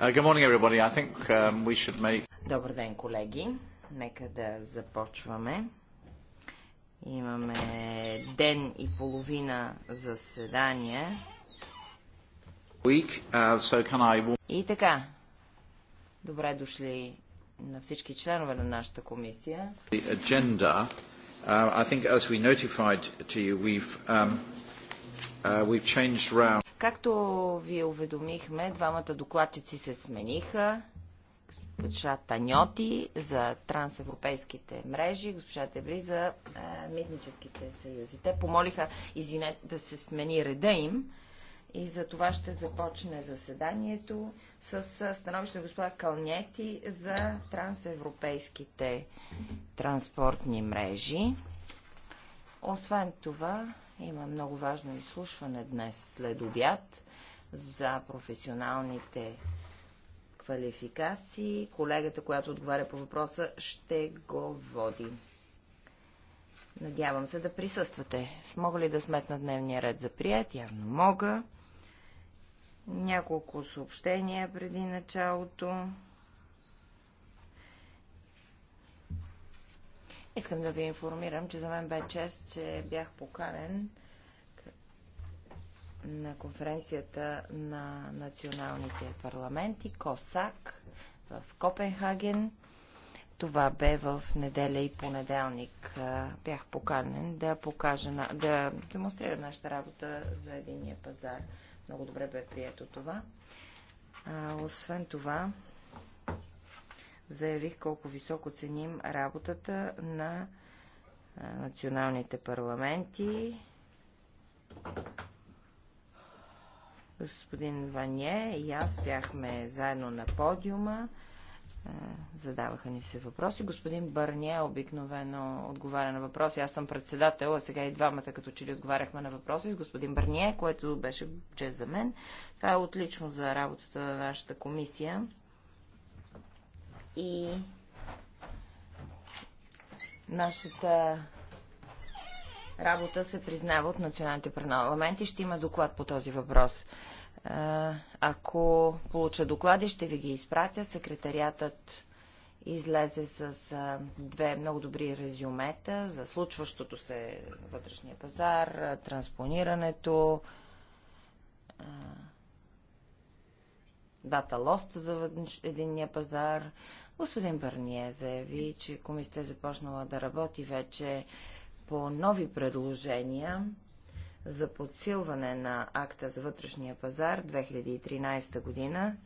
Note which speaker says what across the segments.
Speaker 1: Uh, um,
Speaker 2: Добър ден, колеги. Нека да започваме. Имаме ден и половина заседание.
Speaker 1: Week, uh, so I... И така,
Speaker 2: добре дошли на всички членове на нашата комисия.
Speaker 1: Agenda, uh, you, we've, um, uh, we've
Speaker 2: Както ви уведомихме, двамата докладчици се смениха. Госпожа Таньоти за трансевропейските мрежи, госпожа Тебри за е, митническите съюзи. Те помолиха, извинете, да се смени реда им. И за това ще започне заседанието с е, становище господа Калнети за трансевропейските транспортни мрежи. Освен това, има много важно изслушване днес след обяд за професионалните квалификации. Колегата, която отговаря по въпроса, ще го води. Надявам се да присъствате. Смога ли да сметна дневния ред за прият? Явно мога. Няколко съобщения преди началото. Искам да ви информирам, че за мен бе чест, че бях поканен на конференцията на националните парламенти КОСАК в Копенхаген. Това бе в неделя и понеделник. Бях поканен да покажа, да демонстрирам нашата работа за единия пазар. Много добре бе прието това. Освен това, заявих колко високо ценим работата на националните парламенти. Господин Ванье и аз бяхме заедно на подиума. Задаваха ни се въпроси. Господин Бърния обикновено отговаря на въпроси. Аз съм председател, а сега и двамата като че ли отговаряхме на въпроси с господин Бърние, което беше чест за мен. Това е отлично за работата на нашата комисия и нашата работа се признава от националните парламенти. Ще има доклад по този въпрос. Ако получа доклади, ще ви ги изпратя. Секретариатът излезе с две много добри резюмета за случващото се вътрешния пазар, транспонирането, дата лост за единния пазар, Господин Бърние заяви, че комисията е започнала да работи вече по нови предложения за подсилване на акта за вътрешния пазар 2013 година.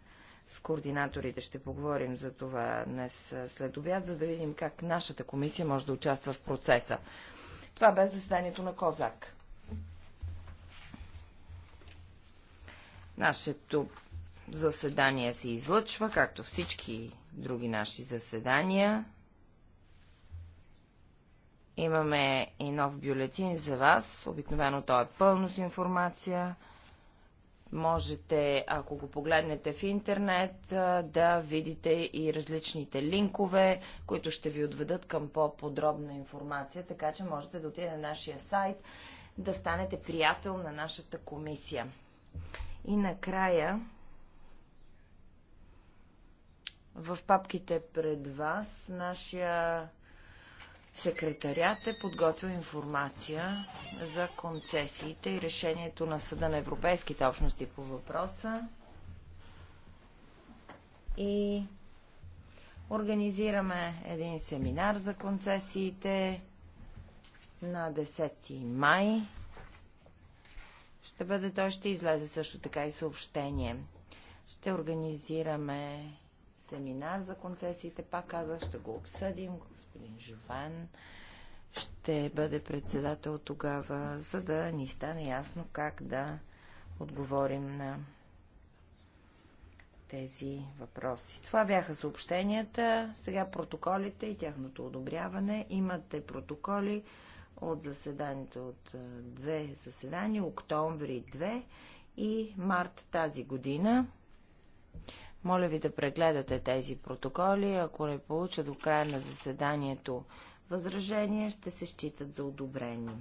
Speaker 2: С координаторите ще поговорим за това днес след обяд, за да видим как нашата комисия може да участва в процеса. Това бе заседанието на Козак. Нашето заседание се излъчва, както всички други наши заседания. Имаме и нов бюлетин за вас. Обикновено то е пълно с информация. Можете, ако го погледнете в интернет, да видите и различните линкове, които ще ви отведат към по-подробна информация, така че можете да отидете на нашия сайт, да станете приятел на нашата комисия. И накрая в папките пред вас нашия секретарят е подготвил информация за концесиите и решението на Съда на Европейските общности по въпроса. И организираме един семинар за концесиите на 10 май. Ще бъде, той ще излезе също така и съобщение. Ще организираме семинар за концесиите, пак казах, ще го обсъдим. Господин Жован ще бъде председател тогава, за да ни стане ясно как да отговорим на тези въпроси. Това бяха съобщенията, сега протоколите и тяхното одобряване. Имате протоколи от заседанието от две заседания, октомври 2 и март тази година. Моля ви да прегледате тези протоколи. Ако не получа до края на заседанието възражения, ще се считат за одобрени.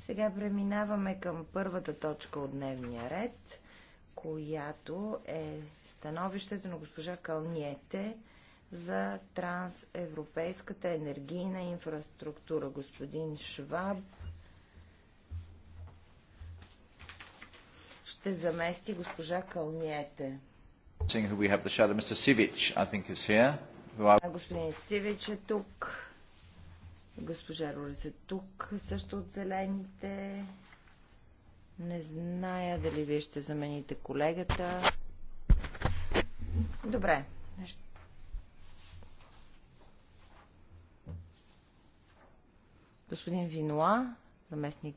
Speaker 2: Сега преминаваме към първата точка от дневния ред, която е становището на госпожа Калниете за трансевропейската енергийна инфраструктура. Господин Шваб ще замести госпожа Калниете. Господин Сивич е тук. Госпожа Рурис е тук, също от зелените. Не зная дали вие ще замените колегата. Добре. Господин Винуа, заместник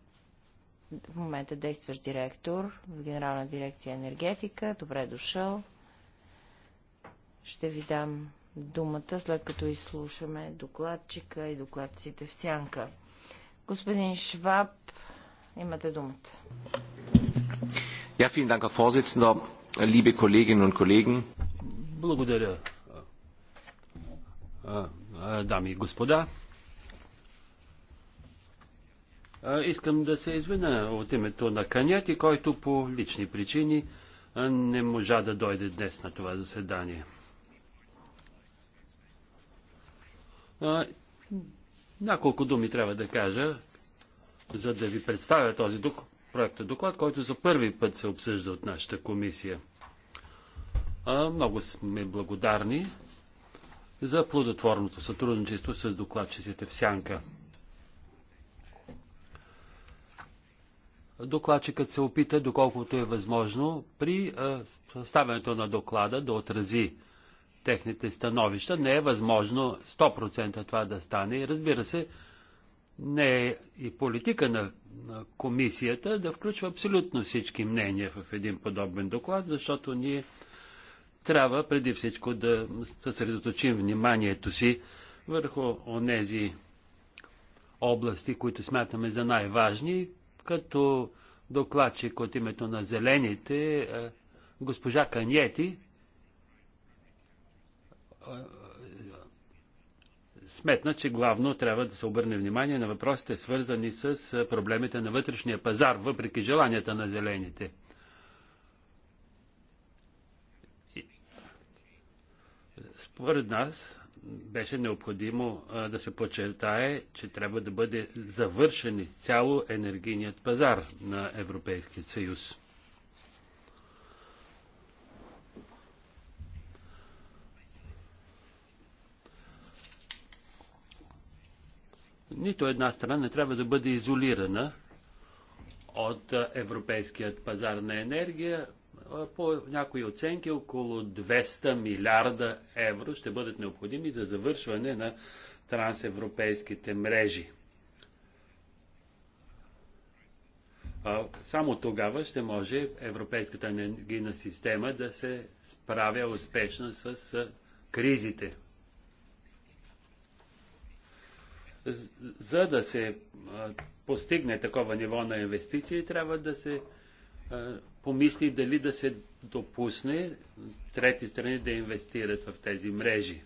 Speaker 2: в момента действащ директор в Генерална дирекция енергетика. Добре е дошъл. Ще ви дам думата, след като изслушаме докладчика и докладците в сянка. Господин Шваб, имате думата.
Speaker 1: Ja, vielen Dank, Herr Vorsitzender, liebe Kolleginnen und Kollegen.
Speaker 3: Благодаря, дами и господа. Искам да се извиня от името на Каняти, който по лични причини не можа да дойде днес на това заседание. Няколко думи трябва да кажа, за да ви представя този проект доклад, който за първи път се обсъжда от нашата комисия. Много сме благодарни за плодотворното сътрудничество с докладчиците в Сянка. Докладчикът се опита, доколкото е възможно, при съставянето на доклада да отрази техните становища. Не е възможно 100% това да стане. И разбира се, не е и политика на, на комисията да включва абсолютно всички мнения в един подобен доклад, защото ние трябва преди всичко да съсредоточим вниманието си върху онези области, които смятаме за най-важни, като докладчик от името на зелените, е, госпожа Каньети, сметна, че главно трябва да се обърне внимание на въпросите, свързани с проблемите на вътрешния пазар, въпреки желанията на зелените. Според нас беше необходимо да се подчертае, че трябва да бъде завършен изцяло енергийният пазар на Европейския съюз. Нито една страна не трябва да бъде изолирана от европейският пазар на енергия. По някои оценки около 200 милиарда евро ще бъдат необходими за завършване на трансевропейските мрежи. Само тогава ще може европейската енергийна система да се справя успешно с кризите. за да се постигне такова ниво на инвестиции, трябва да се помисли дали да се допусне трети страни да инвестират в тези мрежи.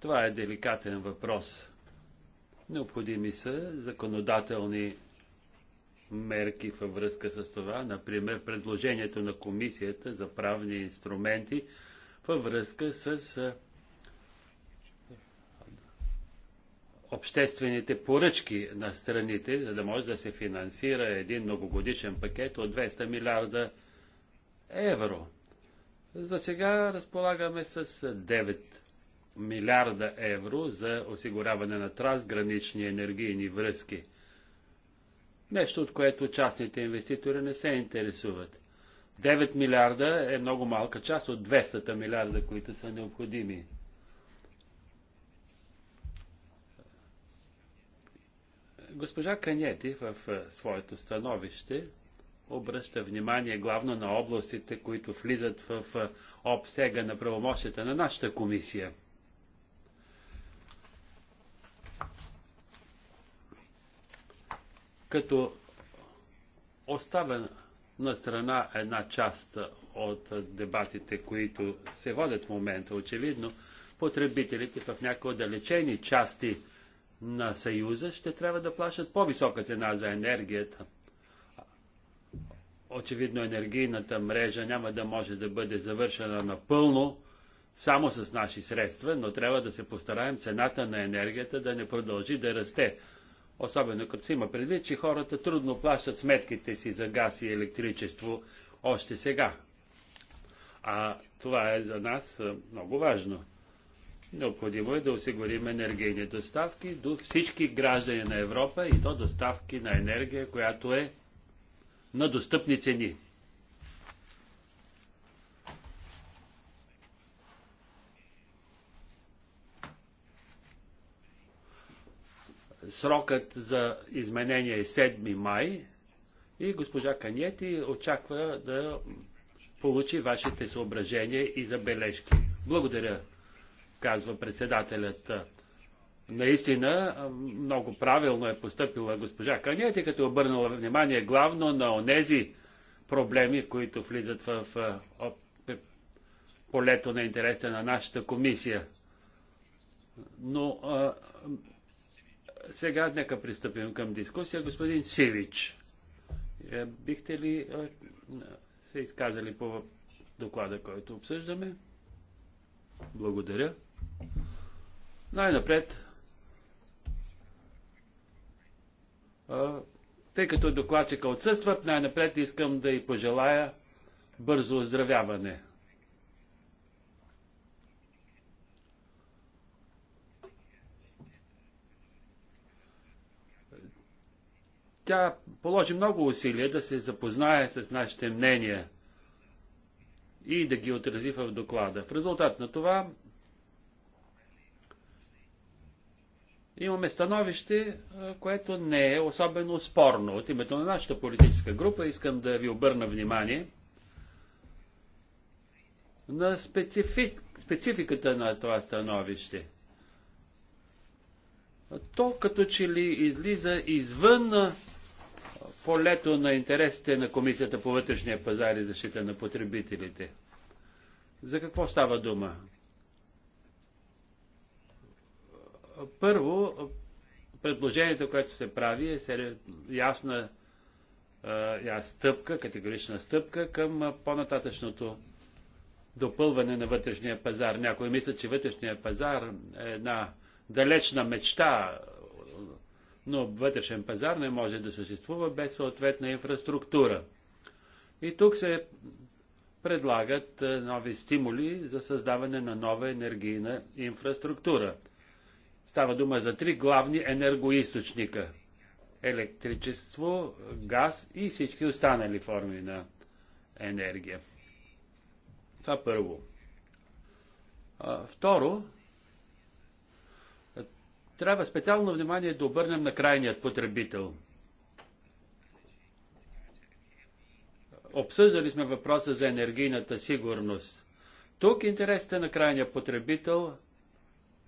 Speaker 3: Това е деликатен въпрос. Необходими са законодателни мерки във връзка с това, например предложението на комисията за правни инструменти във връзка с обществените поръчки на страните, за да може да се финансира един многогодишен пакет от 200 милиарда евро. За сега разполагаме с 9 милиарда евро за осигуряване на трансгранични енергийни връзки. Нещо, от което частните инвеститори не се интересуват. 9 милиарда е много малка част от 200 милиарда, които са необходими. Госпожа Канети в е, своето становище обръща внимание главно на областите, които влизат в е, обсега на правомощията на нашата комисия. Като оставя на страна една част от дебатите, които се водят в момента, очевидно, потребителите в някои отдалечени части на Съюза ще трябва да плащат по-висока цена за енергията. Очевидно енергийната мрежа няма да може да бъде завършена напълно само с наши средства, но трябва да се постараем цената на енергията да не продължи да расте. Особено като се има предвид, че хората трудно плащат сметките си за газ и електричество още сега. А това е за нас много важно. Необходимо е да осигурим енергийни доставки до всички граждани на Европа и до доставки на енергия, която е на достъпни цени. Срокът за изменение е 7 май и госпожа Каньети очаква да получи вашите съображения и забележки. Благодаря казва председателят. Наистина, много правилно е поступила госпожа Каниети, като е обърнала внимание главно на онези проблеми, които влизат в полето на интереса на нашата комисия. Но а, сега нека пристъпим към дискусия. Господин Сивич, е, бихте ли а, се изказали по доклада, който обсъждаме? Благодаря. Най-напред, тъй като докладчика отсъства, най-напред искам да й пожелая бързо оздравяване. Тя положи много усилия да се запознае с нашите мнения и да ги отрази в доклада. В резултат на това имаме становище, което не е особено спорно. От името на нашата политическа група искам да ви обърна внимание на специфи... спецификата на това становище. То като че ли излиза извън полето на интересите на Комисията по вътрешния пазар и защита на потребителите. За какво става дума? Първо, предложението, което се прави е ясна стъпка, категорична стъпка към по-нататъчното допълване на вътрешния пазар. Някои мислят, че вътрешния пазар е една далечна мечта, но вътрешен пазар не може да съществува без съответна инфраструктура. И тук се предлагат нови стимули за създаване на нова енергийна инфраструктура – Става дума за три главни енергоисточника електричество, газ и всички останали форми на енергия. Това първо. А, второ, трябва специално внимание да обърнем на крайният потребител. Обсъждали сме въпроса за енергийната сигурност. Тук интересите на крайния потребител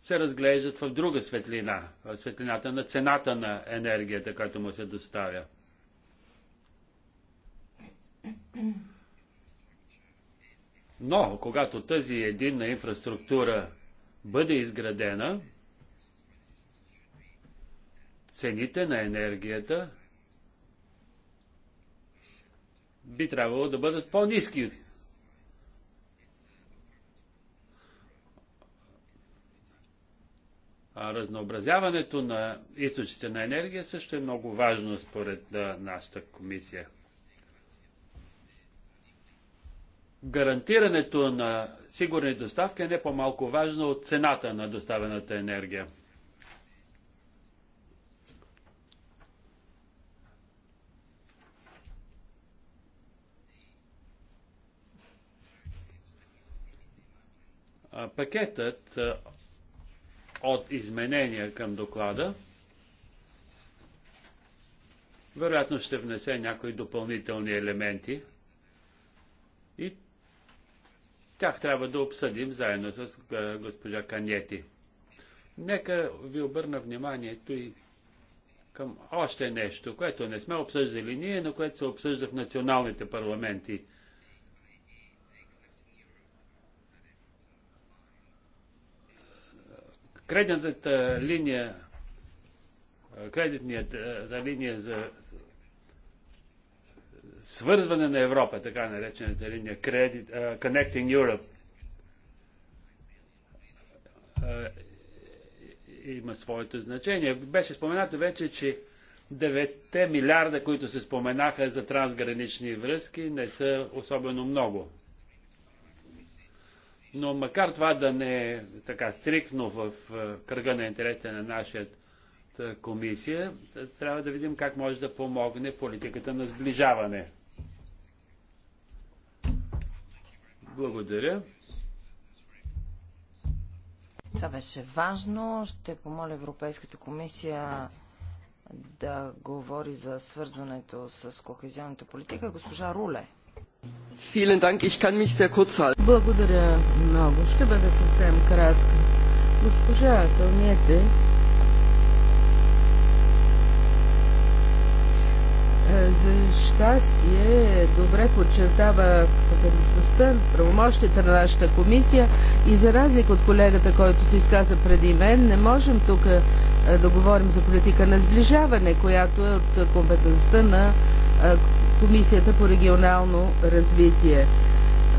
Speaker 3: се разглеждат в друга светлина, в светлината на цената на енергията, която му се доставя. Но, когато тази единна инфраструктура бъде изградена, цените на енергията би трябвало да бъдат по-низки разнообразяването на източите на енергия също е много важно според нашата комисия. Гарантирането на сигурни доставки е не по-малко важно от цената на доставената енергия. Пакетът от изменения към доклада. Вероятно ще внесе някои допълнителни елементи и тях трябва да обсъдим заедно с госпожа Канети. Нека ви обърна вниманието и към още нещо, което не сме обсъждали ние, но което се обсъжда в националните парламенти – Кредитната линия, кредитната линия за свързване на Европа, така наречената линия Credit, uh, Connecting Europe, има своето значение. Беше споменато вече, че 9 милиарда, които се споменаха за трансгранични връзки, не са особено много. Но макар това да не е така стрикно в е, кръга на интересите на нашата комисия, трябва да видим как може да помогне политиката на сближаване. Благодаря.
Speaker 2: Това беше важно. Ще помоля Европейската комисия да говори за свързването с кохезионната политика. Госпожа Руле.
Speaker 4: Благодаря много. Ще бъда съвсем кратка. Госпожа Кълнете е, за щастие добре подчертава компетентността, правомощите на нашата комисия и за разлика от колегата, който се изказа преди мен, не можем тук е, да говорим за политика на сближаване, която е от компетентността на е, Комисията по регионално развитие.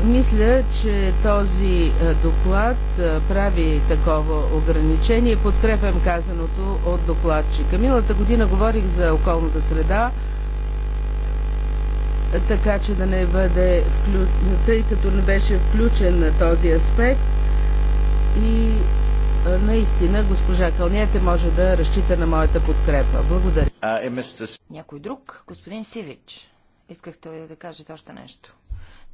Speaker 4: Мисля, че този е, доклад е, прави такова ограничение. Подкрепям казаното от докладчика. Миналата година говорих за околната среда, така че да не бъде вклю... тъй като не беше включен на този аспект и е, наистина госпожа Кълнете може да разчита на моята подкрепа. Благодаря.
Speaker 2: Някой друг? Господин Сивич искахте да кажете още нещо.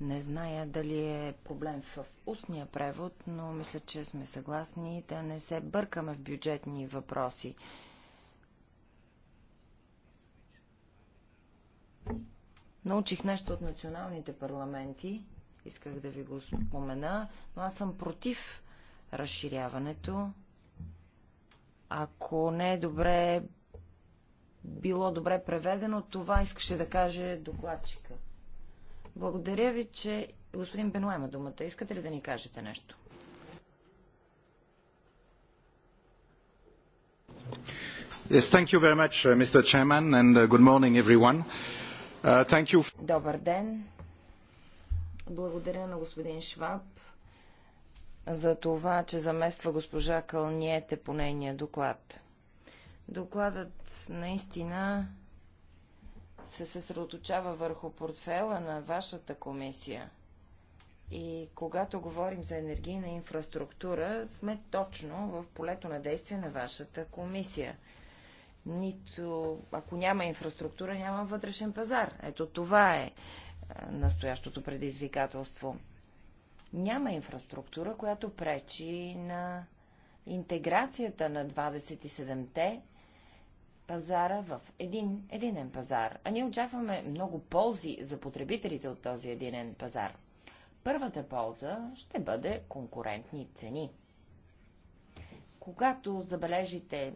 Speaker 2: Не зная дали е проблем в устния превод, но мисля, че сме съгласни да не се бъркаме в бюджетни въпроси. Научих нещо от националните парламенти, исках да ви го спомена, но аз съм против разширяването. Ако не е добре било добре преведено. Това искаше да каже докладчика. Благодаря ви, че господин Бенуема има думата. Искате ли да ни кажете нещо?
Speaker 1: Yes, thank you very much, uh, Mr. Chairman, and uh, good morning, everyone. Uh, thank you.
Speaker 2: Добър ден. Благодаря на господин Шваб за това, че замества госпожа Кълниете по нейния доклад. Докладът наистина се съсредоточава върху портфела на вашата комисия. И когато говорим за енергийна инфраструктура, сме точно в полето на действие на вашата комисия. Нито, ако няма инфраструктура, няма вътрешен пазар. Ето това е, е настоящото предизвикателство. Няма инфраструктура, която пречи на интеграцията на 27-те пазара в един единен пазар, а ние очакваме много ползи за потребителите от този единен пазар. Първата полза ще бъде конкурентни цени. Когато забележите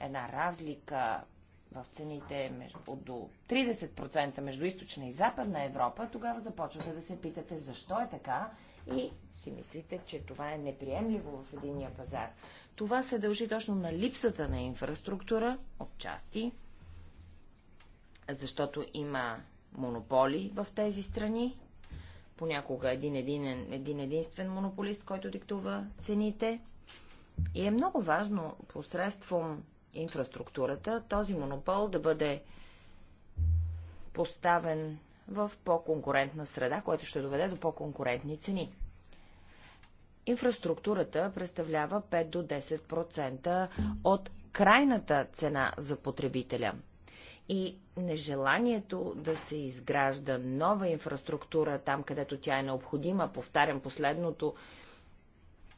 Speaker 2: една разлика в цените от до 30% между източна и западна Европа, тогава започвате да се питате защо е така и си мислите, че това е неприемливо в единия пазар. Това се дължи точно на липсата на инфраструктура от части, защото има монополи в тези страни. Понякога един, един, един единствен монополист, който диктува цените. И е много важно посредством инфраструктурата този монопол да бъде поставен в по-конкурентна среда, което ще доведе до по-конкурентни цени инфраструктурата представлява 5 до 10% от крайната цена за потребителя. И нежеланието да се изгражда нова инфраструктура там, където тя е необходима, повтарям последното,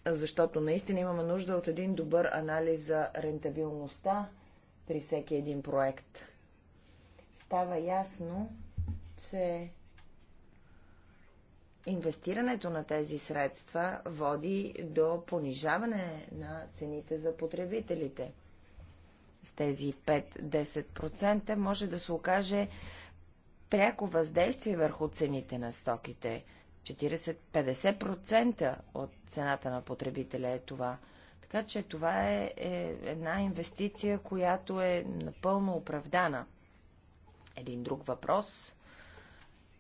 Speaker 2: защото наистина имаме нужда от един добър анализ за рентабилността при всеки един проект. Става ясно, че инвестирането на тези средства води до понижаване на цените за потребителите. С тези 5-10% може да се окаже пряко въздействие върху цените на стоките. 40-50% от цената на потребителя е това. Така че това е, е една инвестиция, която е напълно оправдана. Един друг въпрос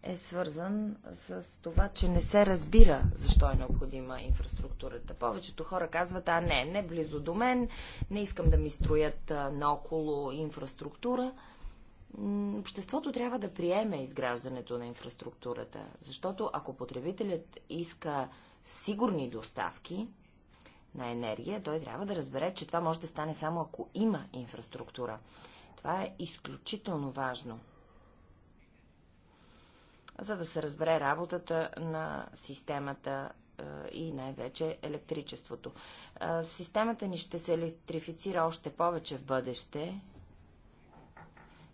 Speaker 2: е свързан с това, че не се разбира защо е необходима инфраструктурата. Повечето хора казват, а не, не близо до мен, не искам да ми строят наоколо инфраструктура. Обществото трябва да приеме изграждането на инфраструктурата, защото ако потребителят иска сигурни доставки на енергия, той трябва да разбере, че това може да стане само ако има инфраструктура. Това е изключително важно за да се разбере работата на системата е, и най-вече електричеството. Е, системата ни ще се електрифицира още повече в бъдеще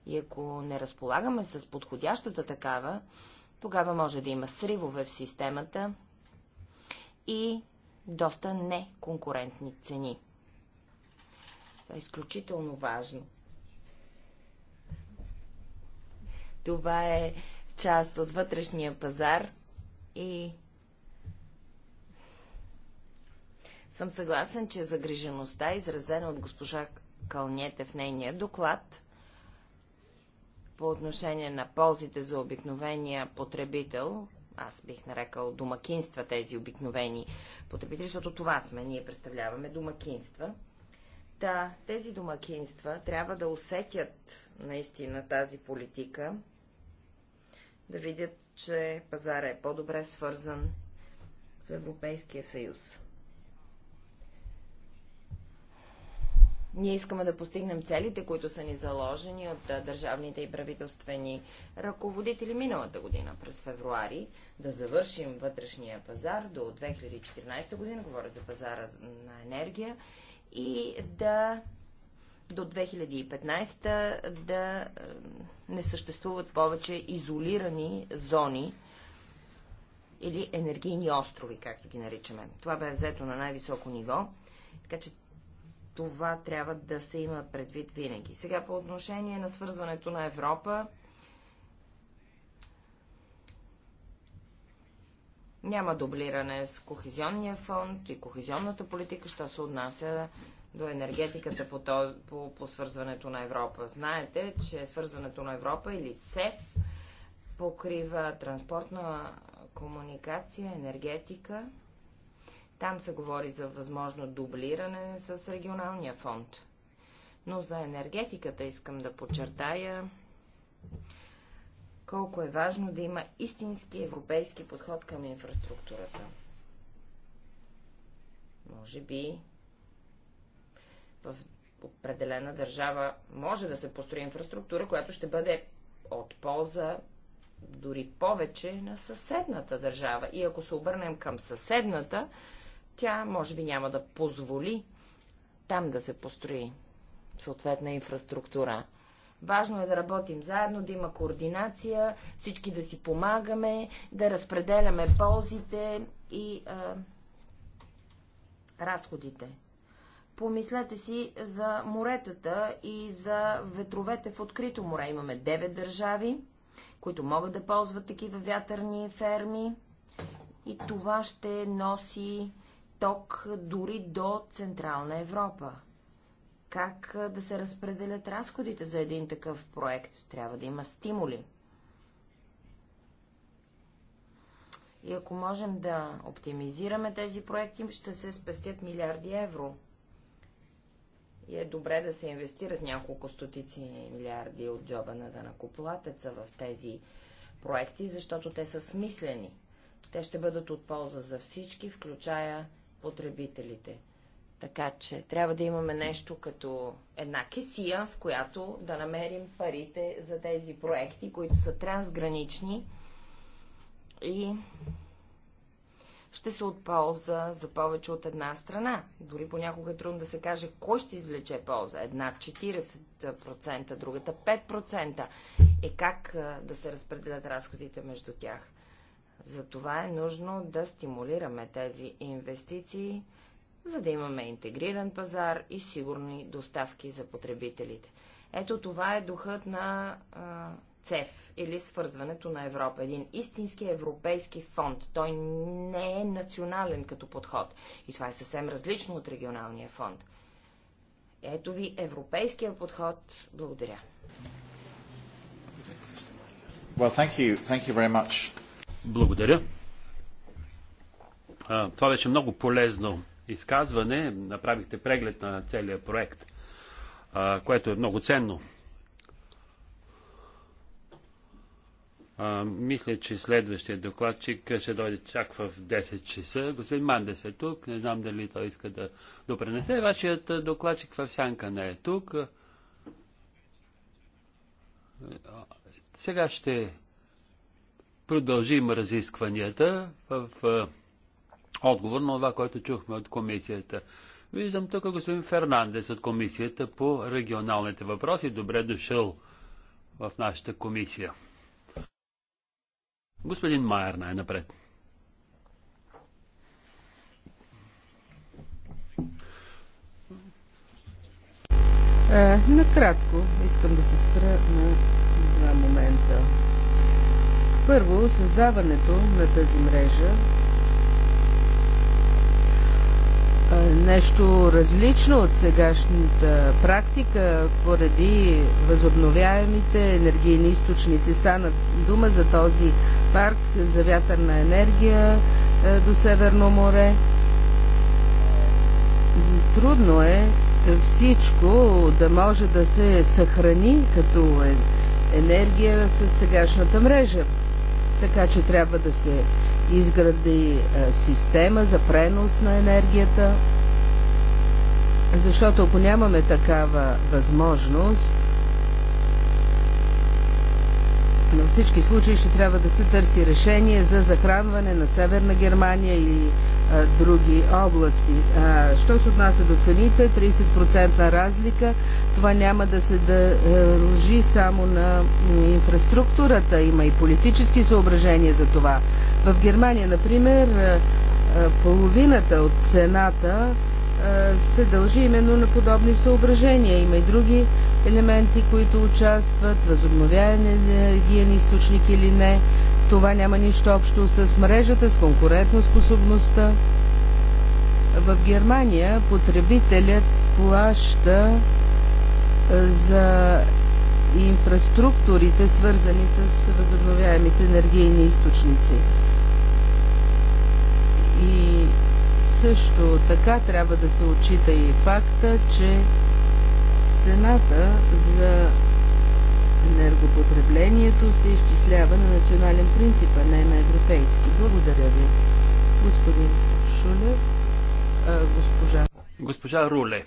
Speaker 2: и ако не разполагаме с подходящата такава, тогава може да има сривове в системата и доста неконкурентни цени. Това е изключително важно. Това е част от вътрешния пазар и съм съгласен, че загрижеността, изразена от госпожа Кълнете в нейния доклад, по отношение на ползите за обикновения потребител, аз бих нарекал домакинства тези обикновени потребители, защото това сме, ние представляваме домакинства. Да тези домакинства трябва да усетят наистина тази политика да видят, че пазара е по-добре свързан в Европейския съюз. Ние искаме да постигнем целите, които са ни заложени от държавните и правителствени ръководители миналата година през февруари, да завършим вътрешния пазар до 2014 година, говоря за пазара на енергия, и да до 2015 да не съществуват повече изолирани зони или енергийни острови, както ги наричаме. Това бе взето на най-високо ниво, така че това трябва да се има предвид винаги. Сега по отношение на свързването на Европа, няма дублиране с Кохезионния фонд и Кохезионната политика, що се отнася до енергетиката по, то, по, по свързването на Европа. Знаете, че свързването на Европа или СЕФ покрива транспортна комуникация, енергетика. Там се говори за възможно дублиране с регионалния фонд. Но за енергетиката искам да подчертая колко е важно да има истински европейски подход към инфраструктурата. Може би в определена държава може да се построи инфраструктура, която ще бъде от полза дори повече на съседната държава. И ако се обърнем към съседната, тя може би няма да позволи там да се построи съответна инфраструктура. Важно е да работим заедно, да има координация, всички да си помагаме, да разпределяме ползите и а, разходите. Помислете си за моретата и за ветровете в открито море. Имаме 9 държави, които могат да ползват такива вятърни ферми и това ще носи ток дори до Централна Европа. Как да се разпределят разходите за един такъв проект? Трябва да има стимули. И ако можем да оптимизираме тези проекти, ще се спестят милиарди евро. И е добре да се инвестират няколко стотици милиарди от джоба на данакоплатеца в тези проекти, защото те са смислени. Те ще бъдат от полза за всички, включая потребителите. Така че трябва да имаме нещо като една кесия, в която да намерим парите за тези проекти, които са трансгранични и ще се от полза за повече от една страна. Дори понякога е трудно да се каже кой ще извлече полза. Една 40%, другата 5%. Е как да се разпределят разходите между тях? Затова е нужно да стимулираме тези инвестиции, за да имаме интегриран пазар и сигурни доставки за потребителите. Ето това е духът на а, ЦЕФ или свързването на Европа. Един истински европейски фонд. Той не е национален като подход. И това е съвсем различно от регионалния фонд. Ето ви европейския подход. Благодаря.
Speaker 1: Well, thank you. Thank you very much. Благодаря.
Speaker 3: А, това беше много полезно изказване. Направихте преглед на целия проект, а, което е много ценно. А, мисля, че следващия докладчик ще дойде чак в 10 часа. Господин Мандес е тук. Не знам дали той иска да допренесе. Вашият докладчик в сянка не е тук. Сега ще продължим разискванията в, в отговор на това, което чухме от комисията. Виждам тук господин Фернандес от комисията по регионалните въпроси. Добре дошъл в нашата комисия. Господин Майер най-напред.
Speaker 4: Е, накратко искам да се спра на два момента. Първо, създаването на тази мрежа нещо различно от сегашната практика поради възобновяемите енергийни източници. Стана дума за този парк за вятърна енергия до Северно море. Трудно е всичко да може да се съхрани като е, енергия с сегашната мрежа. Така че трябва да се изгради е, система за пренос на енергията, защото ако нямаме такава възможност, на всички случаи ще трябва да се търси решение за захранване на Северна Германия или а, е, други области. А, що се отнася до цените, 30% разлика, това няма да се дължи е, само на инфраструктурата, има и политически съображения за това. В Германия, например, е, е, половината от цената е, се дължи именно на подобни съображения. Има и други елементи, които участват, възобновяем енергиен източник или не. Това няма нищо общо с мрежата, с конкурентоспособността. В Германия потребителят плаща за инфраструктурите, свързани с възобновяемите енергийни източници. И също така трябва да се отчита и факта, че цената за енергопотреблението се изчислява на национален принцип, а не на европейски. Благодаря ви, господин Шулев, госпожа.
Speaker 3: Госпожа Руле.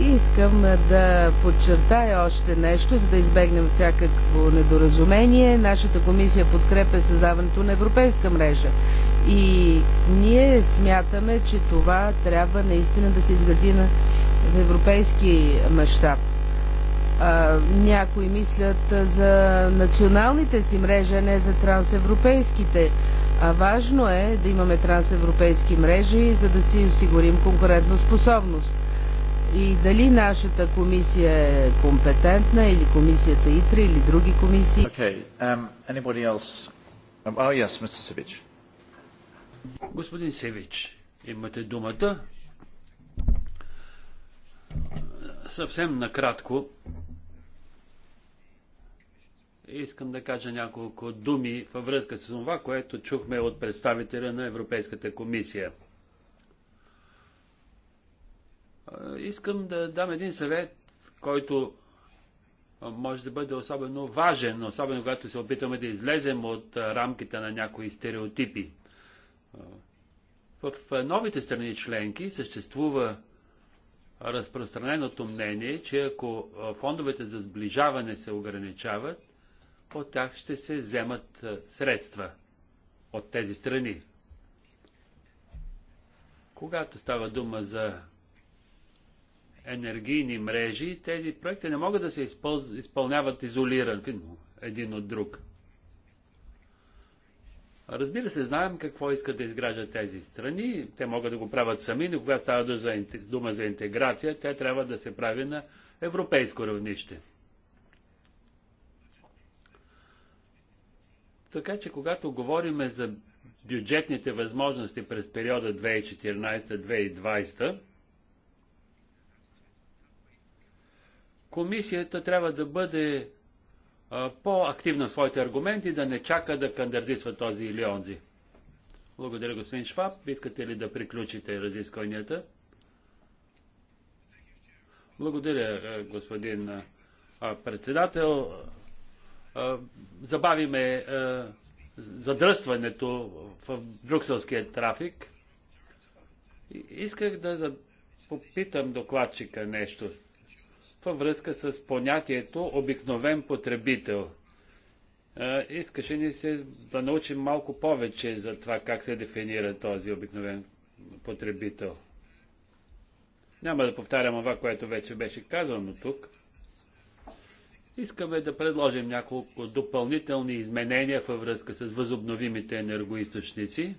Speaker 4: искам е, да подчертая още нещо, за да избегнем всякакво недоразумение. Нашата комисия подкрепя създаването на Европейска мрежа. И ние смятаме, че това трябва наистина да се изгради на, в европейски мащаб. Някои мислят е, за националните си мрежи, а не за трансевропейските. А важно е да имаме трансевропейски мрежи, за да си осигурим конкурентоспособност и дали нашата комисия е компетентна или комисията ИТРА
Speaker 1: или други комисии. Okay. Um, um Oh, yes, Mr.
Speaker 3: Господин Севич, имате думата. Съвсем накратко искам да кажа няколко думи във връзка с това, което чухме от представителя на Европейската комисия. искам да дам един съвет, който може да бъде особено важен, особено когато се опитаме да излезем от рамките на някои стереотипи. В новите страни членки съществува разпространеното мнение, че ако фондовете за сближаване се ограничават, от тях ще се вземат средства от тези страни. Когато става дума за енергийни мрежи, тези проекти не могат да се изпълняват изолиран един от друг. Разбира се, знаем какво искат да изграждат тези страни. Те могат да го правят сами, но когато става дума за интеграция, тя трябва да се прави на европейско равнище. Така че, когато говорим за бюджетните възможности през периода 2014-2020, комисията трябва да бъде по-активна в своите аргументи, да не чака да кандидатства този или онзи. Благодаря, господин Шваб. Искате ли да приключите разискванията? Благодаря, господин председател. Забавиме задръстването в брюкселския трафик. Исках да попитам докладчика нещо във връзка с понятието обикновен потребител. Искаше ни се да научим малко повече за това как се дефинира този обикновен потребител. Няма да повтарям това, което вече беше казано тук. Искаме да предложим няколко допълнителни изменения във връзка с възобновимите енергоисточници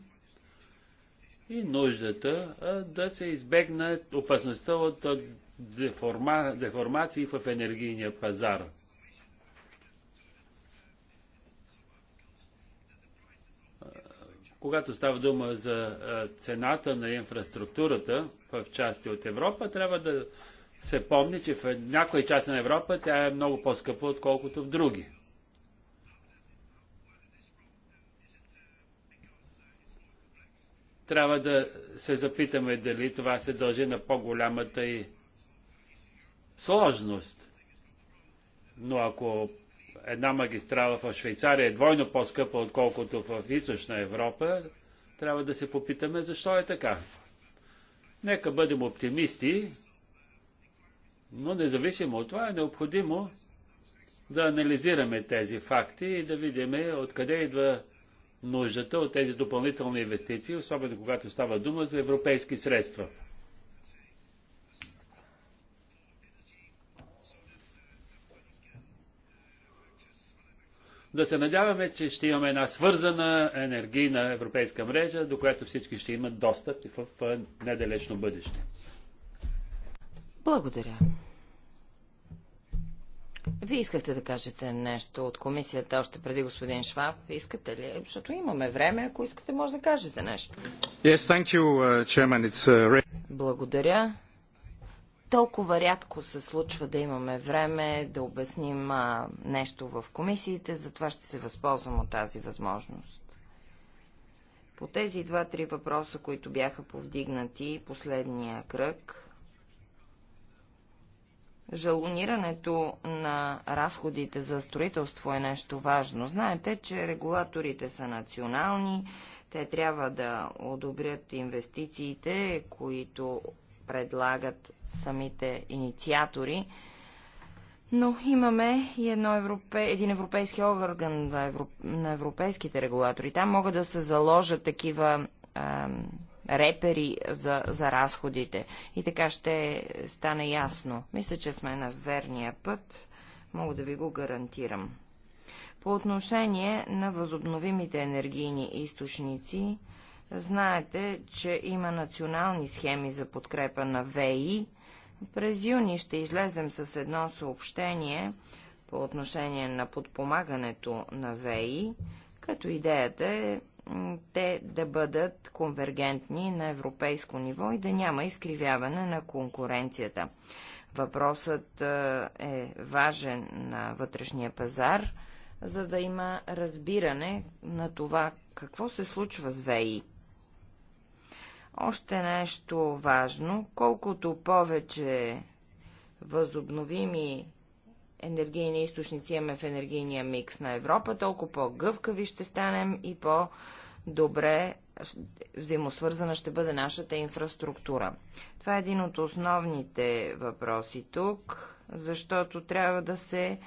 Speaker 3: и нуждата да се избегне опасността от деформа, деформации в енергийния пазар. Когато става дума за цената на инфраструктурата в части от Европа, трябва да се помни, че в някои части на Европа тя е много по-скъпа, отколкото в други. Трябва да се запитаме дали това се дължи на по-голямата и сложност. Но ако една магистрала в Швейцария е двойно по-скъпа, отколкото в Източна Европа, трябва да се попитаме защо е така. Нека бъдем оптимисти, но независимо от това е необходимо да анализираме тези факти и да видим откъде идва нуждата от тези допълнителни инвестиции, особено когато става дума за европейски средства. да се надяваме, че ще имаме една свързана енергийна европейска мрежа, до която всички ще имат достъп в недалечно бъдеще.
Speaker 2: Благодаря. Вие искахте да кажете нещо от комисията още преди господин Шваб. Искате ли? Защото имаме време. Ако искате, може да кажете нещо.
Speaker 1: Yes, thank you, uh, chairman. It's, uh...
Speaker 2: Благодаря. Толкова рядко се случва да имаме време да обясним а, нещо в комисиите, затова ще се възползвам от тази възможност. По тези два-три въпроса, които бяха повдигнати, последния кръг, жалонирането на разходите за строителство е нещо важно. Знаете, че регулаторите са национални, те трябва да одобрят инвестициите, които предлагат самите инициатори. Но имаме и едно европе... един европейски орган на, европ... на европейските регулатори. Там могат да се заложат такива а, репери за, за разходите. И така ще стане ясно. Мисля, че сме на верния път. Мога да ви го гарантирам. По отношение на възобновимите енергийни източници, Знаете, че има национални схеми за подкрепа на ВИ. През юни ще излезем с едно съобщение по отношение на подпомагането на ВИ, като идеята е те да бъдат конвергентни на европейско ниво и да няма изкривяване на конкуренцията. Въпросът е важен на вътрешния пазар, за да има разбиране на това какво се случва с ВЕИ. Още нещо важно. Колкото повече възобновими енергийни източници имаме в енергийния микс на Европа, толкова по-гъвкави ще станем и по-добре взаимосвързана ще бъде нашата инфраструктура. Това е един от основните въпроси тук, защото трябва да се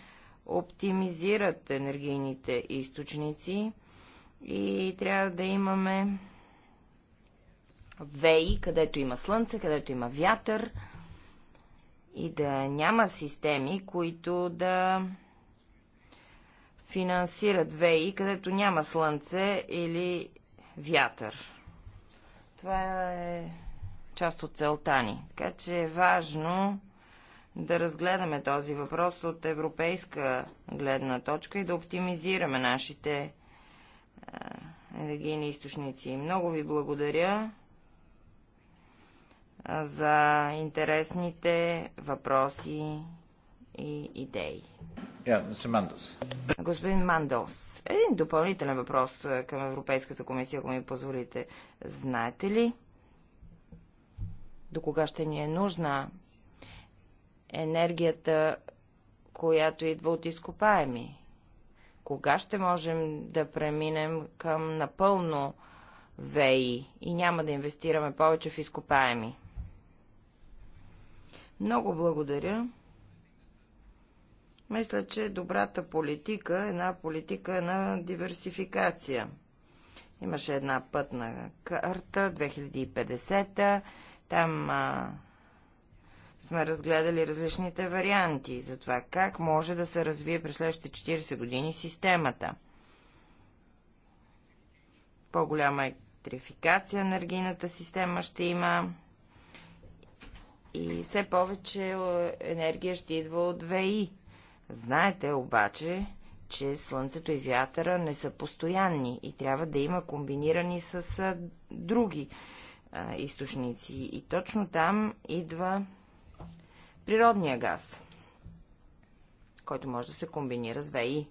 Speaker 2: оптимизират енергийните източници и трябва да имаме ВЕИ, където има слънце, където има вятър и да няма системи, които да финансират ВЕИ, където няма слънце или вятър. Това е част от целта ни. Така че е важно да разгледаме този въпрос от европейска гледна точка и да оптимизираме нашите енергийни източници. Много ви благодаря за интересните въпроси и идеи.
Speaker 1: Yeah,
Speaker 2: Господин Мандълс, един допълнителен въпрос към Европейската комисия, ако ми позволите. Знаете ли до кога ще ни е нужна енергията, която идва от изкопаеми? Кога ще можем да преминем към напълно ВЕИ и няма да инвестираме повече в изкопаеми? Много благодаря. Мисля, че добрата политика е една политика на диверсификация. Имаше една пътна карта 2050. Там а, сме разгледали различните варианти за това как може да се развие през следващите 40 години системата. По-голяма електрификация на енергийната система ще има и все повече е, енергия ще идва от ВИ. Знаете обаче, че слънцето и вятъра не са постоянни и трябва да има комбинирани с други а, източници. И точно там идва природния газ, който може да се комбинира с ВИ.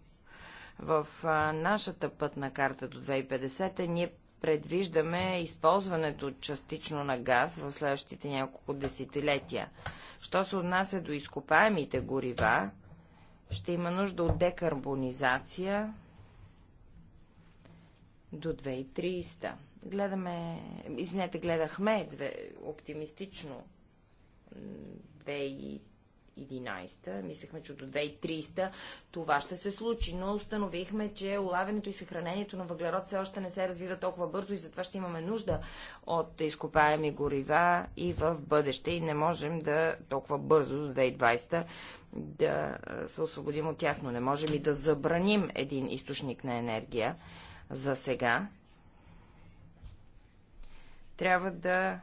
Speaker 2: В а, нашата пътна карта до 2050 ние предвиждаме използването частично на газ в следващите няколко десетилетия. Що се отнася до изкопаемите горива, ще има нужда от декарбонизация до 2300. Гледаме, извинете, гледахме две, оптимистично 2011. Мислехме, че до 2030 това ще се случи, но установихме, че улавянето и съхранението на въглерод все още не се развива толкова бързо и затова ще имаме нужда от изкопаеми горива и в бъдеще и не можем да толкова бързо до 2020 да се освободим от тях, но не можем и да забраним един източник на енергия за сега. Трябва да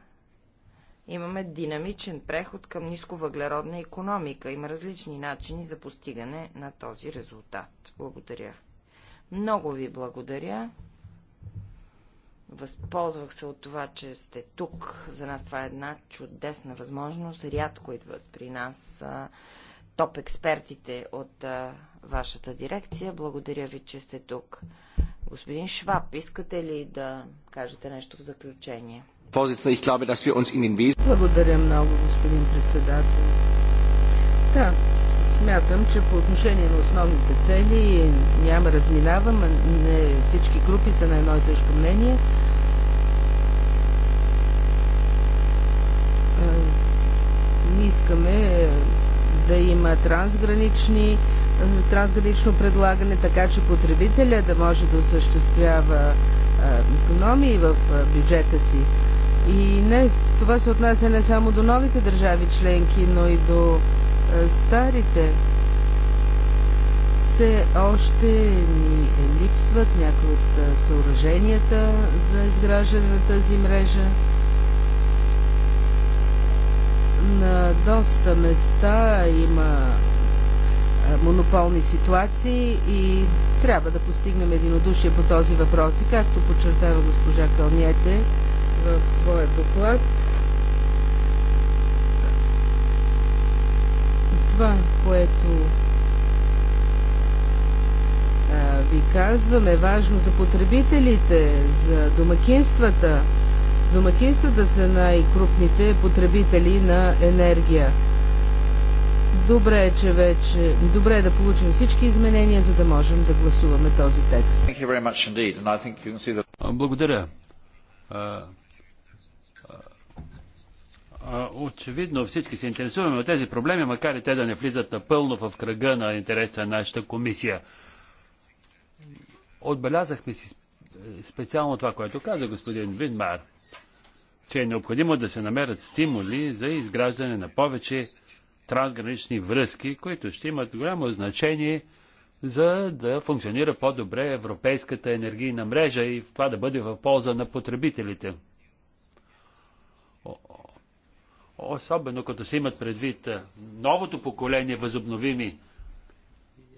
Speaker 2: Имаме динамичен преход към нисковъглеродна економика. Има различни начини за постигане на този резултат. Благодаря. Много ви благодаря. Възползвах се от това, че сте тук. За нас това е една чудесна възможност. Рядко идват при нас топ експертите от а, вашата дирекция. Благодаря ви, че сте тук. Господин Шваб, искате ли да кажете нещо в заключение?
Speaker 4: Благодаря много, господин председател. Да, смятам, че по отношение на основните цели няма разминаване. Не всички групи са на едно и също мнение. Не искаме е, да има трансгранични, е, трансгранично предлагане, така че потребителя да може да осъществява економии в е, бюджета си. И не, това се отнася не само до новите държави членки, но и до е, старите. Все още ни е липсват някои от е, съоръженията за изграждане на тази мрежа. На доста места има е, монополни ситуации и трябва да постигнем единодушие по този въпрос. И както подчертава госпожа Кълниете, в своя доклад. Това, което ви казвам, е важно за потребителите, за домакинствата. Домакинствата са най-крупните потребители на енергия. Добре е, че вече... Добре е да получим всички изменения, за да можем да гласуваме този текст.
Speaker 1: Благодаря. Очевидно всички
Speaker 3: се интересуваме от тези проблеми, макар и те да не влизат напълно в кръга на интереса на нашата комисия. Отбелязахме си специално това, което каза господин Винмар, че е необходимо да се намерят стимули за изграждане на повече трансгранични връзки, които ще имат голямо значение за да функционира по-добре европейската енергийна мрежа и това да бъде в полза на потребителите особено като се имат предвид е, новото поколение възобновими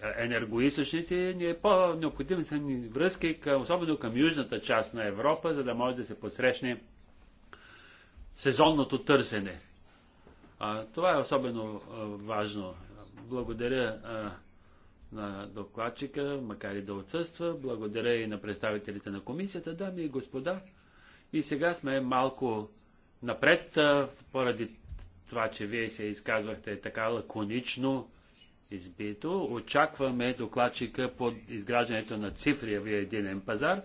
Speaker 3: е, енергоисъчници, ни е по-необходими са ни връзки, особено към южната част на Европа, за да може да се посрещне сезонното търсене. А, това е особено а, е, важно. Благодаря а, на докладчика, макар и да отсъства. Благодаря и на представителите на комисията, дами и господа. И сега сме малко напред, поради това, че вие се изказвахте така лаконично, избито. Очакваме докладчика под изграждането на цифриевия единен пазар.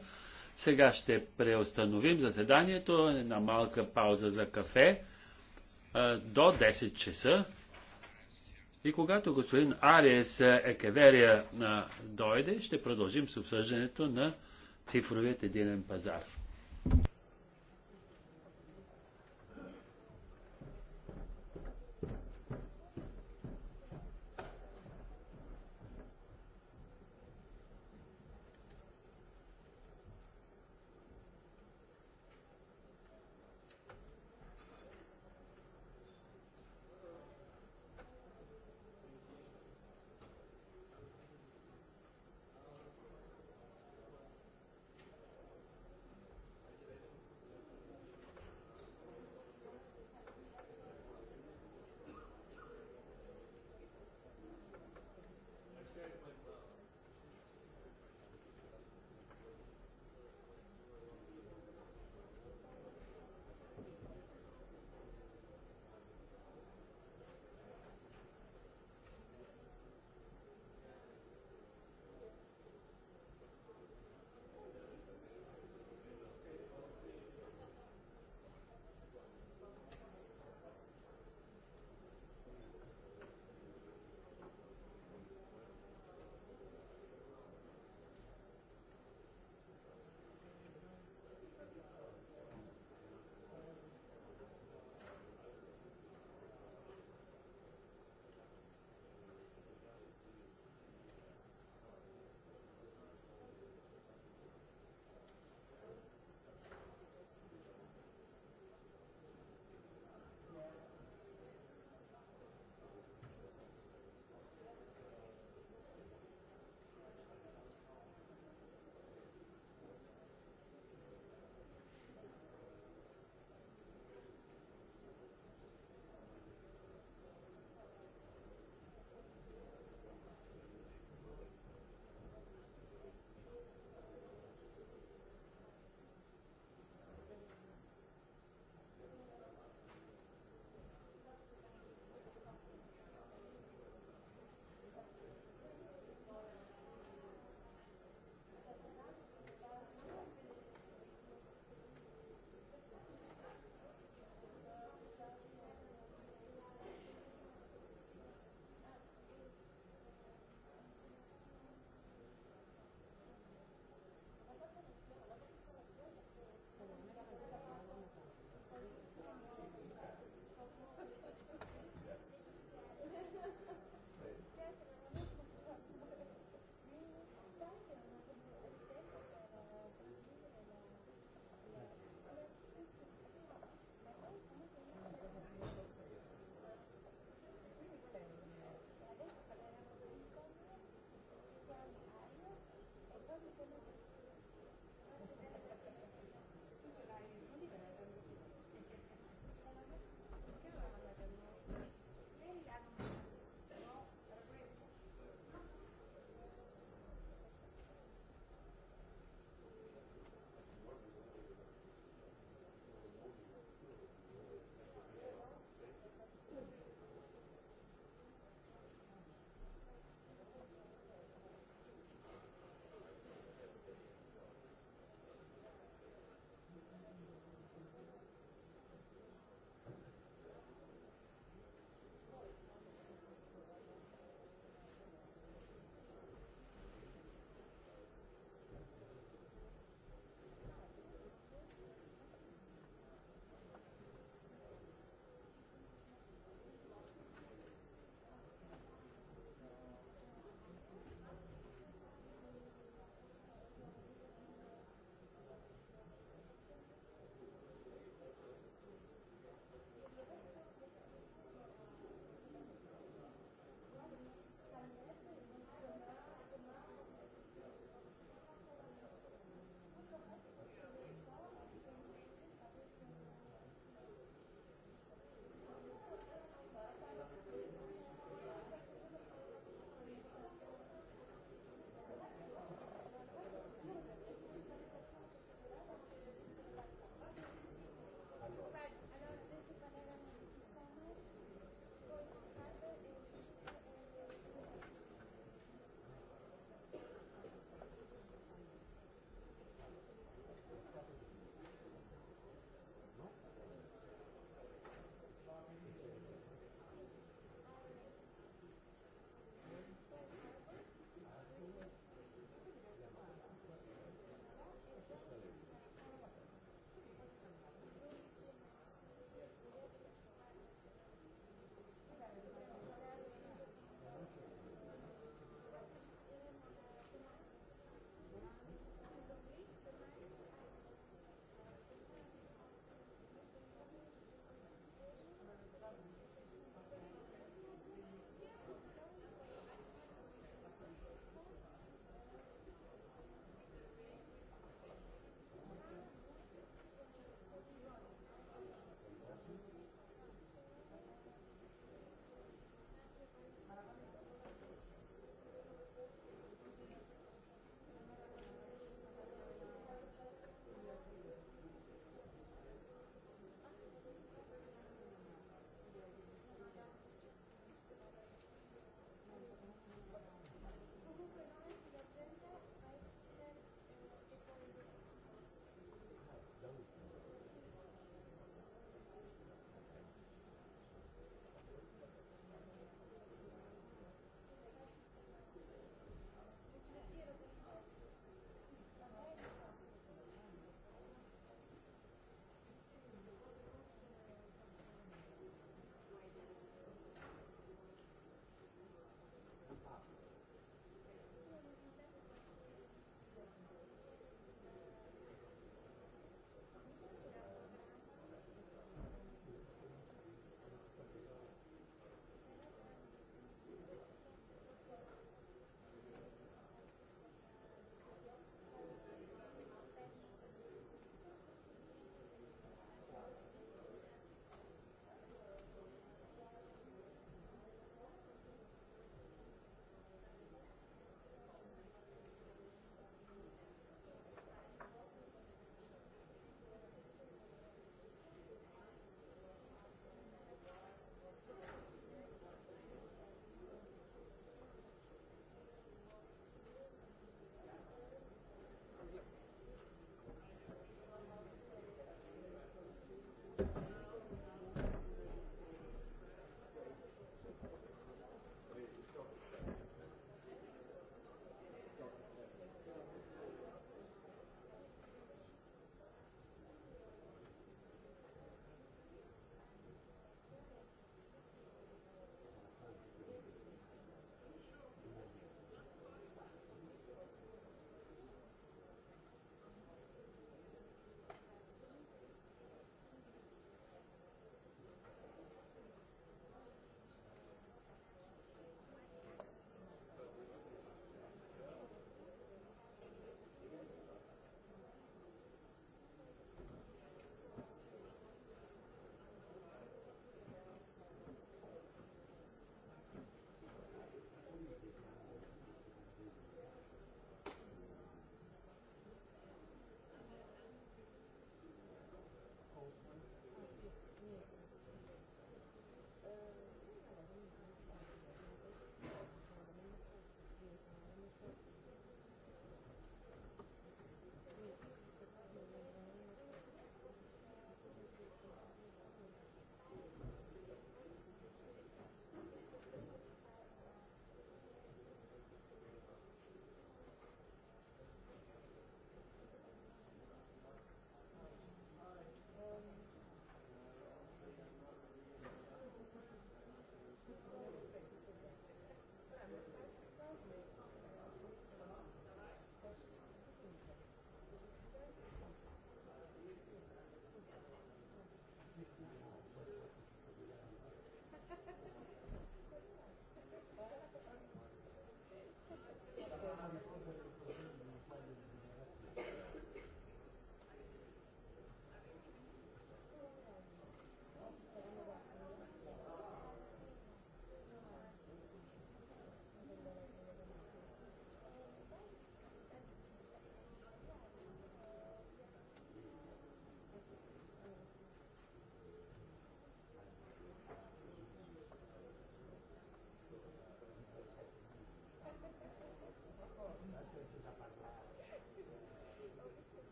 Speaker 3: Сега ще преустановим заседанието, на малка пауза за кафе до 10 часа. И когато господин Ариес Екеверия дойде, ще продължим с обсъждането на цифровият единен пазар.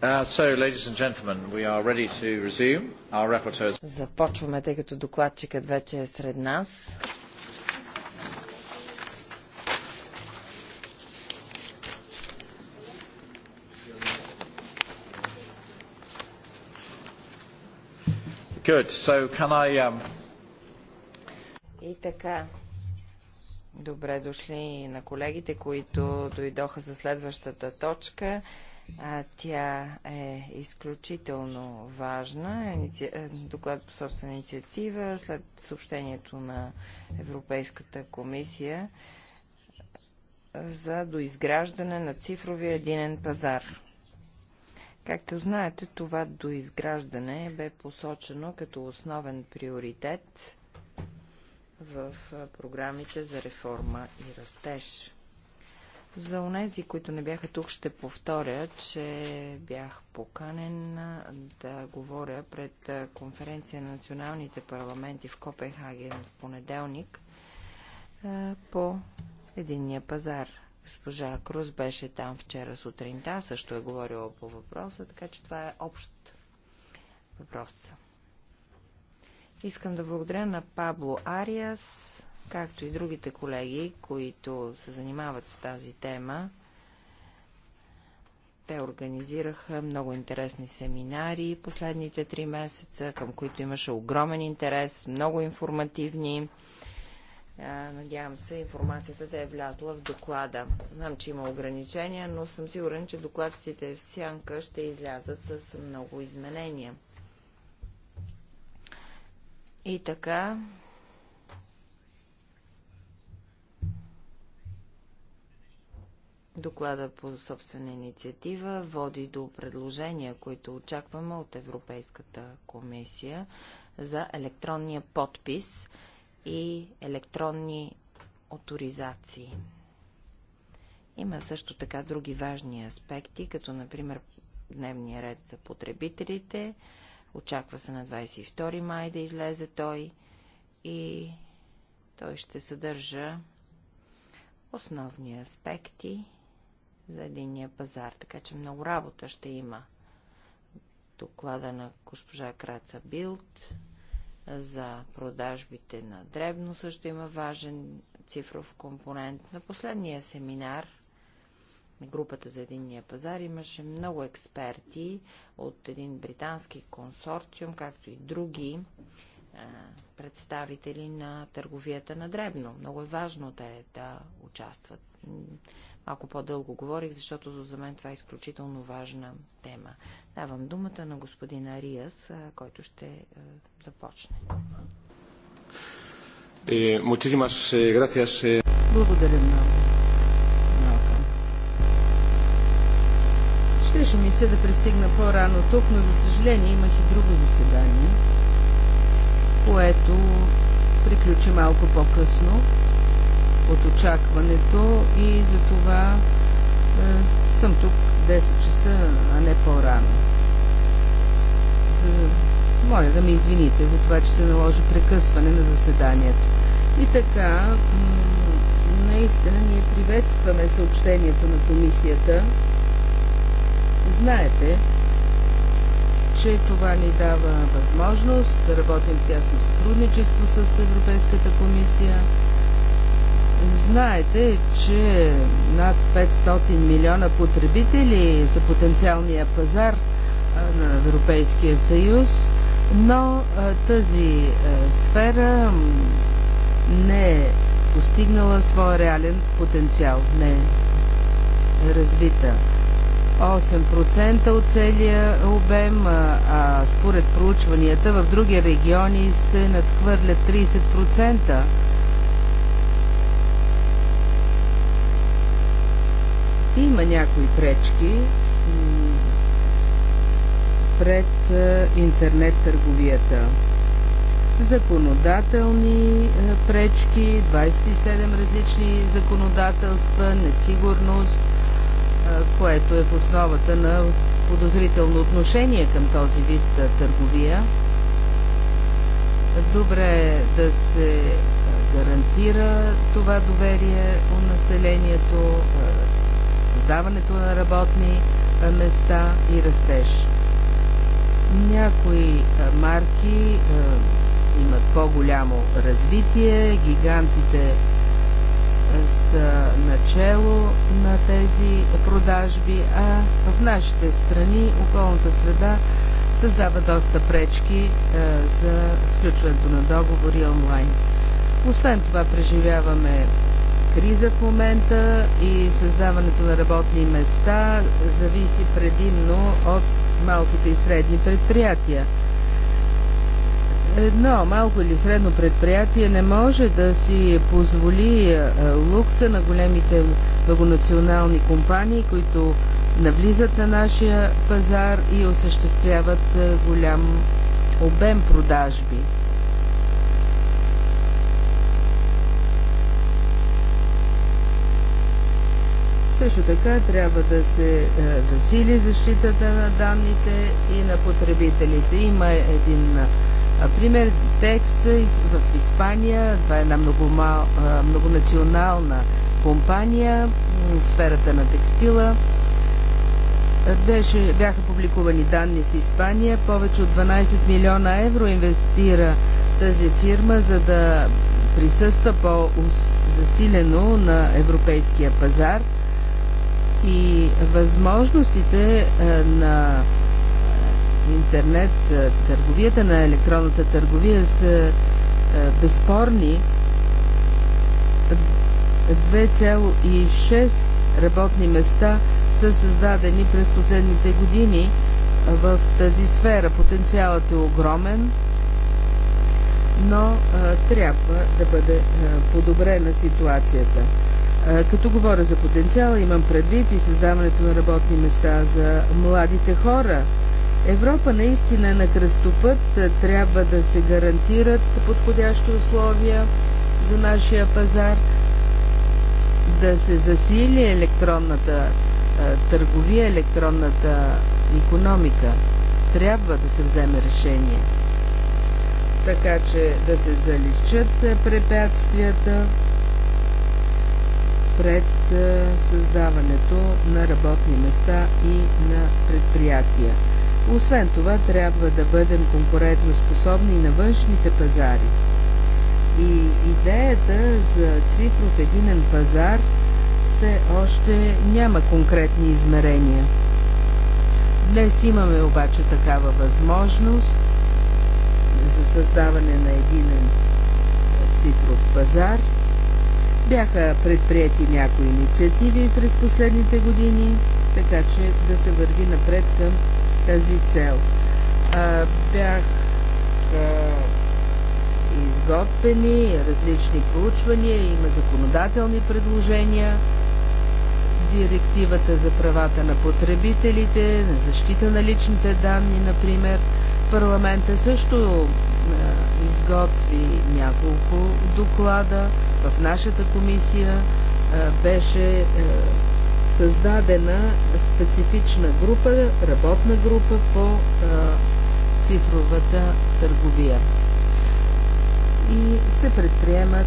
Speaker 1: Uh,
Speaker 2: Започваме, тъй като докладчикът вече е сред нас.
Speaker 1: So I... Um-
Speaker 2: И така, добре дошли на колегите, които дойдоха за следващата точка. Тя е изключително важна. Е, доклад по собствена инициатива след съобщението на Европейската комисия е, за доизграждане на цифровия единен пазар. Както знаете, това доизграждане бе посочено като основен приоритет в програмите за реформа и растеж. За онези, които не бяха тук, ще повторя, че бях поканен да говоря пред конференция на националните парламенти в Копенхаген в понеделник по единния пазар. Госпожа Круз беше там вчера сутринта, също е говорила по въпроса, така че това е общ въпрос. Искам да благодаря на Пабло Ариас, както и другите колеги, които се занимават с тази тема. Те организираха много интересни семинари последните три месеца, към които имаше огромен интерес, много информативни. Надявам се информацията да е влязла в доклада. Знам, че има ограничения, но съм сигурен, че докладчиците в сянка ще излязат с много изменения. И така, Доклада по собствена инициатива води до предложения, които очакваме от Европейската комисия за електронния подпис и електронни авторизации. Има също така други важни аспекти, като например дневния ред за потребителите. Очаква се на 22 май да излезе той и той ще съдържа основни аспекти за единния пазар. Така че много работа ще има. Доклада на госпожа Краца Билд за продажбите на дребно също има важен цифров компонент. На последния семинар на групата за единния пазар имаше много експерти от един британски консорциум, както и други представители на търговията на дребно. Много е важно те да участват малко по-дълго говорих, защото за мен това е изключително важна тема. Давам думата на господин Ариас, който ще започне.
Speaker 5: Е, е, е. Благодаря много.
Speaker 4: Щеше ми се да пристигна по-рано тук, но за съжаление имах и друго заседание, което приключи малко по-късно от очакването и за това е, съм тук 10 часа, а не по-рано. За... Моля да ме извините за това, че се наложи прекъсване на заседанието. И така, наистина ние приветстваме съобщението на комисията. Знаете, че това ни дава възможност да работим в тясно сътрудничество с Европейската комисия Знаете, че над 500 милиона потребители са потенциалния пазар на Европейския съюз, но тази сфера не е постигнала своя реален потенциал, не е развита. 8% от целия обем, а според проучванията в други региони се надхвърлят 30%. Има някои пречки пред интернет търговията. Законодателни пречки, 27 различни законодателства, несигурност, което е в основата на подозрително отношение към този вид търговия. Добре е да се гарантира това доверие у населението, създаването на работни места и растеж. Някои марки имат по-голямо развитие, гигантите са начало на тези продажби, а в нашите страни околната среда създава доста пречки за сключването на договори онлайн. Освен това преживяваме криза в момента и създаването на работни места зависи предимно от малките и средни предприятия. Едно малко или средно предприятие не може да си позволи е, лукса на големите многонационални компании, които навлизат на нашия пазар и осъществяват е, голям обем продажби. Също така трябва да се е, засили защитата на данните и на потребителите. Има един е, пример, текст в Испания. Това е една е, многонационална компания в сферата на текстила. Беше, бяха публикувани данни в Испания. Повече от 12 милиона евро инвестира тази фирма, за да присъства по-засилено на европейския пазар – и възможностите е, на е, интернет е, търговията, на електронната търговия са безспорни. 2,6 работни места са създадени през последните години в тази сфера. Потенциалът е огромен, но а, трябва да бъде а, подобрена ситуацията. Е, като говоря за потенциала, имам предвид и създаването на работни места за младите хора. Европа наистина на кръстопът е, трябва да се гарантират подходящи условия за нашия пазар, да се засили електронната е, търговия, електронната економика. Трябва да се вземе решение. Така че да се заличат препятствията, пред създаването на работни места и на предприятия. Освен това, трябва да бъдем конкурентно способни на външните пазари. И идеята за цифров единен пазар все още няма конкретни измерения. Днес имаме обаче такава възможност за създаване на единен цифров пазар – бяха предприяти някои инициативи през последните години, така че да се върви напред към тази цел. А, бях а, изготвени различни проучвания, има законодателни предложения, директивата за правата на потребителите, на защита на личните данни, например. Парламента също изготви няколко доклада. В нашата комисия беше създадена специфична група, работна група по цифровата търговия. И се предприемат,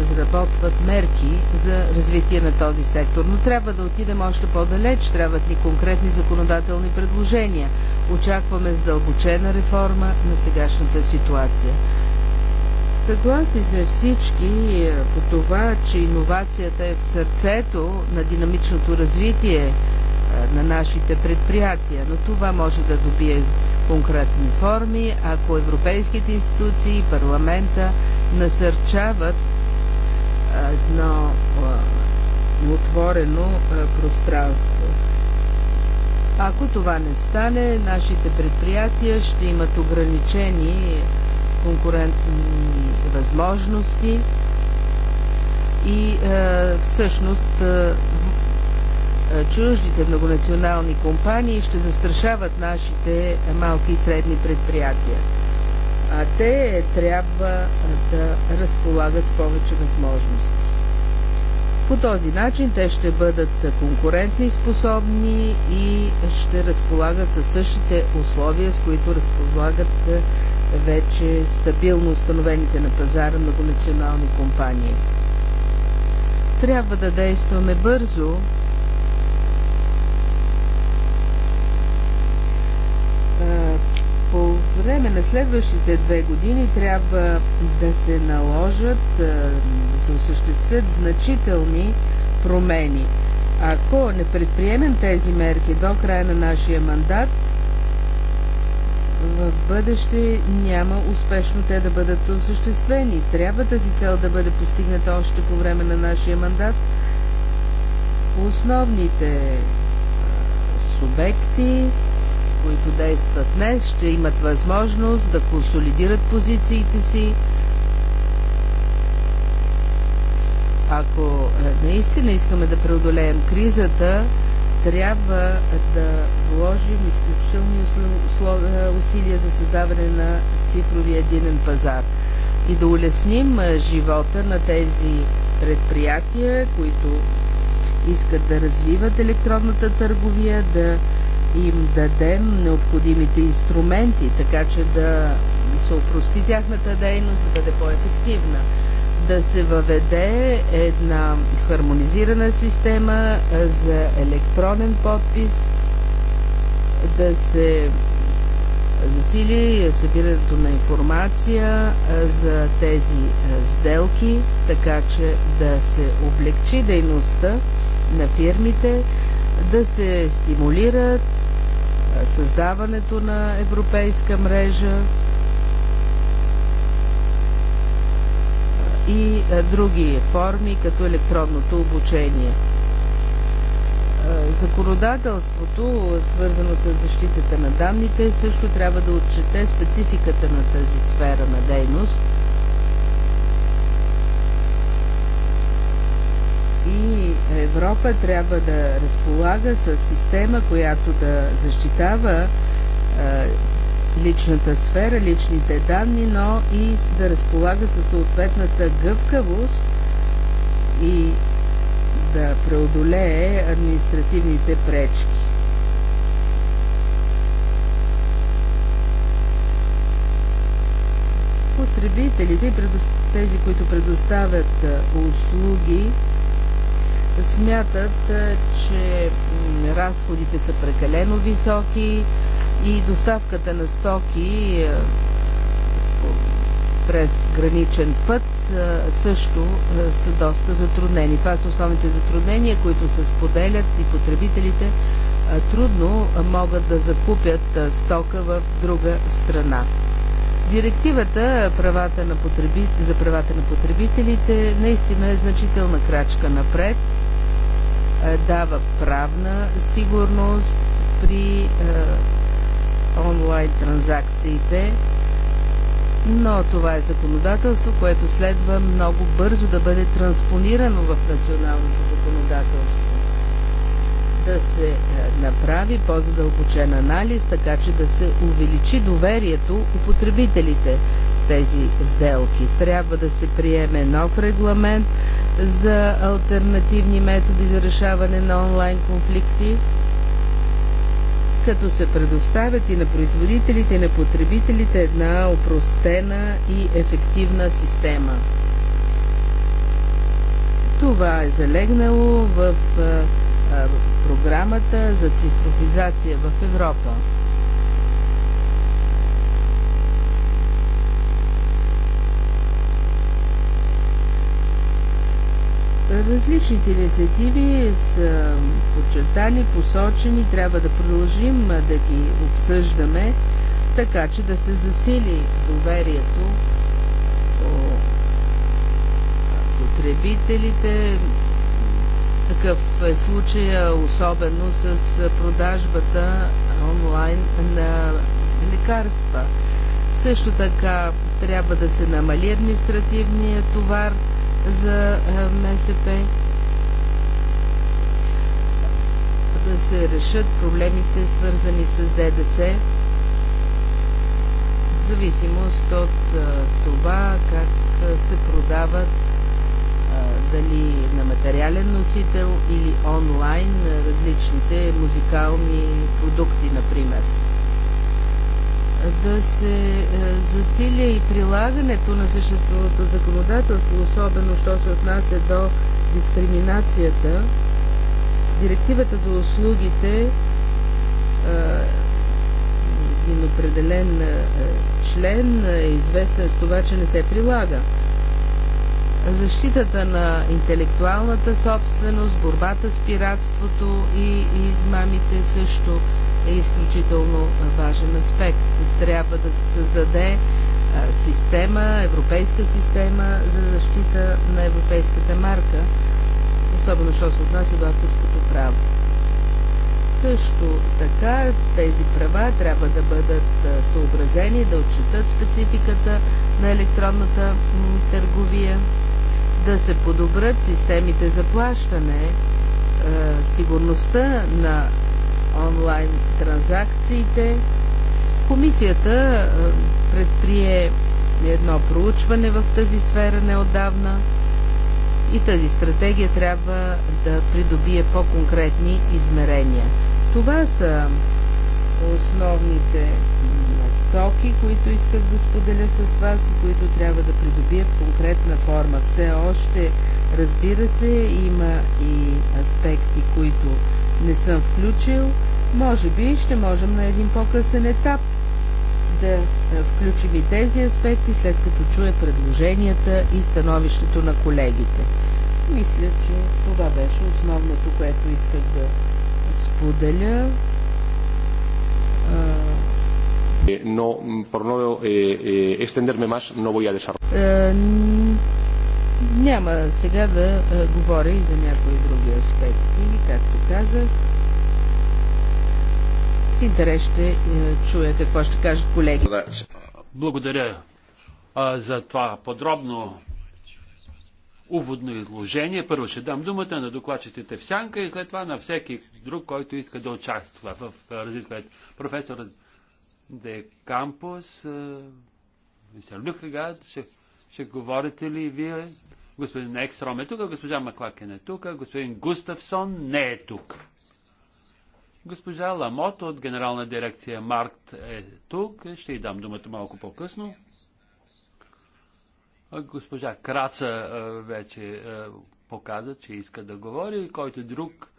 Speaker 4: разработват мерки за развитие на този сектор. Но трябва да отидем още по-далеч, трябват ни конкретни законодателни предложения. Очакваме задълбочена реформа на сегашната ситуация. Съгласни сме всички е, по това, че иновацията е в сърцето на динамичното развитие е, на нашите предприятия, но това може да добие конкретни форми, ако европейските институции и парламента насърчават е, едно отворено пространство. Ако това не стане, нашите предприятия ще имат ограничени конкурентни възможности и е, всъщност е, е, чуждите многонационални компании ще застрашават нашите малки и средни предприятия. А те трябва да разполагат с повече възможности. По този начин те ще бъдат конкурентни способни и ще разполагат със същите условия, с които разполагат е, вече стабилно установените на пазара многонационални компании. Трябва да действаме бързо, е, по време на следващите две години трябва да се наложат, да се осъществят значителни промени. Ако не предприемем тези мерки до края на нашия мандат, в бъдеще няма успешно те да бъдат осъществени. Трябва тази цел да бъде постигната още по време на нашия мандат. Основните субекти, които действат днес, ще имат възможност да консолидират позициите си. Ако е, наистина искаме да преодолеем кризата, трябва да вложим изключителни е, усилия за създаване на цифрови единен пазар и да улесним е, живота на тези предприятия, които искат да развиват електронната търговия, да им дадем необходимите инструменти, така че да се опрости тяхната дейност, да бъде по-ефективна, да се въведе една хармонизирана система за електронен подпис, да се засили събирането на информация за тези сделки, така че да се облегчи дейността на фирмите, да се стимулират е, създаването на европейска мрежа е, и е, други форми, като електронното обучение. Законодателството, свързано с защитата на данните, също трябва да отчете спецификата на тази сфера на дейност – и Европа трябва да разполага с система, която да защитава е, личната сфера, личните данни, но и да разполага със съответната гъвкавост и да преодолее административните пречки. Потребителите, тези, които предоставят е, услуги, смятат, че разходите са прекалено високи и доставката на стоки през граничен път също са доста затруднени. Това са основните затруднения, които се споделят и потребителите трудно могат да закупят стока в друга страна. Директивата правата на за правата на потребителите наистина е значителна крачка напред – е, дава правна сигурност при е, онлайн транзакциите, но това е законодателство, което следва много бързо да бъде транспонирано в националното законодателство. Да се е, направи по-задълбочен анализ, така че да се увеличи доверието у потребителите тези сделки. Трябва да се приеме нов регламент за альтернативни методи за решаване на онлайн конфликти, като се предоставят и на производителите, и на потребителите една опростена и ефективна система. Това е залегнало в програмата за цифровизация в Европа. Различните инициативи са подчертани, посочени, трябва да продължим да ги обсъждаме, така че да се засили доверието по потребителите. Такъв е случая особено с продажбата онлайн на лекарства. Също така трябва да се намали административния товар – за МСП, да се решат проблемите свързани с ДДС, в зависимост от това как се продават дали на материален носител или онлайн различните музикални продукти, например да се е, засиля и прилагането на съществуващото законодателство, особено що се отнася до дискриминацията. Директивата за услугите е, един определен е, член е известен с това, че не се прилага. Защитата на интелектуалната собственост, борбата с пиратството и измамите също е изключително важен аспект. Трябва да се създаде система, европейска система за защита на европейската марка, особено що се отнася до авторското право. Също така тези права трябва да бъдат съобразени, да отчитат спецификата на електронната търговия, да се подобрят системите за плащане, сигурността на онлайн транзакциите. Комисията предприе едно проучване в тази сфера неодавна и тази стратегия трябва да придобие по-конкретни измерения. Това са основните насоки, които исках да споделя с вас и които трябва да придобият конкретна форма. Все още, разбира се, има и аспекти, които не съм включил. Може би ще можем на един по-късен етап да е, включим и тези аспекти, след като чуя предложенията и становището на колегите. Мисля, че това беше основното, което исках да споделя.
Speaker 5: Е, но по-ново, е, eh, маш, но боя voy
Speaker 4: няма сега да а, е, говоря и за някои други аспекти, както казах. С интерес ще а, е, чуя какво ще кажат колеги.
Speaker 3: Благодаря а, за това подробно уводно изложение. Първо ще дам думата на докладчиците в сянка и след това на всеки друг, който иска да участва в е, разискването. Професор Де Кампус, мистер Люхегад, ще ще говорите ли вие? Господин Екстром е тук, госпожа Маклакен е тук, господин Густавсон не е тук. Госпожа Ламот от Генерална дирекция Маркт е тук. Ще й дам думата малко по-късно. Госпожа Краца е, вече е, показа, че иска да говори. Който друг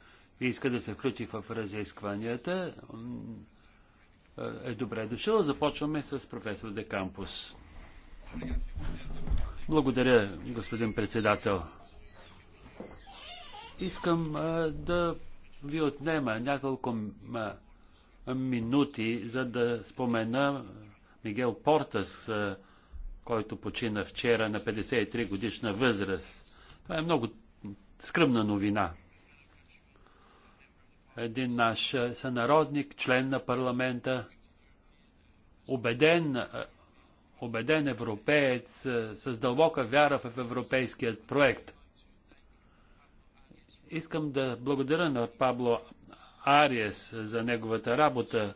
Speaker 3: иска да се включи в разискванията, е, е добре дошъл. Започваме с професор Декампус. Благодаря, господин председател. Искам а, да ви отнема няколко а, минути, за да спомена Мигел Портас, а, който почина вчера на 53 годишна възраст. Това е много скръмна новина. Един наш сънародник, член на парламента, убеден убеден европеец е, с дълбока вяра в европейският проект. Искам да благодаря на Пабло Ариес за неговата работа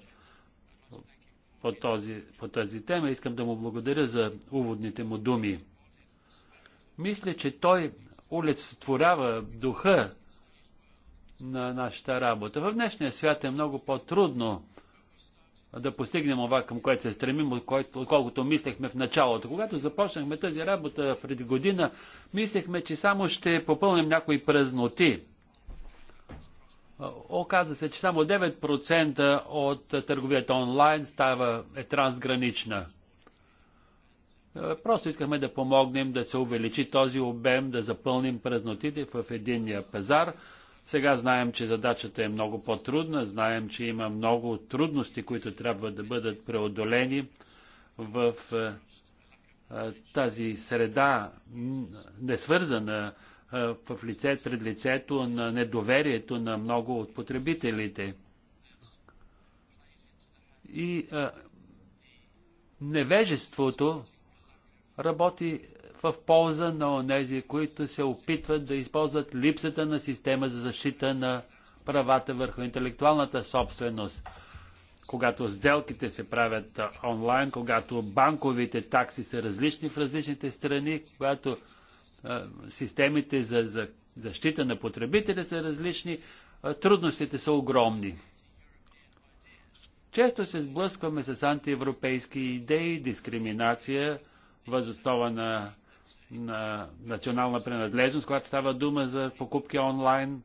Speaker 3: по, този, по тази тема. Искам да му благодаря за уводните му думи. Мисля, че той улицетворява духа на нашата работа. В днешния свят е много по-трудно да постигнем това, към което се стремим, отколкото мислехме в началото. Когато започнахме тази работа преди година, мислехме, че само ще попълним някои празноти. Оказва се, че само 9% от търговията онлайн става е трансгранична. Е, просто искахме да помогнем да се увеличи този обем, да запълним празнотите в единния пазар сега знаем, че задачата е много по-трудна, знаем, че има много трудности, които трябва да бъдат преодолени в е, е, тази среда, несвързана е, в лице, пред лицето на недоверието на много от потребителите. И невежеството работи в полза на онези, които се опитват да използват липсата на система за защита на правата върху интелектуалната собственост. Когато сделките се правят онлайн, когато банковите такси са различни в различните страни, когато а, системите за, за защита на потребителя са различни, а, трудностите са огромни. Често се сблъскваме с антиевропейски идеи, дискриминация, възоснова на на национална принадлежност, когато става дума за покупки онлайн.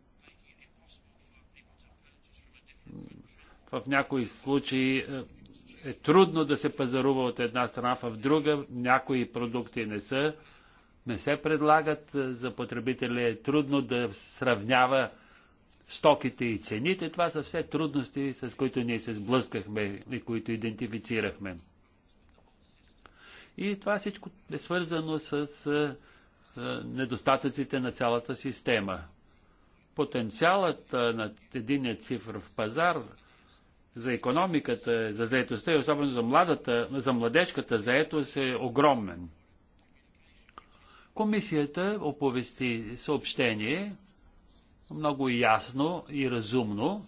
Speaker 3: В някои случаи е, е трудно да се пазарува от една страна в друга, някои продукти не са, не се предлагат, е, за потребители. е трудно да сравнява стоките и цените. Това са все трудности, с които ние се сблъскахме и които идентифицирахме. И това всичко е свързано с недостатъците на цялата система. Потенциалът на единия цифров пазар за економиката, за заетостта и особено за, младата, за младежката заетост е огромен. Комисията оповести съобщение много ясно и разумно,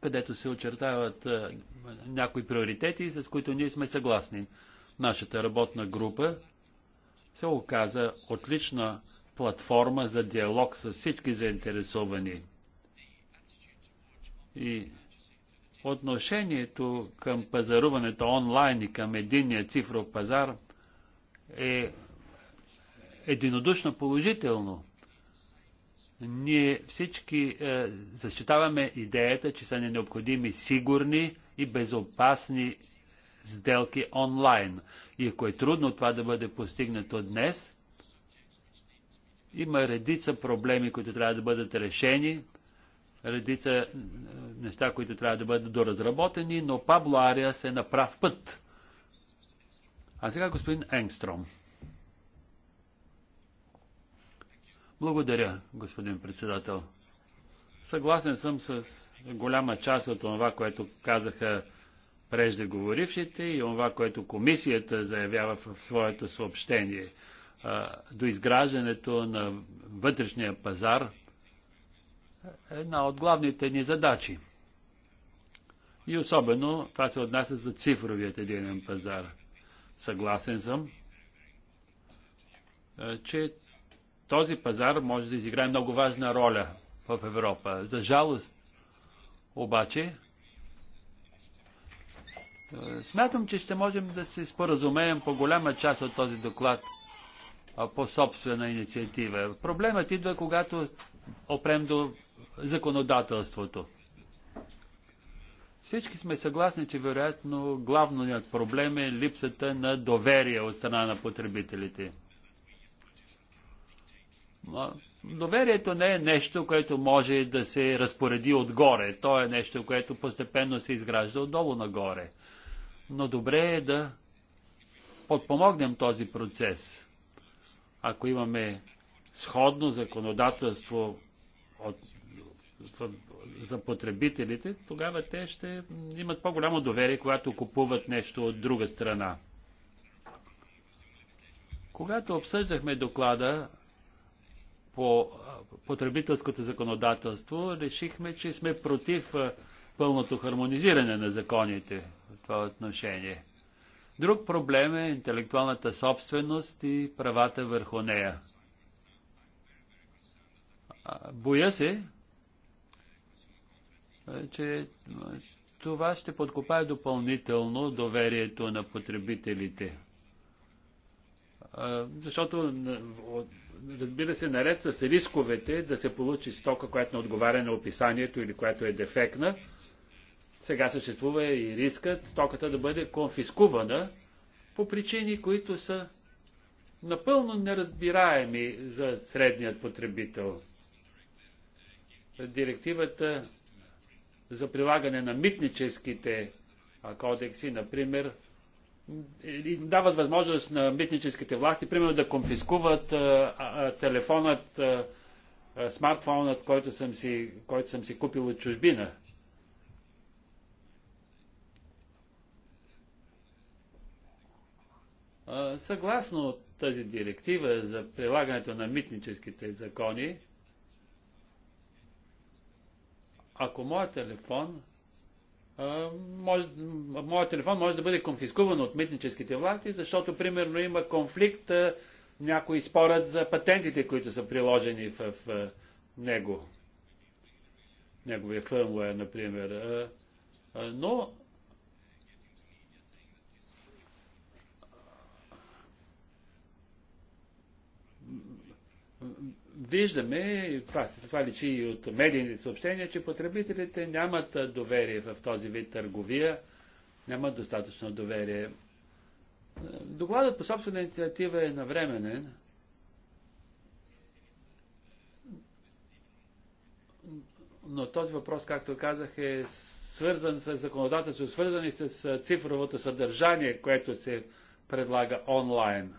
Speaker 3: където се очертават някои приоритети, с които ние сме съгласни. Нашата работна група се оказа отлична платформа за диалог с всички заинтересовани. И отношението към пазаруването онлайн и към единния цифров пазар е единодушно положително. Ние всички е, защитаваме идеята, че са ни необходими сигурни и безопасни сделки онлайн. И ако е трудно това да бъде постигнато днес, има редица проблеми, които трябва да бъдат решени, редица е, неща, които трябва да бъдат доразработени, но Пабло Ариас е на прав път. А сега господин Енгстром. Благодаря, господин председател. Съгласен съм с голяма част от това, което казаха преждеговорившите и това, което комисията заявява в своето съобщение до изграждането на вътрешния пазар е една от главните ни задачи. И особено това се отнася за цифровият единен пазар. Съгласен съм, че този пазар може да изиграе много важна роля в Европа. За жалост, обаче, Смятам, че ще можем да се споразумеем по голяма част от този доклад по собствена инициатива. Проблемът идва, когато опрем до законодателството. Всички сме съгласни, че вероятно главният проблем е липсата на доверие от страна на потребителите. Доверието не е нещо, което може да се разпореди отгоре. То е нещо, което постепенно се изгражда отдолу нагоре но добре е да подпомогнем този процес. Ако имаме сходно законодателство от, за потребителите, тогава те ще имат по-голямо доверие, когато купуват нещо от друга страна. Когато обсъждахме доклада по потребителското законодателство, решихме, че сме против пълното хармонизиране на законите в това отношение. Друг проблем е интелектуалната собственост и правата върху нея. Боя се, че това ще подкопае допълнително доверието на потребителите. Защото, разбира се, наред с рисковете да се получи стока, която не отговаря на описанието или която е дефектна, сега съществува и рискът стоката да бъде конфискувана по причини, които са напълно неразбираеми за средният потребител. Директивата за прилагане на митническите кодекси, например, дават възможност на митническите власти, примерно да конфискуват а, а, телефонът, а, смартфонът, който съм, си, който съм си купил от чужбина. Съгласно тази директива за прилагането на митническите закони, ако моят телефон може, моят телефон може да бъде конфискуван от митническите власти, защото примерно има конфликт, някои спорят за патентите, които са приложени в, в него. Неговия фърмуер, например. Но виждаме, това, това личи и от медийните съобщения, че потребителите нямат доверие в този вид търговия, нямат достатъчно доверие. Е, докладът по собствена инициатива е навременен. Но този въпрос, както казах, е свързан с законодателство, свързан и с цифровото съдържание, което се предлага онлайн.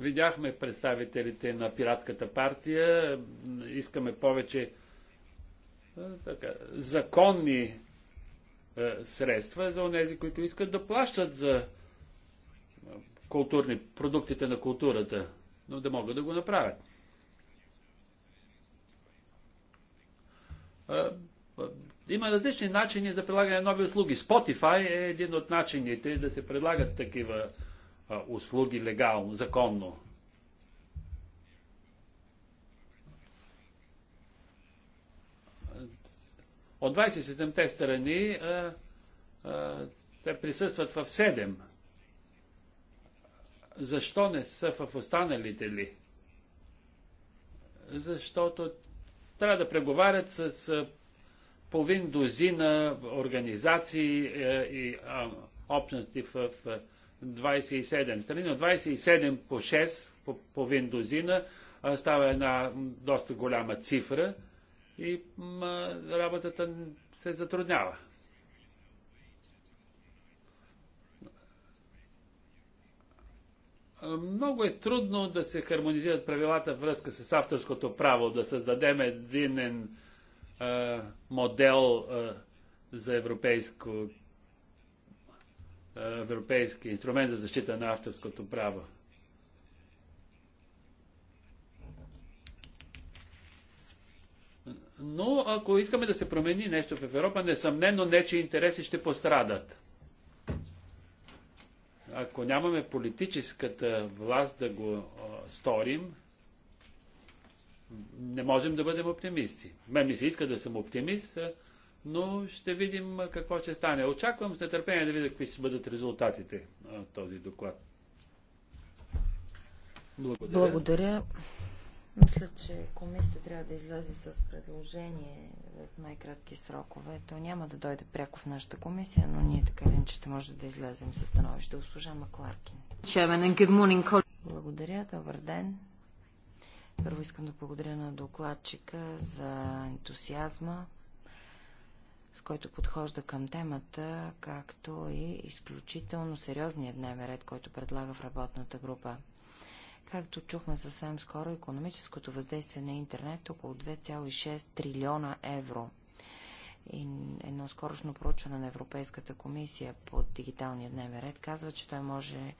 Speaker 3: Видяхме представителите на пиратската партия, искаме повече е, така, законни е, средства за тези, които искат да плащат за културни, продуктите на културата, но да могат да го направят. Е, е, има различни начини за прилагане на нови услуги. Spotify е един от начините да се предлагат такива услуги легално, законно. От 27-те страни а, а, те присъстват в 7. Защо не са в останалите ли? Защото трябва да преговарят с а, половин дозина организации а, и а, общности в. А, 27 страни, от 27 по 6 по, по виндозина става една доста голяма цифра и работата се затруднява. Много е трудно да се хармонизират правилата в връзка с авторското право, да създадем единен модел за европейско е, европейски инструмент за защита на авторското право. Но ако искаме да се промени нещо в Европа, несъмнено нечи интереси ще пострадат. Ако нямаме политическата власт да го а, сторим, не можем да бъдем оптимисти. Мен ми се иска да съм оптимист, но ще видим какво ще стане. Очаквам с нетърпение да видя какви ще бъдат резултатите на този доклад. Благодаря. Благодаря.
Speaker 2: Мисля, че комисията трябва да излезе с предложение в най-кратки срокове. То няма да дойде пряко в нашата комисия, но ние така или иначе ще може да излезем с становище. Госпожа Макларкин. Благодаря, добър ден. Първо искам да благодаря на докладчика за ентусиазма, с който подхожда към темата, както и изключително сериозния дневен ред, който предлага в работната група. Както чухме съвсем скоро, економическото въздействие на интернет е около 2,6 трилиона евро. И едно скорошно проучване на Европейската комисия по дигиталния дневен ред казва, че той може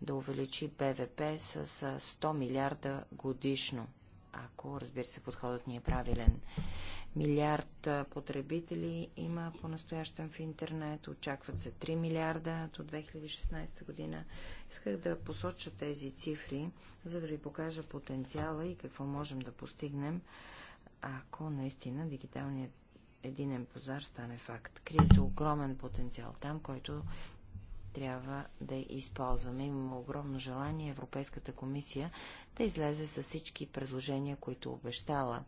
Speaker 2: да увеличи БВП с 100 милиарда годишно ако, разбира се, подходът ни е правилен. Милиард потребители има по настоящен в интернет, очакват се 3 милиарда до 2016 година. Исках да посоча тези цифри, за да ви покажа потенциала и какво можем да постигнем, ако наистина дигиталният единен пазар стане факт. Крие се огромен потенциал там, който трябва да използваме. Имаме огромно желание Европейската комисия да излезе с всички предложения, които обещала.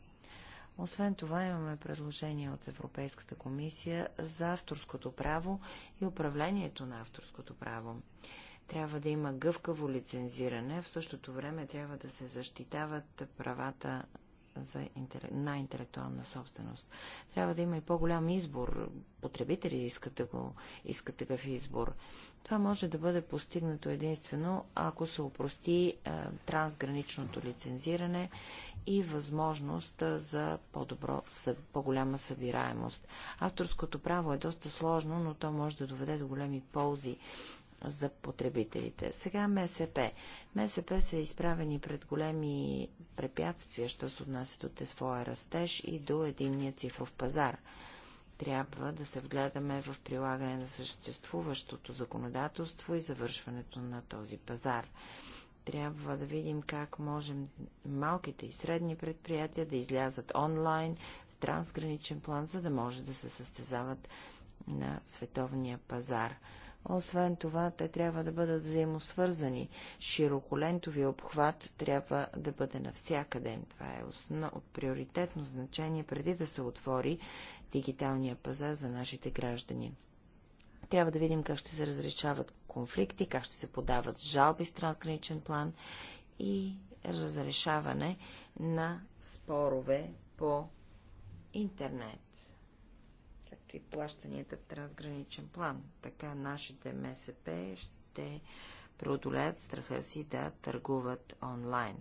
Speaker 2: Освен това имаме предложение от Европейската комисия за авторското право и управлението на авторското право. Трябва да има гъвкаво лицензиране, в същото време трябва да се защитават правата за, на интелектуална собственост. Трябва да има и по-голям избор. Потребители искат, да го, искат такъв избор. Това може да бъде постигнато единствено, ако се опрости е, трансграничното лицензиране и възможност е, за по-добро, по-голяма събираемост. Авторското право е доста сложно, но то може да доведе до големи ползи за потребителите. Сега МСП. МСП са изправени пред големи препятствия, що се отнасят от своя растеж и до единния цифров пазар. Трябва да се вгледаме в прилагане на съществуващото законодателство и завършването на този пазар. Трябва да видим как можем малките и средни предприятия да излязат онлайн в трансграничен план, за да може да се състезават на световния пазар. Освен това, те трябва да бъдат взаимосвързани. Широколентови обхват трябва да бъде навсякъде. Това е основ... от приоритетно значение преди да се отвори дигиталния пазар за нашите граждани. Трябва да видим как ще се разрешават конфликти, как ще се подават жалби в трансграничен план и разрешаване на спорове по интернет както и плащанията в трансграничен план. Така нашите МСП ще преодолеят страха си да търгуват онлайн.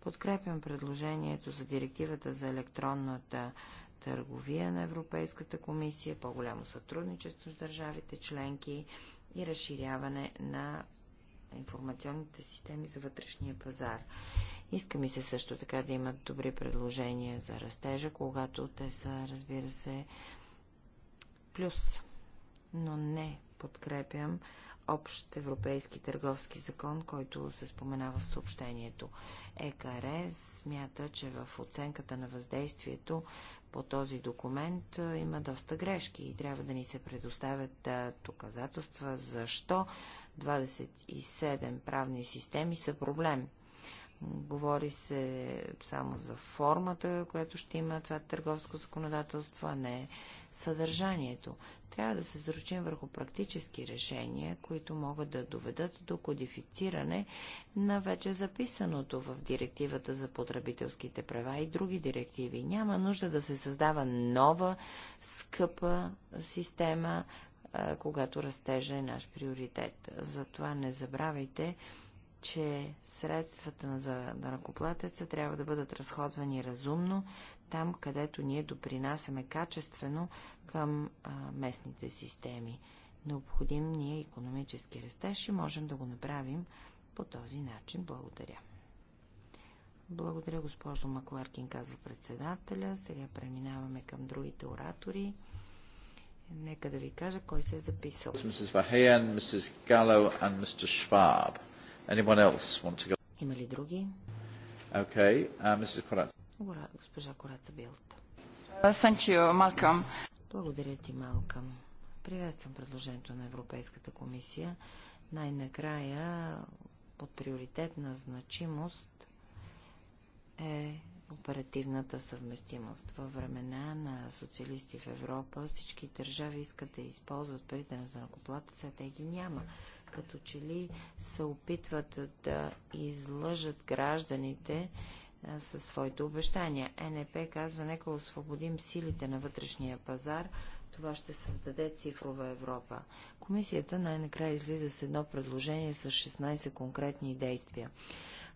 Speaker 2: Подкрепям предложението за директивата за електронната търговия на Европейската комисия, по-голямо сътрудничество с държавите членки и разширяване на информационните системи за вътрешния пазар. Иска ми се също така да имат добри предложения за растежа, когато те са, разбира се, плюс, но не подкрепям общ европейски търговски закон, който се споменава в съобщението. ЕКР смята, че в оценката на въздействието по този документ има доста грешки и трябва да ни се предоставят доказателства защо 27 правни системи са проблем. Говори се само за формата, която ще има това търговско законодателство, а не съдържанието. Трябва да се заручим върху практически решения, които могат да доведат до кодифициране на вече записаното в директивата за потребителските права и други директиви. Няма нужда да се създава нова, скъпа система, когато растежа е наш приоритет. Затова не забравяйте, че средствата за данакоплатеца трябва да бъдат разходвани разумно, там където ние допринасяме качествено към а, местните системи. Необходим ни е економически растеж и можем да го направим по този начин. Благодаря. Благодаря, госпожо Макларкин, казва председателя. Сега преминаваме към другите оратори. Нека да ви кажа кой се е записал. Mrs.
Speaker 1: Vaheyan, Mrs. Gallo and Mr. Schwab. Anyone else want to go?
Speaker 2: Има ли други?
Speaker 1: Okay, uh, Mrs. Corazza.
Speaker 2: Добре, госпожа Кораца Билт. Uh, Благодаря ти, Малкам. Приветствам предложението на Европейската комисия. Най-накрая под приоритетна значимост е оперативната съвместимост. Във времена на социалисти в Европа всички държави искат да използват парите на занакоплатеца, те ги няма като че ли се опитват да излъжат гражданите със своите обещания. Е НП казва, нека освободим силите на вътрешния пазар, това ще създаде цифрова Европа. Комисията най-накрая излиза с едно предложение с 16 конкретни действия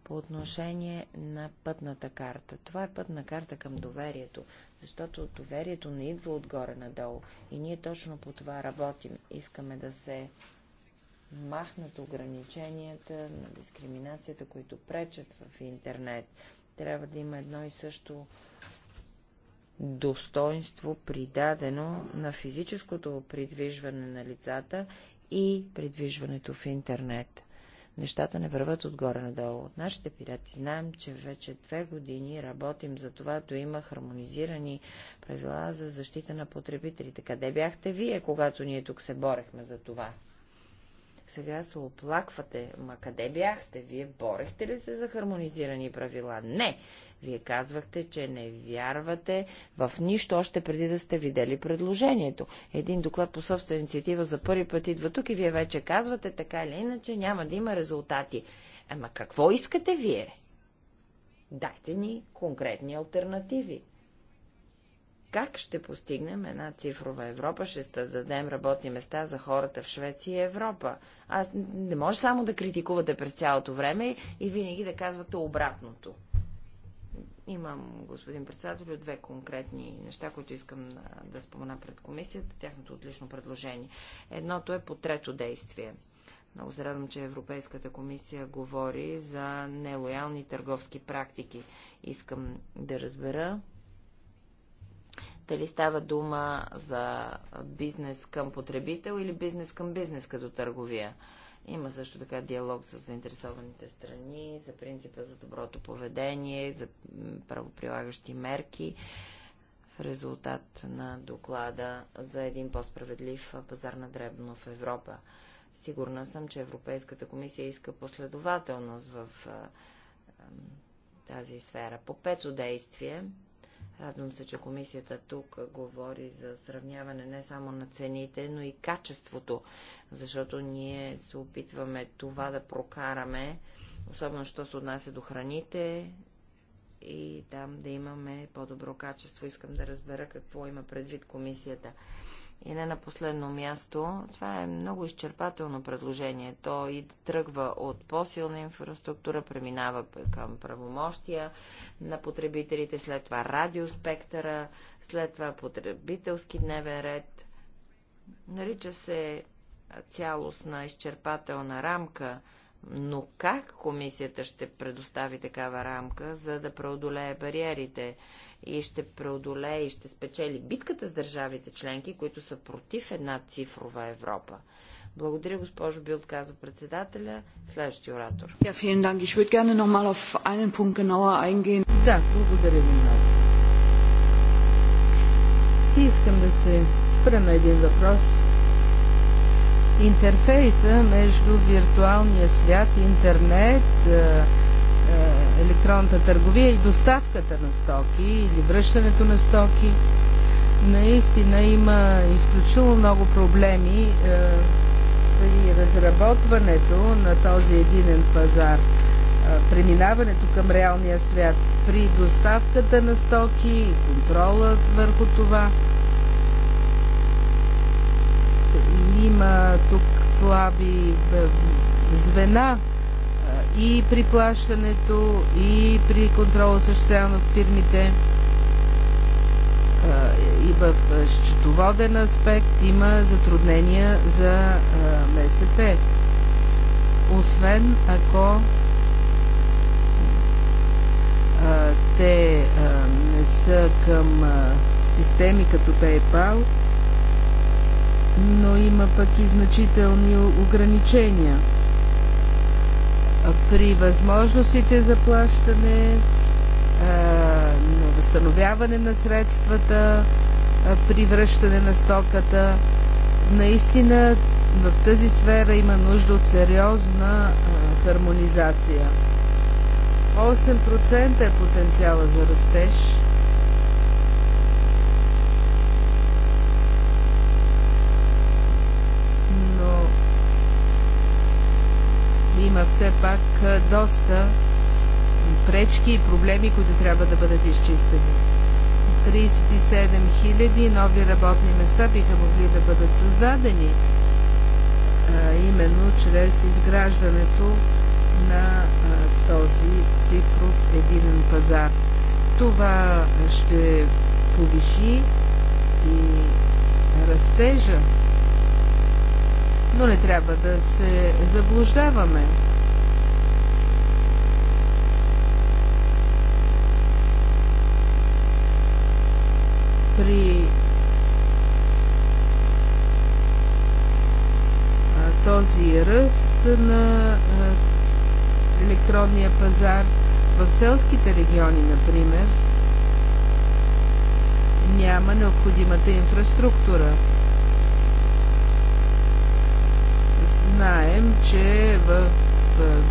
Speaker 2: по отношение на пътната карта. Това е пътна карта към доверието, защото доверието не идва отгоре надолу и ние точно по това работим. Искаме да се махнат ограниченията на дискриминацията, които пречат в интернет. Трябва да има едно и също достоинство, придадено на физическото придвижване на лицата и придвижването в интернет. Нещата не върват отгоре надолу. От нашите пирати знаем, че вече две години работим за това да има хармонизирани правила за защита на потребителите. Къде бяхте вие, когато ние тук се борехме за това? Сега се оплаквате. Ма къде бяхте? Вие борехте ли се за хармонизирани правила? Не! Вие казвахте, че не вярвате в нищо, още преди да сте видели предложението. Един доклад по собствена инициатива за първи път идва тук и вие вече казвате, така или иначе, няма да има резултати. Ама какво искате вие? Дайте ни конкретни альтернативи. Как ще постигнем една цифрова Европа? Ще създадем работни места за хората в Швеция и Европа. Аз не може само да критикувате през цялото време и винаги да казвате обратното. Имам, господин председател, две конкретни неща, които искам да спомена пред комисията, тяхното отлично предложение. Едното е по трето действие. Много се радвам, че Европейската комисия говори за нелоялни търговски практики. Искам да разбера дали става дума за бизнес към потребител или бизнес към бизнес като търговия. Има също така диалог с заинтересованите страни, за принципа за доброто поведение, за правоприлагащи мерки в резултат на доклада за един по-справедлив пазар на дребно в Европа. Сигурна съм, че Европейската комисия иска последователност в тази сфера. По пето действие Радвам се, че комисията тук говори за сравняване не само на цените, но и качеството, защото ние се опитваме това да прокараме, особено що се отнася до храните и там да имаме по-добро качество. Искам да разбера какво има предвид комисията. И не на последно място, това е много изчерпателно предложение. То и тръгва от по-силна инфраструктура, преминава към правомощия на потребителите, след това радиоспектъра, след това потребителски дневен ред. Нарича се цялостна изчерпателна рамка, но как комисията ще предостави такава рамка, за да преодолее бариерите? и ще преодолее и ще спечели битката с държавите членки, които са против една цифрова Европа. Благодаря, госпожо Билт, казва председателя. Следващия оратор. Да,
Speaker 4: благодаря ви много. И искам да се спра на един въпрос. Интерфейса между виртуалния свят, интернет, е, е, електронната търговия и доставката на стоки или връщането на стоки. Наистина има изключително много проблеми е, при разработването на този единен пазар, е, преминаването към реалния свят, при доставката на стоки и контрола върху това. Има тук слаби звена и при плащането, и при контрола осъществяван от фирмите, и в счетоводен аспект има затруднения за МСП. Освен ако те не са към системи като PayPal, но има пък и значителни ограничения – при възможностите за плащане, на възстановяване на средствата, при връщане на стоката. Наистина в тази сфера има нужда от сериозна хармонизация. 8% е потенциала за растеж има все пак доста пречки и проблеми, които трябва да бъдат изчистени. 37 000 нови работни места биха могли да бъдат създадени именно чрез изграждането на този цифров единен пазар. Това ще повиши и растежа но не трябва да се заблуждаваме. При този ръст на електронния пазар в селските региони, например, няма необходимата инфраструктура. Знаем, че в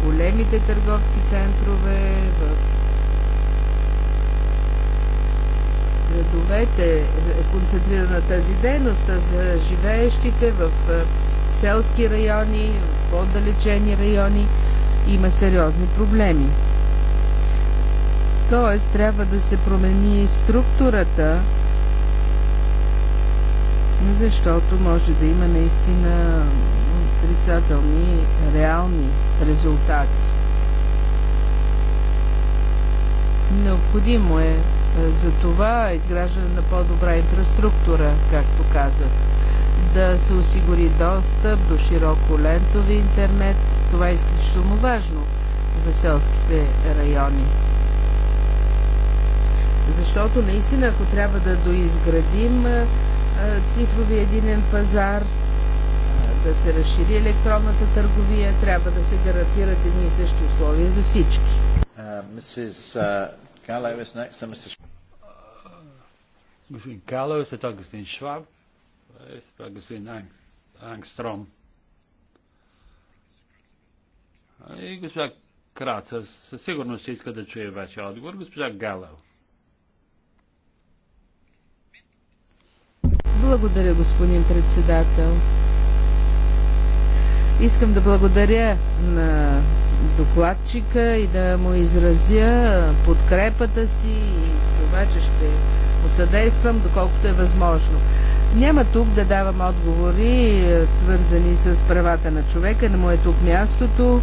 Speaker 4: големите търговски центрове, в градовете е концентрирана тази дейност, а за живеещите в е, селски райони, в отдалечени райони има сериозни проблеми. Тоест, трябва да се промени структурата, защото може да има наистина отрицателни реални резултати. Необходимо е, е за това изграждане на по-добра инфраструктура, както казах. Да се осигури достъп до широко лентови интернет. Това е изключително важно за селските райони. Защото наистина, ако трябва да доизградим е, е, цифрови единен пазар, да се разшири електронната търговия, трябва да се гарантират едни и същи условия за всички.
Speaker 1: Uh, uh, uh, господин Калев, след това господин Шваб, е, след това господин
Speaker 3: Ангстром. И госпожа Краца, със сигурност ще иска да чуе вашия отговор. Госпожа Галев.
Speaker 4: Благодаря, господин председател. Искам да благодаря на докладчика и да му изразя подкрепата си и това, че ще му съдействам, доколкото е възможно. Няма тук да давам отговори, е, свързани с правата на човека, не му е тук мястото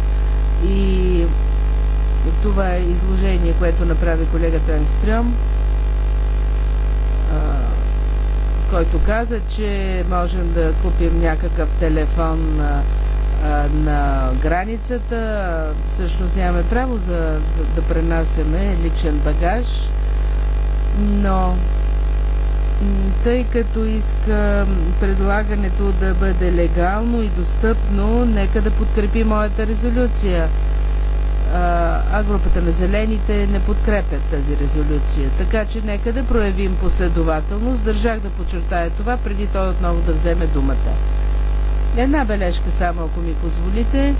Speaker 4: и това е изложение, което направи колегата Енстрем, е, който каза, че можем да купим някакъв телефон на е, на границата. Всъщност нямаме право за, да, да пренасяме личен багаж, но тъй като иска предлагането да бъде легално и достъпно, нека да подкрепи моята резолюция. А групата на зелените не подкрепят тази резолюция. Така че нека да проявим последователност. Държах да подчертая това, преди той отново да вземе думата. Една бележка само, ако ми позволите.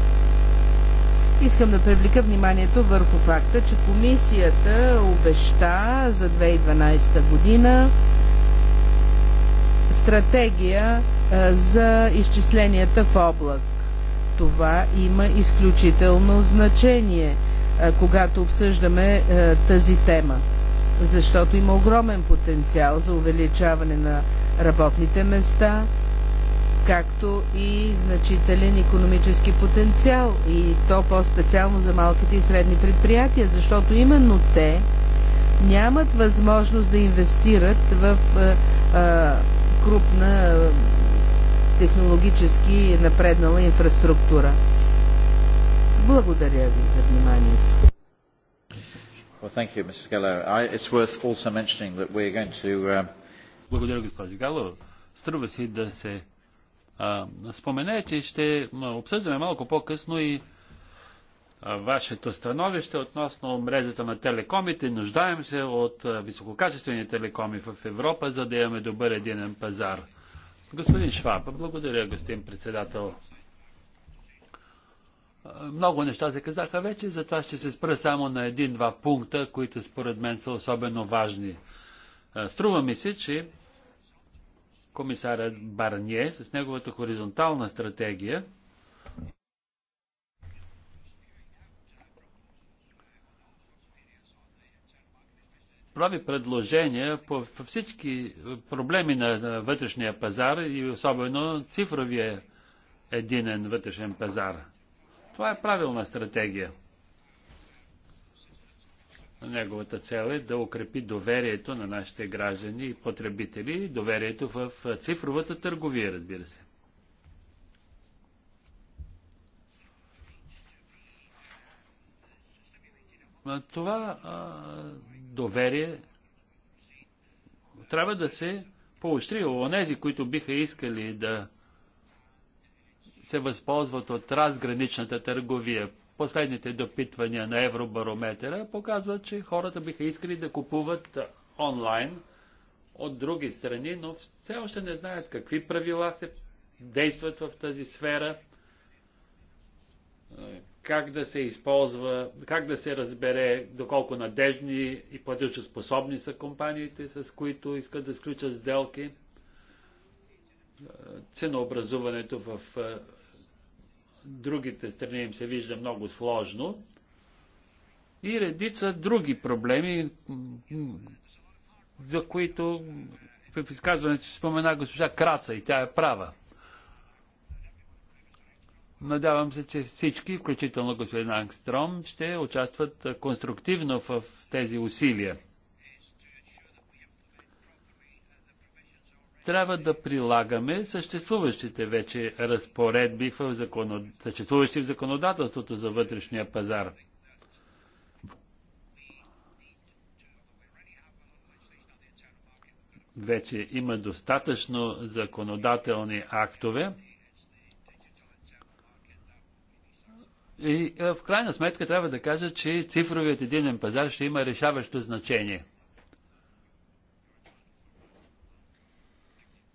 Speaker 4: Искам да привлека вниманието върху факта, че комисията обеща за 2012 година стратегия за изчисленията в облак. Това има изключително значение, когато обсъждаме тази тема, защото има огромен потенциал за увеличаване на работните места – както и значителен економически потенциал и то по-специално за малките и средни предприятия, защото именно те нямат възможност да инвестират в а, крупна технологически напреднала инфраструктура. Благодаря ви за вниманието.
Speaker 1: Well, thank you, Mrs. Gallo. I, it's worth also mentioning that we're going to... Uh... Благодаря, госпожо Гало. Струва си да се
Speaker 3: Спомене, че ще обсъждаме малко по-късно и вашето становище относно мрежата на телекомите. Нуждаем се от висококачествени телекоми в Европа, за да имаме добър единен пазар. Господин Шваб, благодаря, господин председател. Много неща се казаха вече, затова ще се спра само на един-два пункта, които според мен са особено важни. Струва ми се, че Комисаря Барние с неговата хоризонтална стратегия прави предложения по всички проблеми на, на вътрешния пазар и особено цифровия единен вътрешен пазар. Това е правилна стратегия. Неговата цел е да укрепи доверието на нашите граждани и потребители, доверието в цифровата търговия, разбира се. Това а, доверие трябва да се поощри. Онези, които биха искали да се възползват от разграничната търговия, последните допитвания на Евробарометъра показват, че хората биха искали да купуват онлайн от други страни, но все още не знаят какви правила се действат в тази сфера, как да се използва, как да се разбере доколко надежни и платежоспособни са компаниите, с които искат да сключат сделки ценообразуването в другите страни им се вижда много сложно. И редица други проблеми, за които в изказването си спомена госпожа Краца и тя е права. Надявам се, че всички, включително господин Ангстром, ще участват конструктивно в тези усилия. трябва да прилагаме съществуващите вече разпоредби в законод... съществуващи в законодателството за вътрешния пазар. Вече има достатъчно законодателни актове. И е, в крайна сметка трябва да кажа, че цифровият единен пазар ще има решаващо значение –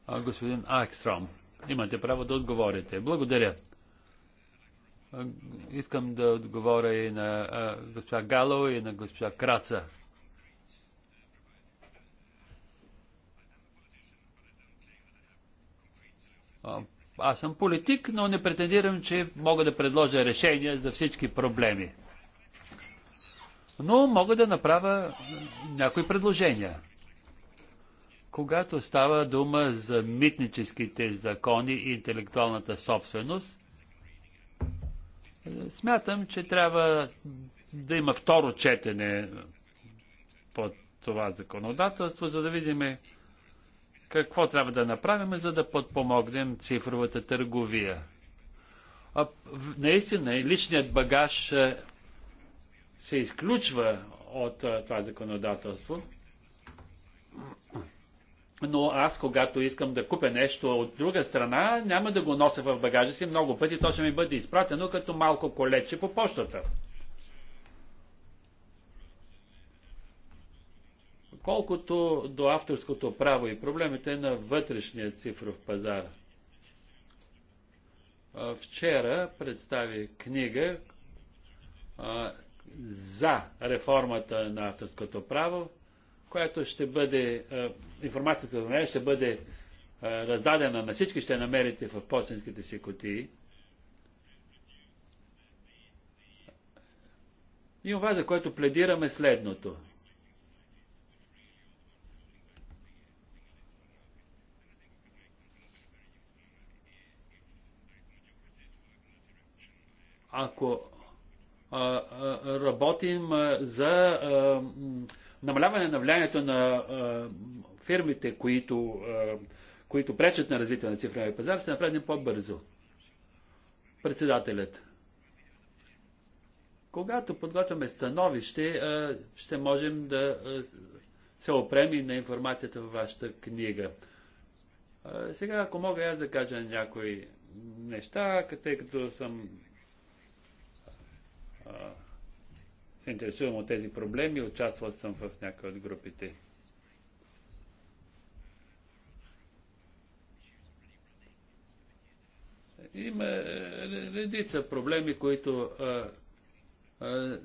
Speaker 3: Господин Акстром, имате право да отговорите. Благодаря. Искам да отговоря и на госпожа Гало и на госпожа Краца. Аз съм политик, но не претендирам, че мога да предложа решения за всички проблеми. Но мога да направя някои предложения. Когато става дума за митническите закони и интелектуалната собственост, смятам, че трябва да има второ четене по това законодателство, за да видим какво трябва да направим, за да подпомогнем цифровата търговия. А, наистина, личният багаж е, се изключва от е, това законодателство но аз, когато искам да купя нещо от друга страна, няма да го нося в багажа си много пъти, то ще ми бъде изпратено като малко колече по почтата. Колкото до авторското право и проблемите на вътрешния цифров пазар. Вчера представи книга за реформата на авторското право, която ще бъде, информацията за нея ще бъде раздадена на всички, ще намерите в почтенските си кутии. И това, за което пледираме е следното. Ако а, а, работим а, за намаляване на влиянието на фирмите, които, които пречат на развитие на цифровия пазар, се направи по-бързо. Председателят. Когато подготвяме становище, ще можем да се опреми на информацията във вашата книга. Сега, ако мога аз да кажа някои неща, тъй като съм се интересувам от тези проблеми, участвал съм в някои от групите. Има е, редица проблеми, които а, а,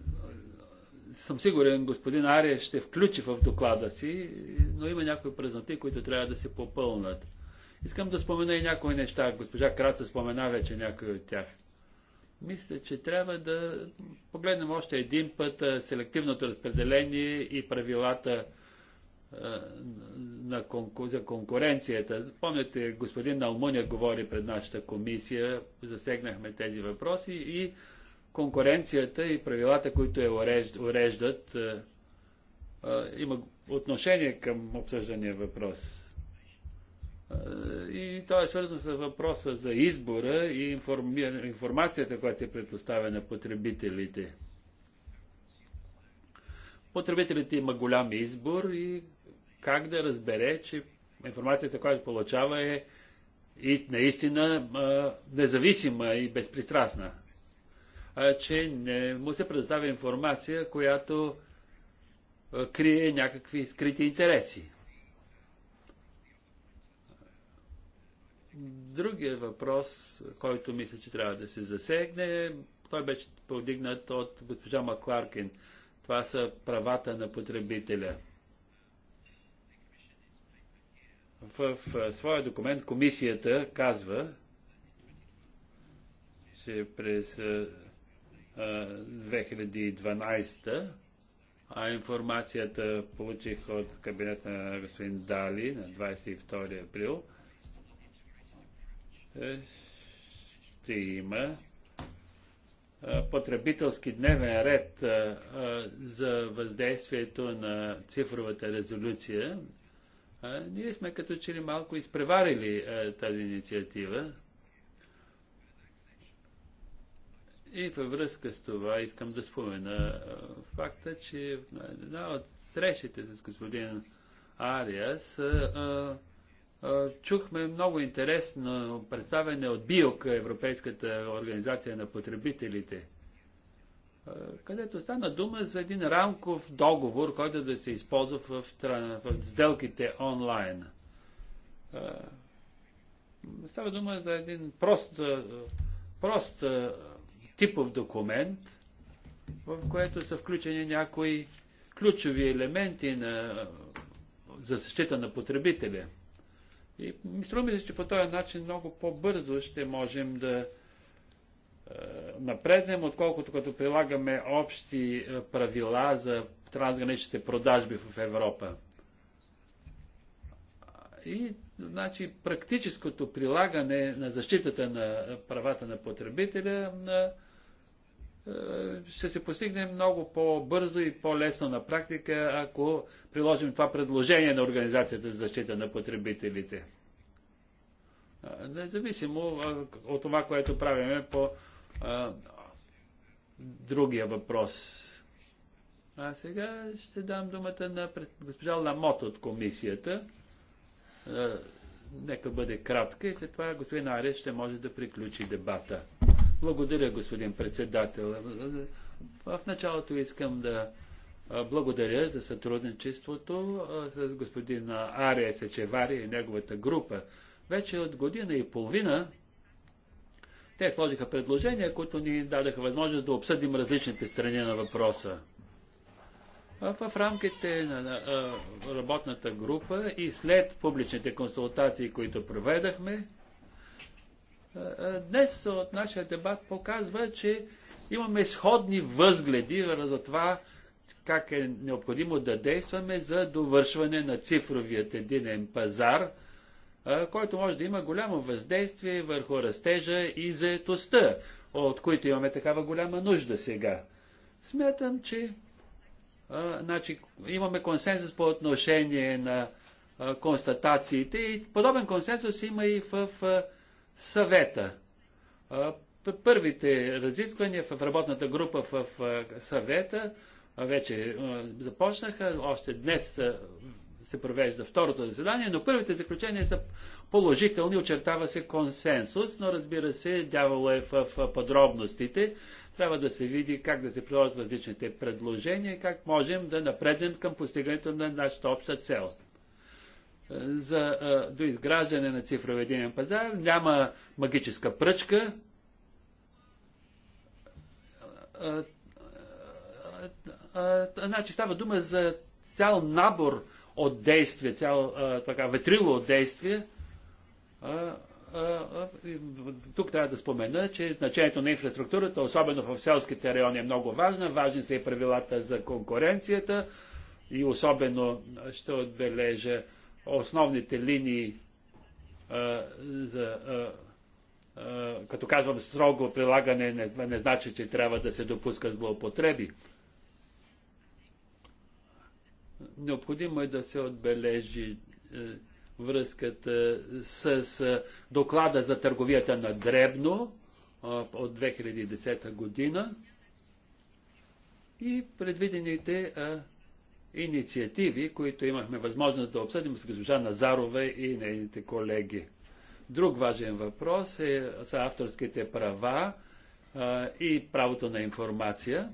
Speaker 3: съм сигурен, господин Ария ще включи в доклада си, но има някои празноти, които трябва да се попълнат. Искам да спомена и някои неща. Госпожа Краца спомена вече някои от тях. Мисля, че трябва да погледнем още един път селективното разпределение и правилата на конку... за конкуренцията. Помните, господин Налмуня говори пред нашата комисия, засегнахме тези въпроси и конкуренцията и правилата, които я уреждат, има отношение към обсъждания въпрос. Е, и то е свързано с въпроса за избора и информацията, която се предоставя на потребителите. Потребителите има голям избор и как да разбере, че информацията, която получава е наистина независима и безпристрастна. Че не му се предоставя информация, която крие някакви скрити интереси. Другия въпрос, който мисля, че трябва да се засегне, той беше повдигнат от госпожа Макларкин. Това са правата на потребителя. В, в своя документ комисията казва, че през 2012, а информацията получих от кабинета на господин Дали на 22 април, е, ще има потребителски дневен ред за въздействието на цифровата резолюция. Ние сме като че ли малко изпреварили тази инициатива. И във връзка с това искам да спомена факта, че една от срещите с господин Ариас а, Чухме много интересно представяне от БИОК, Европейската организация на потребителите, където стана дума за един рамков договор, който да се използва в, в сделките онлайн. Става дума за един прост, прост типов документ, в което са включени някои ключови елементи на, за защита на потребителя – и струва ми се, че по този начин много по-бързо ще можем да е, напреднем, отколкото като прилагаме общи е, правила за трансграничните продажби в Европа. И значи, практическото прилагане на защитата на правата на потребителя на е, ще се постигне много по-бързо и по-лесно на практика, ако приложим това предложение на Организацията за защита на потребителите. Е, независимо е, от това, което правиме по а, другия въпрос. А сега ще дам думата на госпожа Ламот от комисията. А, нека бъде кратка и след това господин Арес ще може да приключи дебата. Благодаря, господин председател. В началото искам да благодаря за сътрудничеството с господин Ария Сечевари и неговата група. Вече от година и половина те сложиха предложения, които ни дадаха възможност да обсъдим различните страни на въпроса. В рамките на работната група и след публичните консултации, които проведахме, е, е, днес от нашия дебат показва, че имаме сходни възгледи за това как е необходимо да действаме за довършване на цифровият единен пазар, е, който може да има голямо въздействие върху растежа и заетостта, от които имаме такава голяма нужда сега. Смятам, че а, значи, имаме консенсус по отношение на а, констатациите и подобен консенсус има и в а, съвета. Първите разисквания в работната група в съвета вече започнаха. Още днес се провежда второто заседание, но първите заключения са положителни, очертава се консенсус, но разбира се, дявол е в подробностите. Трябва да се види как да се приложат различните предложения и как можем да напреднем към постигането на нашата обща цел за доизграждане на цифров единен пазар. Няма магическа пръчка. А, а, а, значи става дума за цял набор от действия, цял така ветрило от действия. Тук трябва да спомена, че значението на инфраструктурата, особено в селските райони, е много важна. Важни са и правилата за конкуренцията и особено ще отбележа основните линии а, за. А, а, като казвам строго прилагане, не, не значи, че трябва да се допускат злоупотреби. Необходимо е да се отбележи а, е, връзката с а, е, доклада за търговията на Дребно а, е, от 2010 година и предвидените а, инициативи, които имахме възможност да обсъдим с госпожа Назарова и нейните колеги. Друг важен въпрос е, са авторските права а, и правото на информация.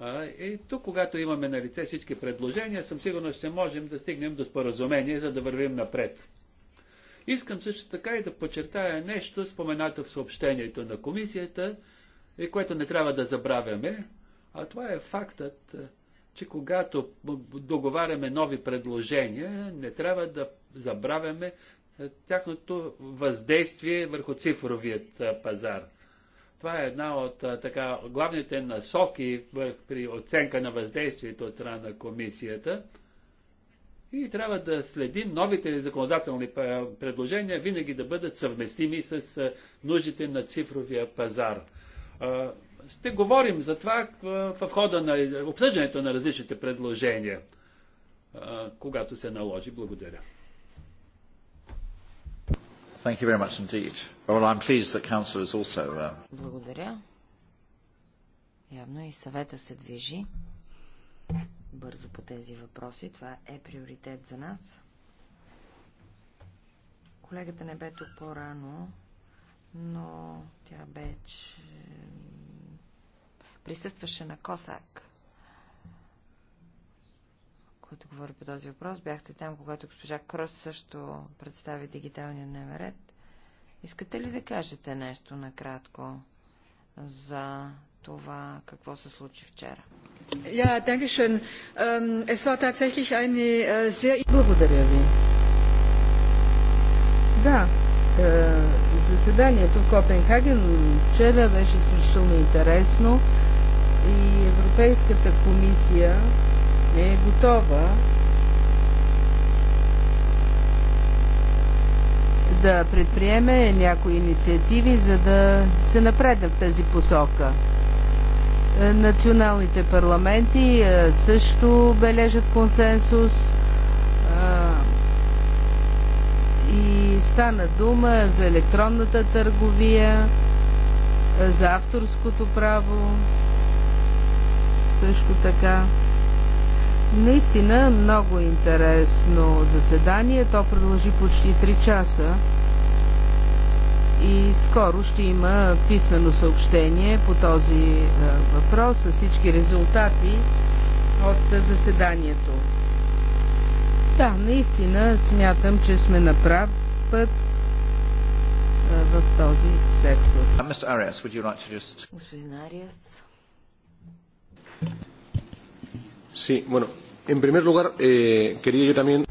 Speaker 3: А, и тук, когато имаме на лице всички предложения, съм сигурен, че можем да стигнем до споразумение, за да вървим напред. Искам също така и да подчертая нещо, споменато в съобщението на комисията, и което не трябва да забравяме, а това е фактът, че когато договаряме нови предложения, не трябва да забравяме е, тяхното въздействие върху цифровият е, пазар. Това е една от е, така, главните насоки при оценка на въздействието от страна на комисията. И трябва да следим новите законодателни предложения винаги да бъдат съвместими с нуждите на цифровия пазар. Ще говорим за това в хода на обсъждането на различните предложения, когато се наложи. Благодаря.
Speaker 1: Thank you very much indeed. Well, I'm pleased that Council is also... Uh...
Speaker 2: Благодаря. Явно и съвета се движи бързо по тези въпроси. Това е приоритет за нас. Колегата не бе тук по-рано, но тя бе, че присъстваше на Косак, който говори по този въпрос. Бяхте там, когато госпожа Крос също представи дигиталния дневен ред. Искате ли да кажете нещо накратко за това, какво се случи вчера?
Speaker 4: Ja, danke schön. Ähm, äh, Благодаря ви. Да, е, заседанието в Копенхаген вчера беше изключително интересно и Европейската комисия е готова да предприеме някои инициативи, за да се напредне в тази посока. Е, националните парламенти е, също бележат консенсус е, и стана дума за електронната търговия, за авторското право, също така. Наистина много интересно заседание. То продължи почти 3 часа. И скоро ще има писмено съобщение по този е, въпрос с всички резултати от заседанието. Да, наистина смятам, че сме на прав път
Speaker 1: е, в този сектор.
Speaker 2: Господин Ариас,
Speaker 5: Sí, bueno, en primer lugar, eh, quería yo también.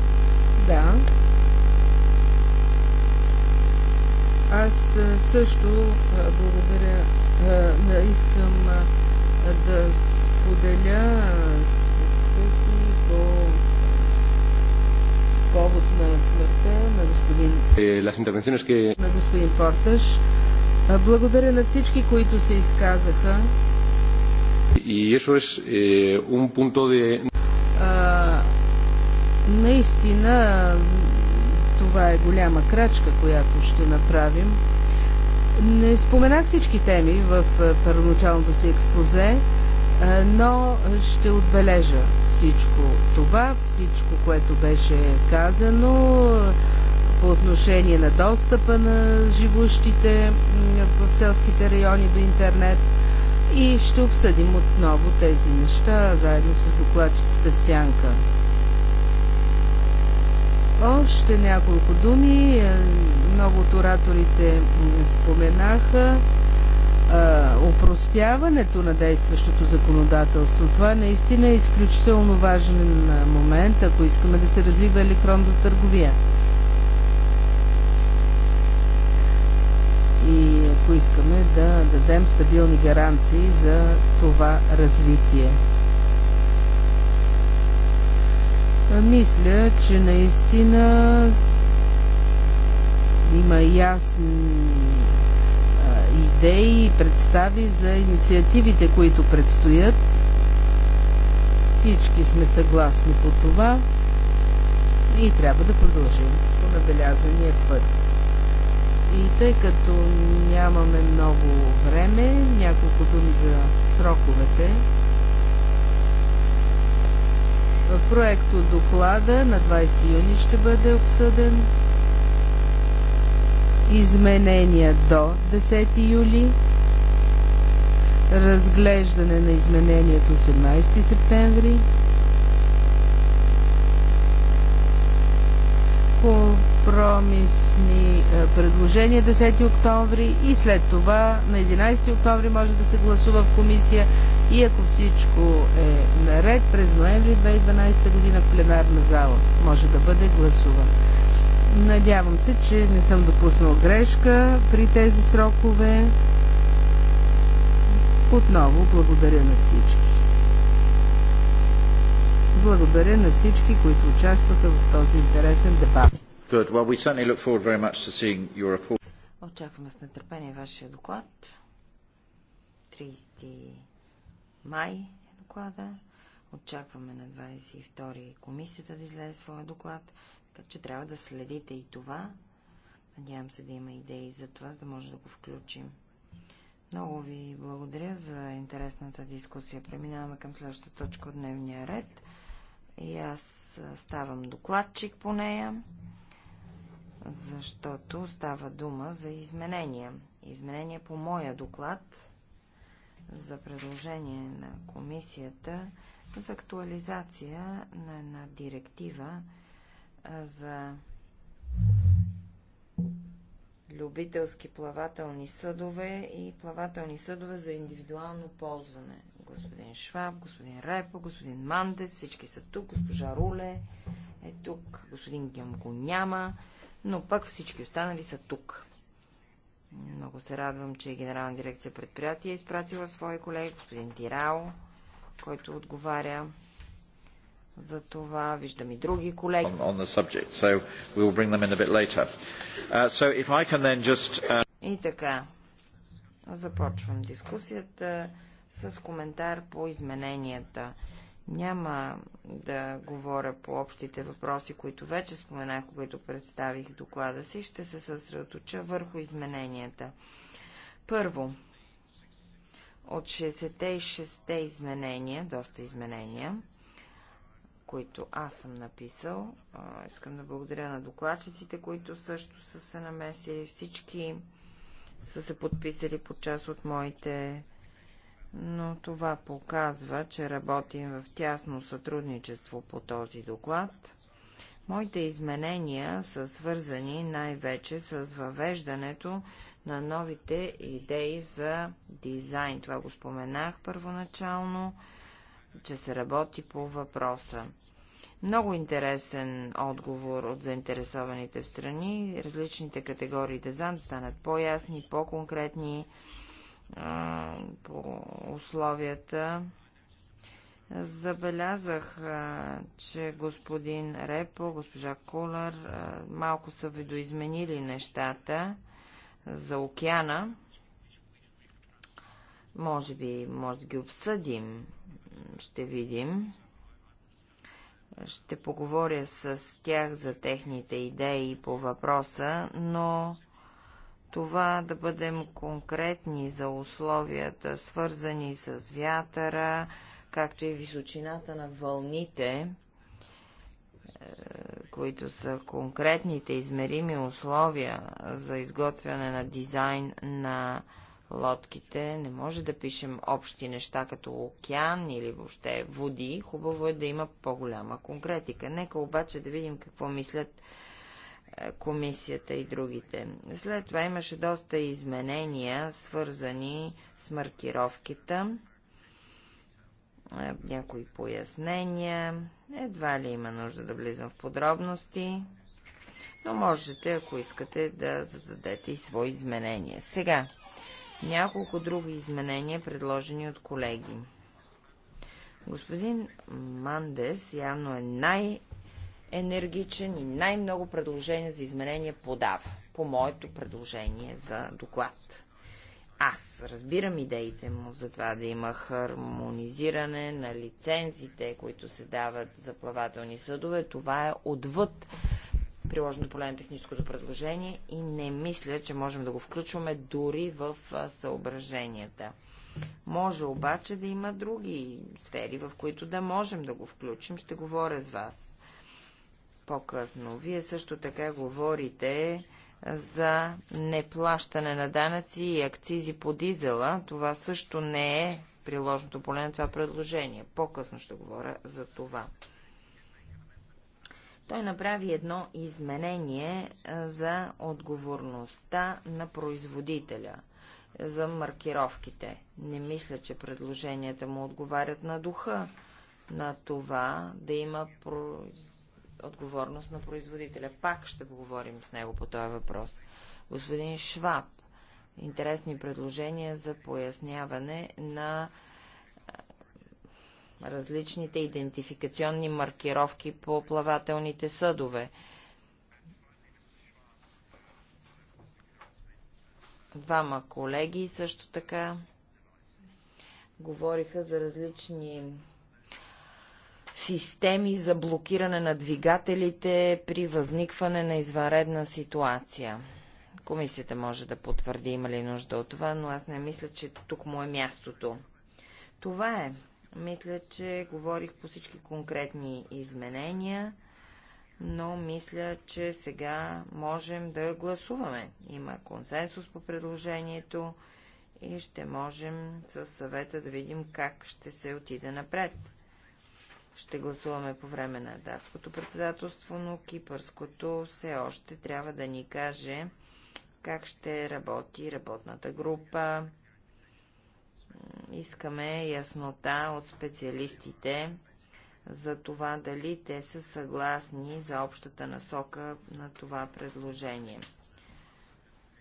Speaker 4: Да. Аз също благодаря, искам да споделя си по повод на смъртта на
Speaker 5: господин, е,
Speaker 4: на господин Благодаря на всички, които се изказаха
Speaker 5: y eso es eh, un punto de.
Speaker 4: наистина това е голяма крачка, която ще направим. Не споменах всички теми в първоначалното си експозе, но ще отбележа всичко това, всичко, което беше казано по отношение на достъпа на живущите в селските райони до интернет – и ще обсъдим отново тези неща заедно с докладчицата в Сянка. Още няколко думи. Е, много от ораторите споменаха опростяването на действащото законодателство. Това наистина е изключително важен момент, ако искаме да се развива електронната търговия. и ако искаме да дадем стабилни гаранции за това развитие. Мисля, че наистина има ясни идеи и представи за инициативите, които предстоят. Всички сме съгласни по това и трябва да продължим по набелязания път. И тъй като нямаме много време, няколко думи за сроковете. проект от доклада на 20 юни ще бъде обсъден. Изменения до 10 юли. Разглеждане на изменението 18 септември компромисни е, предложения 10 октомври и след това на 11 октомври може да се гласува в комисия и ако всичко е наред, през ноември 2012 година в пленарна зала може да бъде гласуван. Надявам се, че не съм допуснал грешка при тези срокове. Отново благодаря на всички. Благодаря на всички, които участваха в този интересен
Speaker 2: дебат.
Speaker 1: Good. Well, we certainly look forward very much to seeing your report.
Speaker 2: Очакваме с нетърпение вашия доклад. 30 май е доклада. Очакваме на 22 и комисията да излезе своя доклад, така че трябва да следите и това. Надявам се да има идеи за това, за да може да го включим. Много ви благодаря за интересната дискусия. Преминаваме към следващата точка от дневния ред. И аз ставам докладчик по нея защото става дума за изменения. Изменения по моя доклад за предложение на комисията за актуализация на една директива за любителски плавателни съдове и плавателни съдове за индивидуално ползване. Господин Шваб, господин Райпо, господин Мандес, всички са тук, госпожа Руле е тук, господин Гемко го няма но пък всички останали са тук. Много се радвам, че Генерална дирекция предприятия е изпратила свои колеги, господин Тирао, който отговаря за това. Виждам и други колеги.
Speaker 1: On, on so uh, so just, uh...
Speaker 2: И така, започвам дискусията с коментар по измененията. Няма да говоря по общите въпроси, които вече споменах, когато представих доклада си. Ще се съсредоточа върху измененията. Първо, от 66-те изменения, доста изменения, които аз съм написал, искам да благодаря на докладчиците, които също са се намесили. Всички са се подписали по част от моите но това показва, че работим в тясно сътрудничество по този доклад. Моите изменения са свързани най-вече с въвеждането на новите идеи за дизайн. Това го споменах първоначално, че се работи по въпроса. Много интересен отговор от заинтересованите страни. Различните категории дизайн станат по-ясни, по-конкретни. по ясни по конкретни по условията. Забелязах, че господин Репо, госпожа Кулър, малко са видоизменили нещата за океана. Може би, може да ги обсъдим, ще видим. Ще поговоря с тях за техните идеи по въпроса, но това да бъдем конкретни за условията, свързани с вятъра, както и височината на вълните, е, които са конкретните измерими условия за изготвяне на дизайн на лодките. Не може да пишем общи неща като океан или въобще води. Хубаво е да има по-голяма конкретика. Нека обаче да видим какво мислят е, комисията и другите. След това имаше доста изменения, свързани с маркировките, е, някои пояснения. Едва ли има нужда да влизам в подробности, но можете, ако искате, да зададете и свои изменения. Сега, няколко други изменения, предложени от колеги. Господин Мандес явно е най- енергичен и най-много предложения за изменения подава по моето предложение за доклад. Аз разбирам идеите му за това да има хармонизиране на лицензите, които се дават за плавателни съдове. Това е отвъд приложено поле на техническото предложение и не мисля, че можем да го включваме дори в съображенията. Може обаче да има други сфери, в които да можем да го включим. Ще говоря с вас по-късно. Вие също така говорите за неплащане на данъци и акцизи по дизела. Това също не е приложното поле на това предложение. По-късно ще говоря за това. Той направи едно изменение за отговорността на производителя за маркировките. Не мисля, че предложенията му отговарят на духа на това да има произ отговорност на производителя. Пак ще поговорим с него по този въпрос. Господин Шваб, интересни предложения за поясняване на различните идентификационни маркировки по плавателните съдове. Двама колеги също така говориха за различни системи за блокиране на двигателите при възникване на извънредна ситуация. Комисията може да потвърди има ли нужда от това, но аз не мисля, че тук му е мястото. Това е. Мисля, че говорих по всички конкретни изменения, но мисля, че сега можем да гласуваме. Има консенсус по предложението и ще можем със съвета да видим как ще се отиде напред ще гласуваме по време на датското председателство, но кипърското все още трябва да ни каже как ще работи работната група. Искаме яснота от специалистите за това дали те са съгласни за общата насока на това предложение.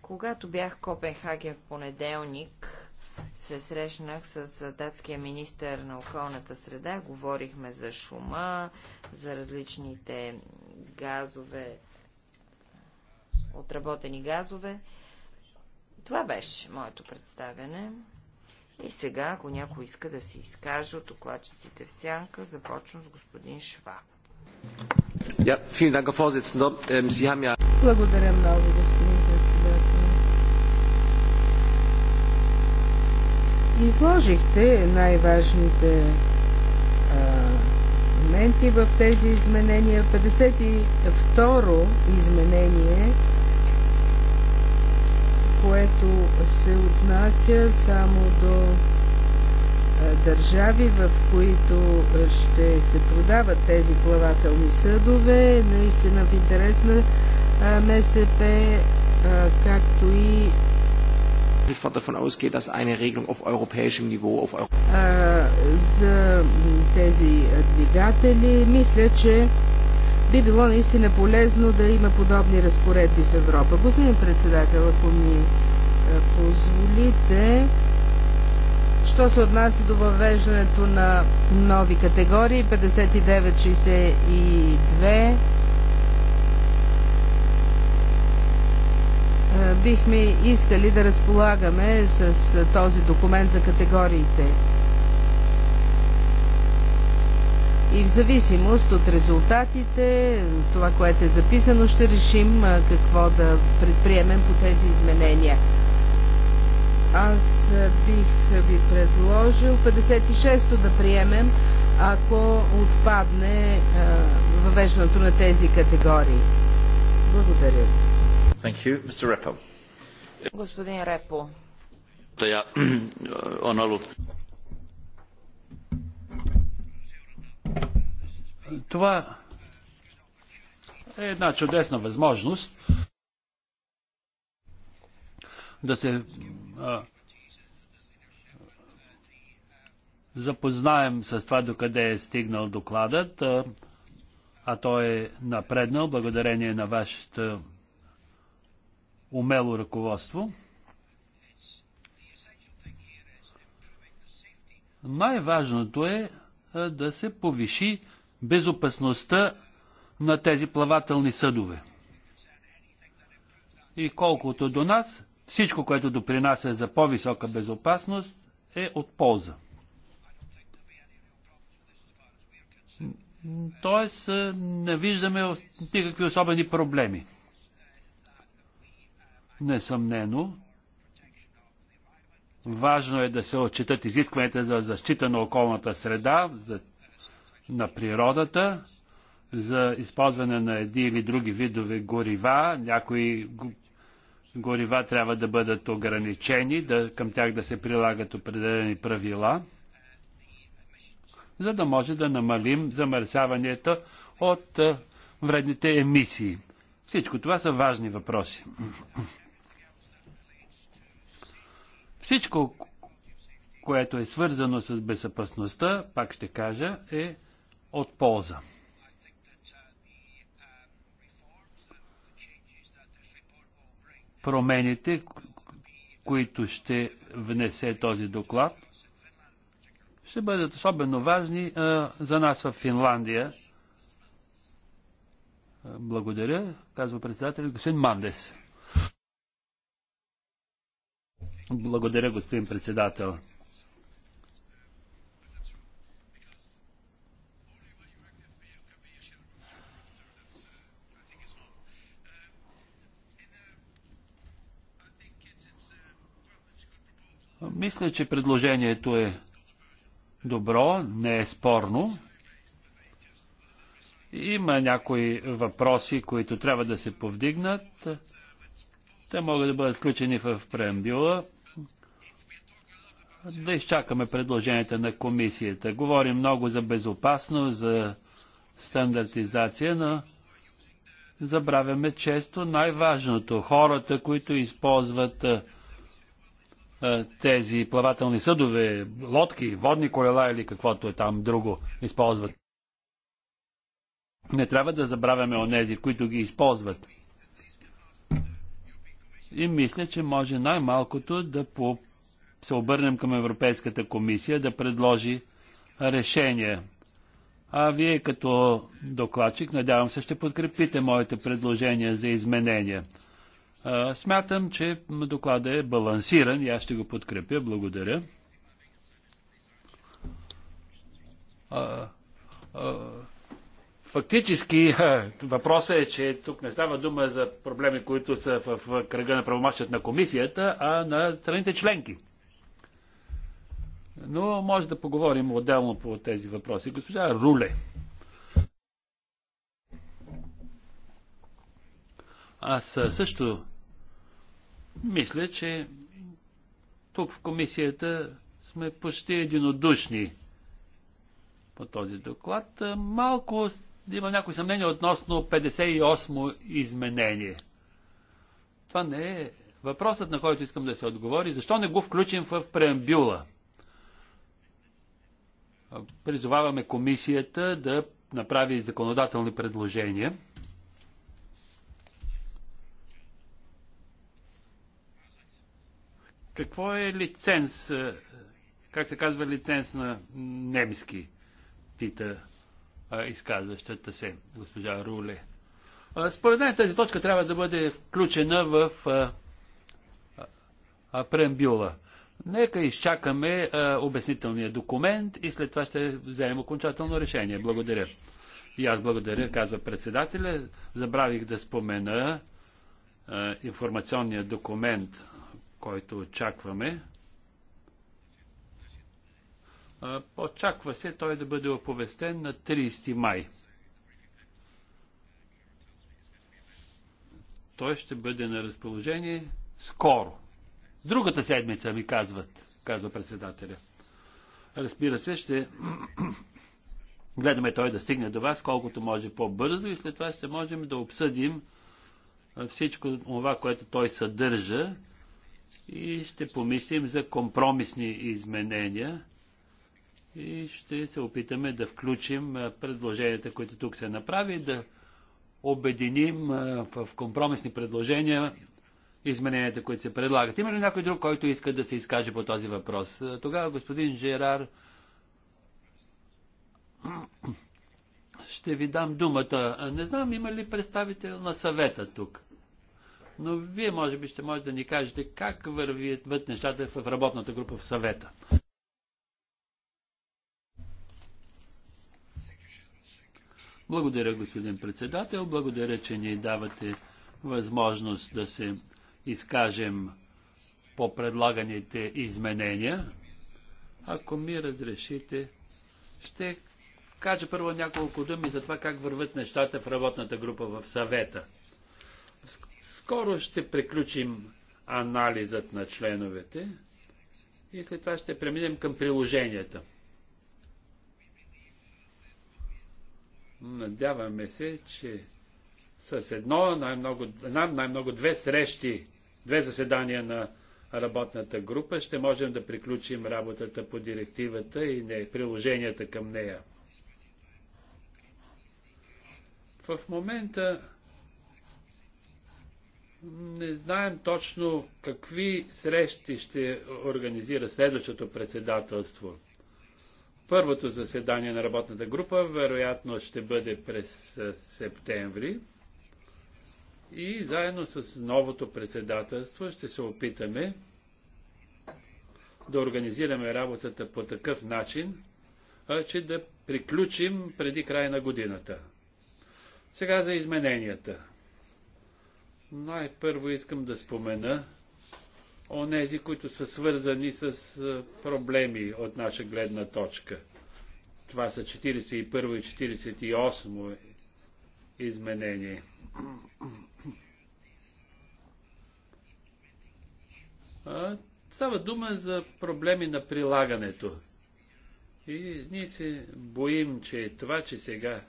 Speaker 2: Когато бях в Копенхаген в понеделник, се срещнах с датския министър на околната среда, говорихме за шума, за различните газове, отработени газове. Това беше моето представяне. И сега, ако някой иска да се изкаже от окладчиците в сянка, започвам с господин Шваб.
Speaker 1: Ähm,
Speaker 4: Благодаря много, господин Изложихте най-важните моменти в тези изменения. 52-ро изменение, което се отнася само до държави, в които ще се продават тези плавателни съдове, наистина в интерес на МСП, както и
Speaker 1: nach davon ausgehe, dass eine Regelung auf europäischem Niveau, auf Euro
Speaker 4: За äh, тези äh, двигатели, мисля, че би било наистина полезно да има подобни разпоредби в Европа. Господин председател, ако ми э, позволите, що се отнася до въвеждането на нови категории 59-62, Е, бихме искали да разполагаме с е, този документ за категориите. И в зависимост от резултатите, това, което е записано, ще решим е, какво да предприемем по тези изменения. Аз бих ви предложил 56-то да приемем, ако отпадне въвеждането на тези категории.
Speaker 2: Благодаря ви. You, Господин Репо.
Speaker 3: Това е една чудесна възможност да се а, запознаем с това докъде е стигнал докладът, а, а той е напреднал благодарение на вашето умело ръководство. Най-важното е да се повиши безопасността на тези плавателни съдове. И колкото до нас, всичко, което допринася за по-висока безопасност, е от полза. Тоест, не виждаме никакви особени проблеми. Несъмнено, важно е да се отчитат изискванията за защита на околната среда, за, на природата, за използване на едни или други видове горива. Някои горива трябва да бъдат ограничени, да, към тях да се прилагат определени правила, за да може да намалим замърсяванията от вредните емисии. Всичко това са важни въпроси. Всичко, което е свързано с безопасността, пак ще кажа, е от полза. Промените, които ще внесе този доклад, ще бъдат особено важни а, за нас в Финландия. Благодаря, казва председателят господин Мандес. Благодаря, господин председател. Мисля, че предложението е добро, не е спорно. Има някои въпроси, които трябва да се повдигнат. Те могат да бъдат включени в преамбюла да изчакаме предложенията на комисията. Говорим много за безопасност, за стандартизация, но забравяме често най-важното. Хората, които използват а, тези плавателни съдове, лодки, водни колела или каквото е там друго използват. Не трябва да забравяме онези, които ги използват. И мисля, че може най-малкото да по се обърнем към Европейската комисия да предложи решение. А вие като докладчик, надявам се, ще подкрепите моите предложения за изменения. Смятам, че докладът е балансиран и аз ще го подкрепя. Благодаря. Фактически въпросът е, че тук не става дума за проблеми, които са в кръга на правомащата на комисията, а на страните членки. Но може да поговорим отделно по тези въпроси. Госпожа Руле. Аз също мисля, че тук в комисията сме почти единодушни по този доклад. Малко има някои съмнения относно 58-о изменение. Това не е въпросът, на който искам да се отговори. Защо не го включим в преамбюла? Призоваваме комисията да направи законодателни предложения. Какво е лиценз? Е, как се казва лиценз на немски? Пита изказващата се госпожа Руле. Според мен тази точка трябва да бъде включена в преамбюла. Нека изчакаме а, обяснителния документ и след това ще вземем окончателно решение. Благодаря. И аз благодаря, каза председателя. Забравих да спомена а, информационния документ, който очакваме. А, очаква се той да бъде оповестен на 30 май. Той ще бъде на разположение скоро. Другата седмица ми казват, казва председателя. Разбира се, ще гледаме той да стигне до вас колкото може по-бързо и след това ще можем да обсъдим всичко това, което той съдържа и ще помислим за компромисни изменения и ще се опитаме да включим предложенията, които тук се направи, да обединим в компромисни предложения измененията, които се предлагат. Има ли някой друг, който иска да се изкаже по този въпрос? Е, тогава господин Жерар ще ви дам думата. Е, не знам има ли представител на съвета тук. Но вие може би ще може да ни кажете как вървят нещата в работната група в съвета. Благодаря, господин председател. Благодаря, че ни давате възможност да се изкажем по предлаганите изменения. Ако ми разрешите, ще кажа първо няколко думи за това как върват нещата в работната група в съвета. Скоро ще приключим анализът на членовете и след това ще преминем към приложенията. Надяваме се, че с едно, най-много, най-много две срещи две заседания на работната група ще можем да приключим работата по директивата и не, приложенията към нея. В момента не знаем точно какви срещи ще организира следващото председателство. Първото заседание на работната група вероятно ще бъде през септември. И заедно с новото председателство ще се опитаме да организираме работата по такъв начин, че да приключим преди края на годината. Сега за измененията. Най-първо искам да спомена онези, които са свързани с проблеми от наша гледна точка. Това са 41 и 48 изменение. Става дума за проблеми на прилагането. И ние се боим, че това, че сега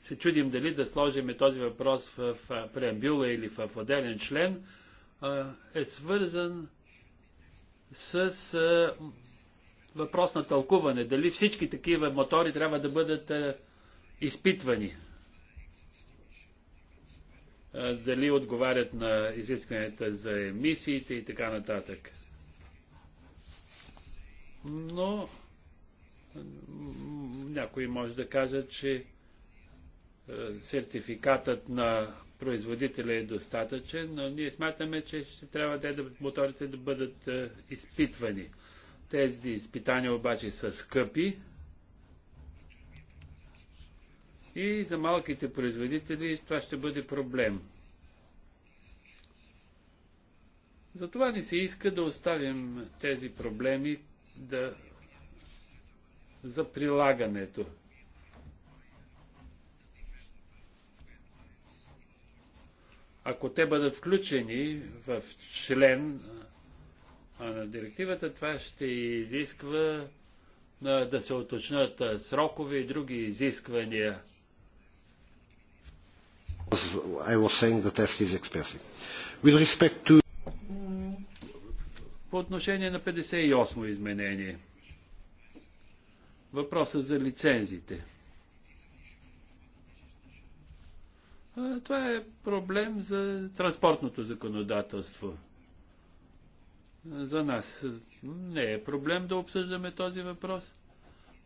Speaker 3: се чудим дали да сложим този въпрос в преамбюла или в отделен член, е свързан с въпрос на тълкуване. Дали всички такива мотори трябва да бъдат е, изпитвани? Е, дали отговарят на изискванията за емисиите и така нататък? Но някой може да каже, че е, сертификатът на производителя е достатъчен, но ние смятаме, че ще трябва да, е моторите да бъдат е, изпитвани. Тези изпитания обаче са скъпи и за малките производители това ще бъде проблем. Затова ни се иска да оставим тези проблеми да... за прилагането. Ако те бъдат включени в член на директивата, това ще изисква да се оточнат срокове и други изисквания.
Speaker 1: I was saying the test is expensive. With respect to...
Speaker 3: По отношение на 58 изменение. Въпроса за лицензите. Това е проблем за транспортното законодателство. За нас е, не е проблем да обсъждаме този въпрос.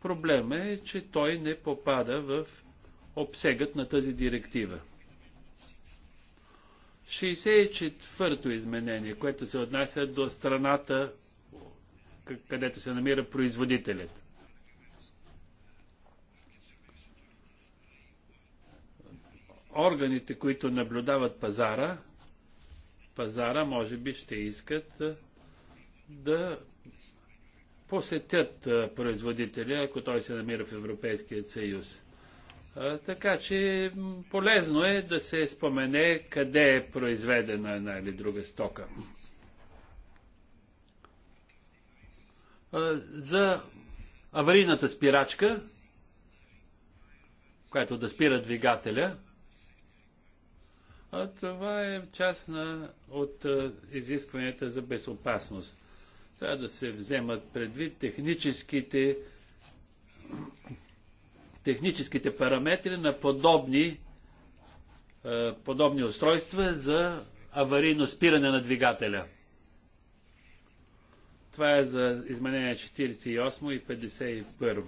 Speaker 3: Проблема е, че той не попада в обсегът на тази директива. 64-то изменение, което се отнася до страната, където се намира производителят. Органите, които наблюдават пазара, пазара може би ще искат да посетят производителя, ако той се намира в Европейския съюз. Така че полезно е да се спомене къде е произведена една или друга стока. За аварийната спирачка, която да спира двигателя, това е част от изискванията за безопасност. Трябва да се вземат предвид техническите, техническите параметри на подобни, е, подобни устройства за аварийно спиране на двигателя. Това е за изменение 48 и 51.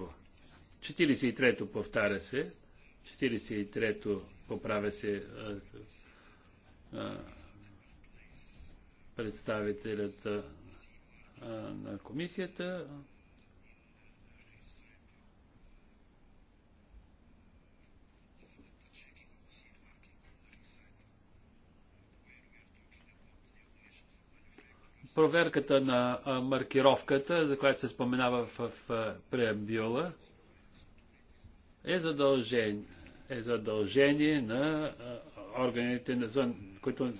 Speaker 3: 43-то повтаря се. 43-то поправя се а, е, а, е, представителят на комисията. проверката на маркировката, за която се споменава в, преамбюла, е задължение, е задължение на органите, за, които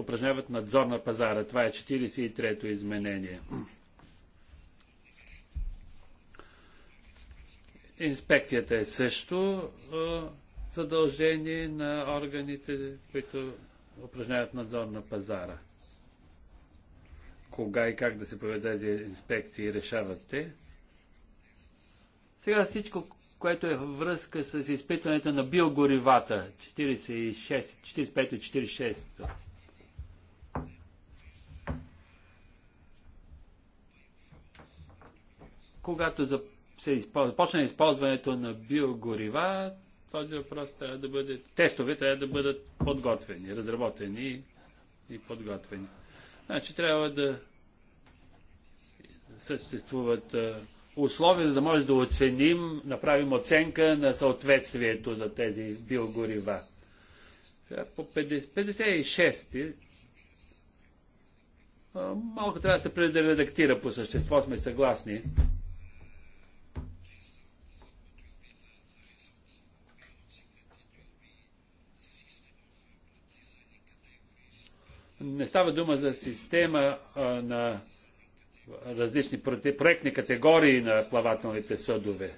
Speaker 3: упражняват надзор на пазара. Това е 43-то изменение. Инспекцията е също задължение на органите, които упражняват надзор на пазара. Кога и как да се проведе тези инспекции, решават те. Сега всичко, което е във връзка с изпитването на биогоривата 46, 45 и 46. Когато за, се използва, почне използването на биогорива, този въпрос трябва да бъде, тестове трябва да бъдат подготвени, разработени и подготвени. Значи трябва да съществуват условия, за да може да оценим, направим оценка на съответствието за тези биогорива. По 56 56 малко трябва да се презаредактира по същество, сме съгласни. Не става дума за система а, на различни проектни категории на плавателните съдове.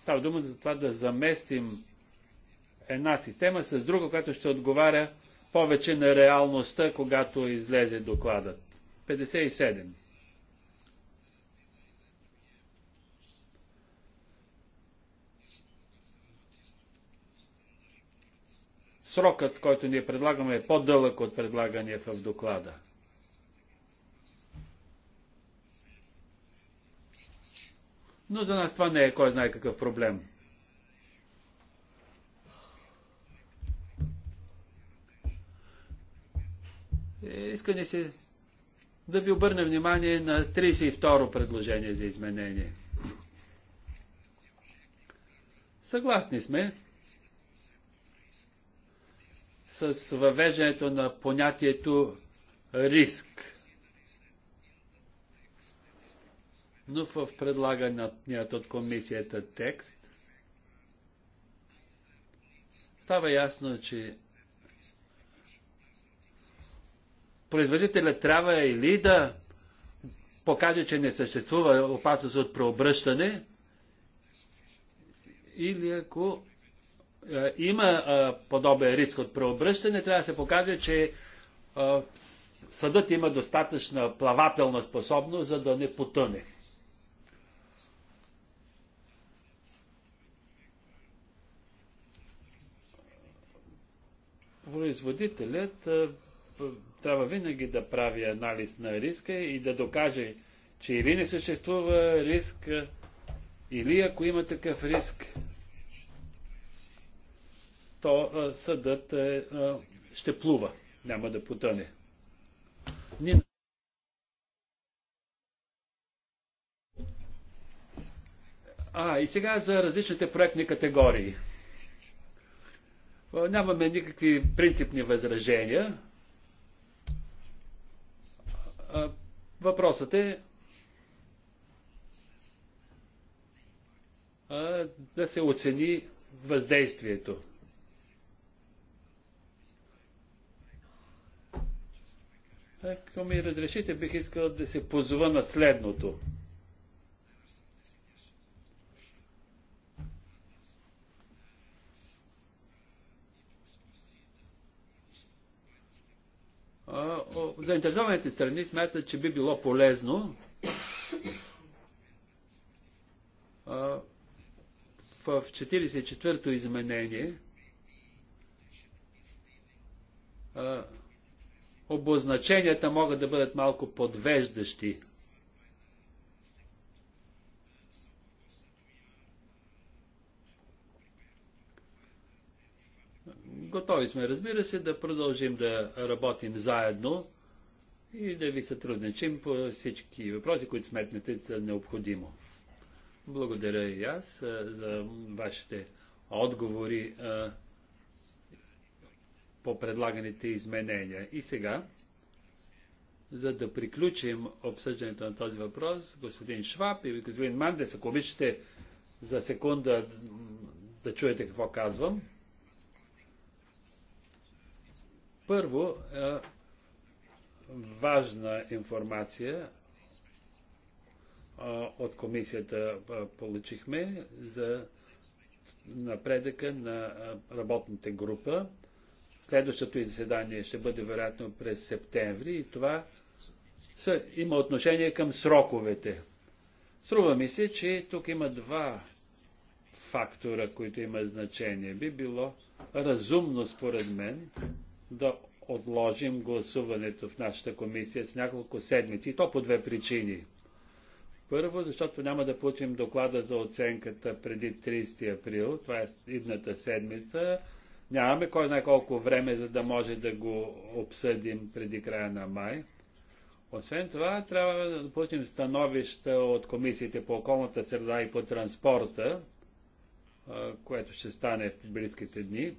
Speaker 3: Става дума за това да заместим една система с друга, която ще отговаря повече на реалността, когато излезе докладът. 57. срокът, който ние предлагаме, е по-дълъг от предлагания в доклада. Но за нас това не е кой знае какъв проблем. Е, иска ни се да ви обърне внимание на 32-ро предложение за изменение. Съгласни сме, с въвеждането на понятието риск. Но в предлаганият от комисията текст става ясно, че производителят трябва или да покаже, че не съществува опасност от преобръщане, или ако е, има е, подобен риск от преобръщане, трябва да се покаже, че е, съдът има достатъчна плавателна способност, за да не потъне. Производителят трябва винаги да прави анализ на риска и да докаже, че или не съществува риск, или ако има такъв риск, то съдът е, ще плува, няма да потъне. А, и сега за различните проектни категории. Нямаме никакви принципни възражения. Въпросът е да се оцени въздействието Е, ако ми разрешите, бих искал да се позова на следното. Заинтересованите страни смятат, че би било полезно в 44-то изменение обозначенията могат да бъдат малко подвеждащи. Готови сме, разбира се, да продължим да работим заедно и да ви сътрудничим по всички въпроси, които сметнете за необходимо. Благодаря и аз за вашите отговори по предлаганите изменения. И сега, за да приключим обсъждането на този въпрос, господин Шваб и господин Мандес, ако обичате за секунда да чуете какво казвам. Първо, е, важна информация е, от комисията е, получихме за напредъка на е, работната група Следващото заседание ще бъде вероятно през септември и това са, има отношение към сроковете. Струва ми се, че тук има два фактора, които имат значение. Би било разумно, според мен, да отложим гласуването в нашата комисия с няколко седмици, и то по две причини. Първо, защото няма да получим доклада за оценката преди 30 април, това е идната седмица, Нямаме кой знае колко време, за да може да го обсъдим преди края на май. Освен това, трябва да получим становища от комисиите по околната среда и по транспорта, което ще стане в близките дни.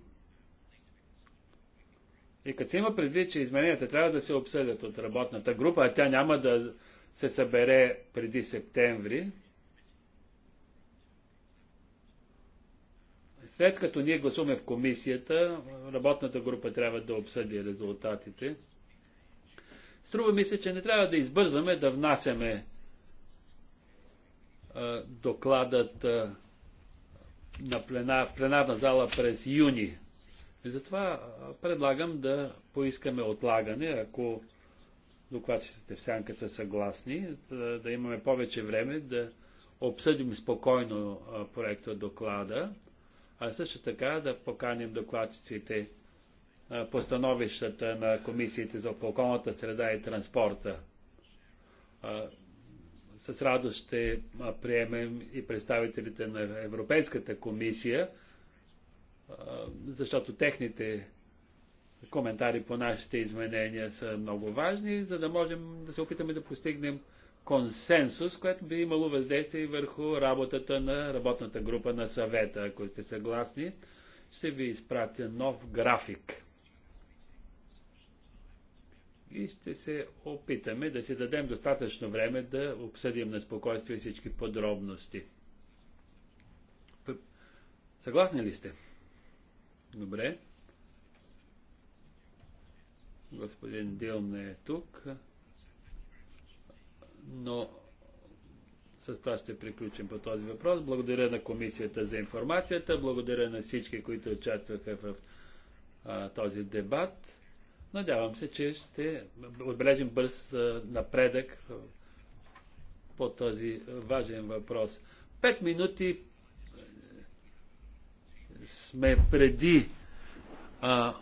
Speaker 3: И като се има предвид, че измененията трябва да се обсъдят от работната група, а тя няма да се събере преди септември, След като ние гласуваме в комисията, работната група трябва да обсъди резултатите. Струва ми се, че не трябва да избързваме да внасяме докладът на пленар, в пленарна зала през юни. И затова предлагам да поискаме отлагане, ако докладчиците в сянка са съгласни, да имаме повече време да обсъдим спокойно проекта доклада а също така да поканим докладчиците по становищата на комисиите за околната среда и транспорта. С радост ще приемем и представителите на Европейската комисия, защото техните коментари по нашите изменения са много важни, за да можем да се опитаме да постигнем консенсус, което би имало въздействие върху работата на работната група на съвета. Ако сте съгласни, ще ви изпратя нов график. И ще се опитаме да си дадем достатъчно време да обсъдим на спокойствие всички подробности. Съгласни ли сте? Добре. Господин Дилм не е тук но с това ще приключим по този въпрос. Благодаря на комисията за информацията, благодаря на всички, които участваха в а, този дебат. Надявам се, че ще отбележим бърз а, напредък по този важен въпрос. Пет минути сме преди а,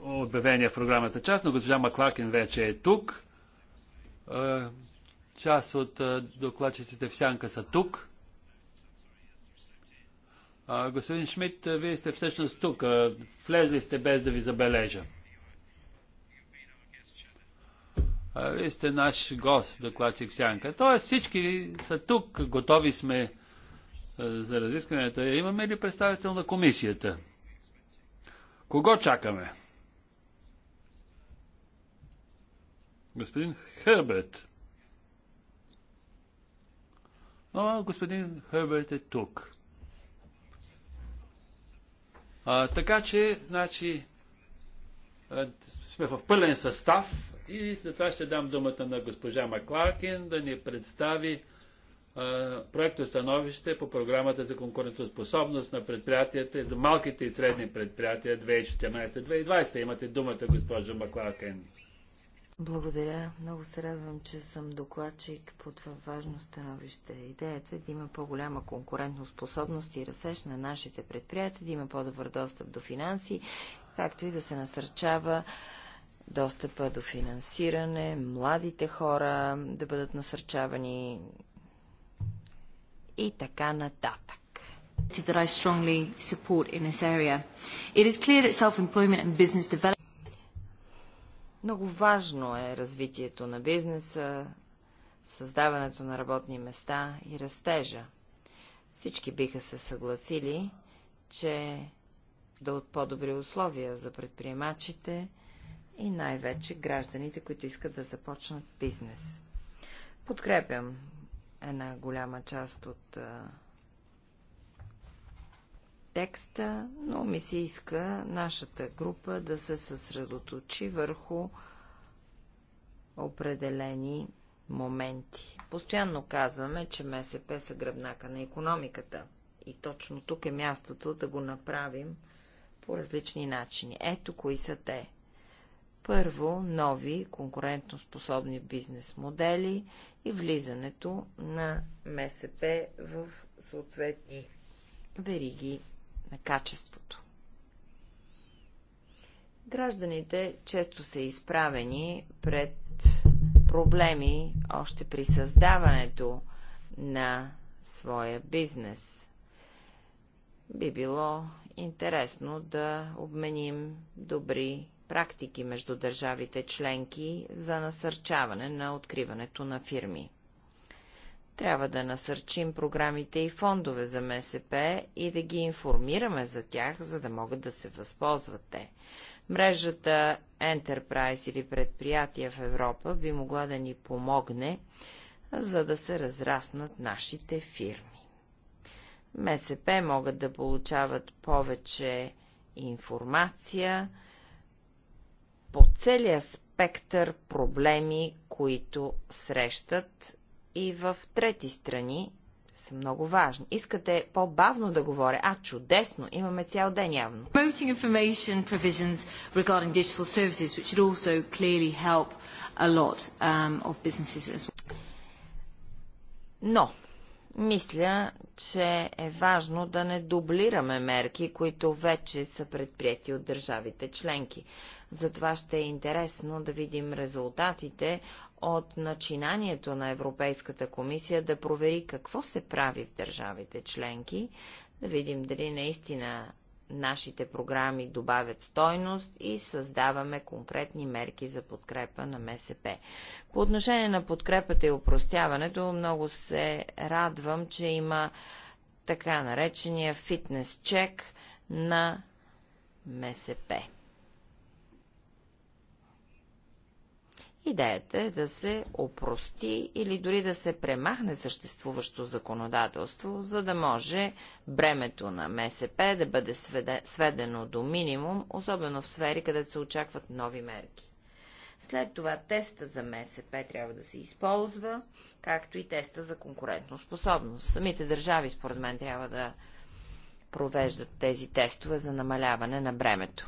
Speaker 3: обявения в програмата част, но госпожа Маклакин вече е тук. Е, част от е, докладчиците в сянка са тук. господин Шмидт, е, вие сте всъщност тук. Влезли сте без да ви забележа. вие сте наш гост, докладчик в сянка. Тоест всички са тук, готови сме за разискването. Имаме ли представител на комисията? Кого чакаме? господин Хърберт. Но господин Хърберт е тук. А, така че, значи, сме в пълен състав и след това ще дам думата на госпожа Макларкин да ни представи проекто становище по програмата за конкурентоспособност на предприятията за малките и средни предприятия 2014-2020. Имате думата, госпожо Макларкин.
Speaker 2: Благодаря. Много се радвам, че съм докладчик по това важно становище. Идеята е да има по-голяма конкурентно способност и разсеща на нашите предприятия, да има по-добър достъп до финанси, както и да се насърчава достъпа до финансиране, младите хора да бъдат насърчавани и така нататък that I strongly support in this area. It is clear that self-employment and business development много важно е развитието на бизнеса, създаването на работни места и растежа. Всички биха се съгласили, че да от по-добри условия за предприемачите и най-вече гражданите, които искат да започнат бизнес.
Speaker 5: Подкрепям
Speaker 2: една голяма част от а, текста, но ми се иска нашата група да се съсредоточи върху определени моменти. Постоянно казваме, че МСП са гръбнака на економиката. И точно тук е мястото да го направим по различни начини. Ето кои са те. Първо, нови конкурентоспособни бизнес модели и влизането на МСП в съответни вериги на качеството. Гражданите често са изправени пред проблеми още при създаването на своя бизнес. Би било интересно да обменим добри практики между държавите членки за насърчаване на откриването на фирми. Трябва да насърчим програмите и фондове за МСП и да ги информираме за тях, за да могат да се възползват те. Мрежата Enterprise или предприятия в Европа би могла да ни помогне, за да се разраснат нашите фирми. МСП могат да получават повече информация по целия спектър проблеми, които срещат и в трети страни са много важни. Искате по-бавно да говоря. А, чудесно! Имаме цял ден явно. Promoting information provisions regarding digital services, which also clearly help a lot um, of businesses as well. Но, мисля, че е важно да не дублираме мерки, които вече са предприяти от държавите членки. Затова ще е интересно да видим резултатите от начинанието на Европейската комисия да провери какво се прави в държавите членки, да видим дали наистина нашите програми добавят стойност и създаваме конкретни мерки за подкрепа на МСП. По отношение на подкрепата и упростяването, много се радвам, че има така наречения фитнес чек на МСП. Идеята е да се опрости или дори да се премахне съществуващо законодателство, за да може бремето на МСП да бъде сведено до минимум, особено в сфери, където се очакват нови мерки. След това теста за МСП трябва да се използва, както и теста за способност. Самите държави, според мен, трябва да провеждат тези тестове за намаляване на бремето.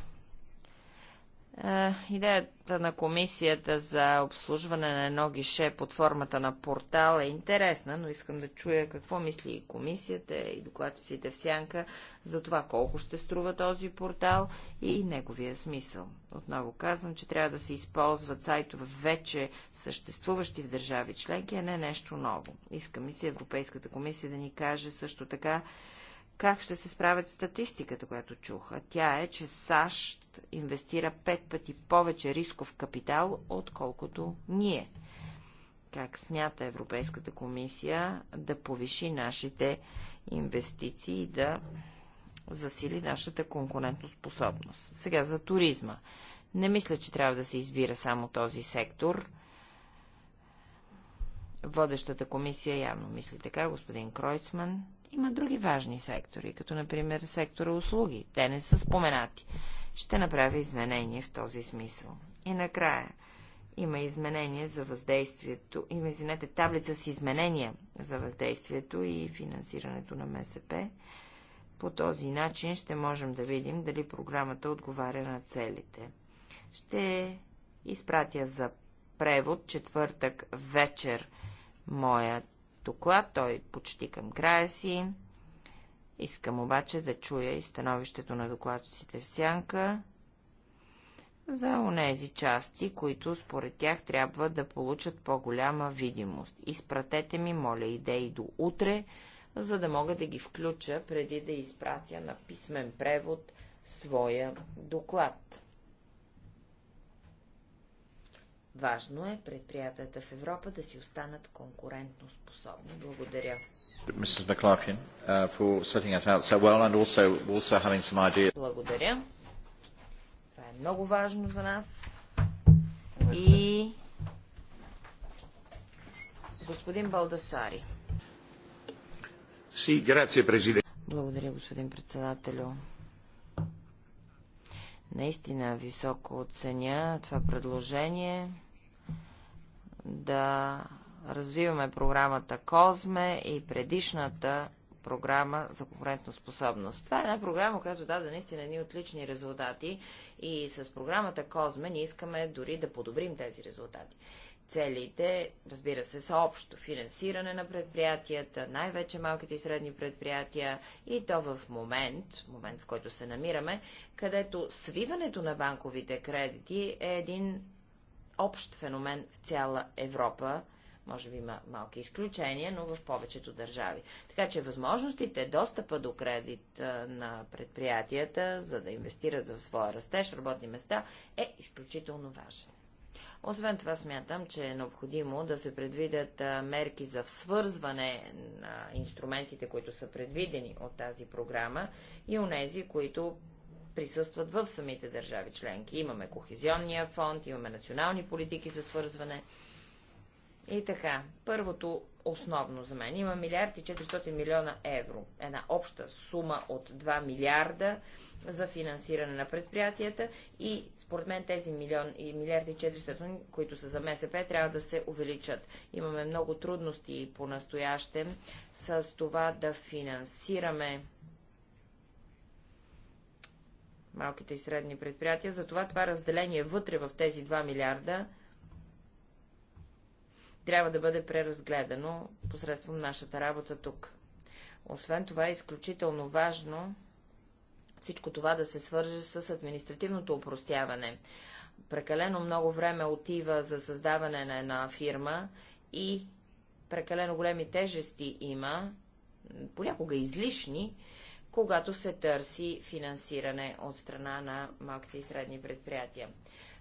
Speaker 2: Е, идеята на комисията за обслужване на едно гише под формата на портал е интересна, но искам да чуя какво мисли и комисията и докладчиците в сянка за това колко ще струва този портал и неговия смисъл. Отново казвам, че трябва да се използват сайтове вече съществуващи в държави членки, а не нещо ново. Искам и си Европейската комисия да ни каже също така как ще се справят статистиката, която чуха. Тя е, че САЩ инвестира пет пъти повече рисков капитал, отколкото ние. Как смята Европейската комисия да повиши нашите инвестиции и да засили нашата конкурентоспособност. Сега за туризма. Не мисля, че трябва да се избира само този сектор. Водещата комисия явно мисли така, господин Кройцман. Има други важни сектори, като например сектора услуги. Те не са споменати. Ще направя изменение в този смисъл. И накрая има изменение за въздействието, има, извинете, таблица с изменения за въздействието и финансирането на МСП. По този начин ще можем да видим дали програмата отговаря на целите. Ще изпратя за превод четвъртък вечер моят доклад, той почти към края си. Искам обаче да чуя и становището на докладчиците в сянка за онези части, които според тях трябва да получат по-голяма видимост. Изпратете ми, моля, идеи до утре, за да мога да ги включа преди да изпратя на писмен превод своя доклад. Важно е предприятията в Европа да си останат конкурентно способни. Благодаря.
Speaker 1: McLarkin, uh, so well also, also
Speaker 2: Благодаря. Това е много важно за нас. И господин Балдасари.
Speaker 1: Си, грация, президент.
Speaker 2: Благодаря, господин председателю. Наистина високо оценя това предложение да развиваме програмата Козме и предишната програма за способност. Това е една програма, която даде наистина едни отлични резултати и с програмата Козме ние искаме дори да подобрим тези резултати. Целите, разбира се, са общо. Финансиране на предприятията, най-вече малките и средни предприятия и то в момент, момент в който се намираме, където свиването на банковите кредити е един общ феномен в цяла Европа. Може би има малки изключения, но в повечето държави. Така че възможностите, достъпа до кредит на предприятията, за да инвестират в своя растеж, работни места, е изключително важен. Освен това смятам, че е необходимо да се предвидят мерки за свързване на инструментите, които са предвидени от тази програма и у нези, които присъстват в самите държави членки. Имаме Кохезионния фонд, имаме национални политики за свързване. И така, първото основно за мен. Има милиард и 400 милиона евро. Една обща сума от 2 милиарда за финансиране на предприятията и според мен тези милион и милиард и 400, които са за МСП, трябва да се увеличат. Имаме много трудности по настоящем с това да финансираме малките и средни предприятия. Затова това разделение вътре в тези 2 милиарда трябва да бъде преразгледано посредством нашата работа тук. Освен това е изключително важно всичко това да се свърже с административното упростяване. Прекалено много време отива за създаване на една фирма и прекалено големи тежести има, понякога излишни, когато се търси финансиране от страна на малките и средни предприятия.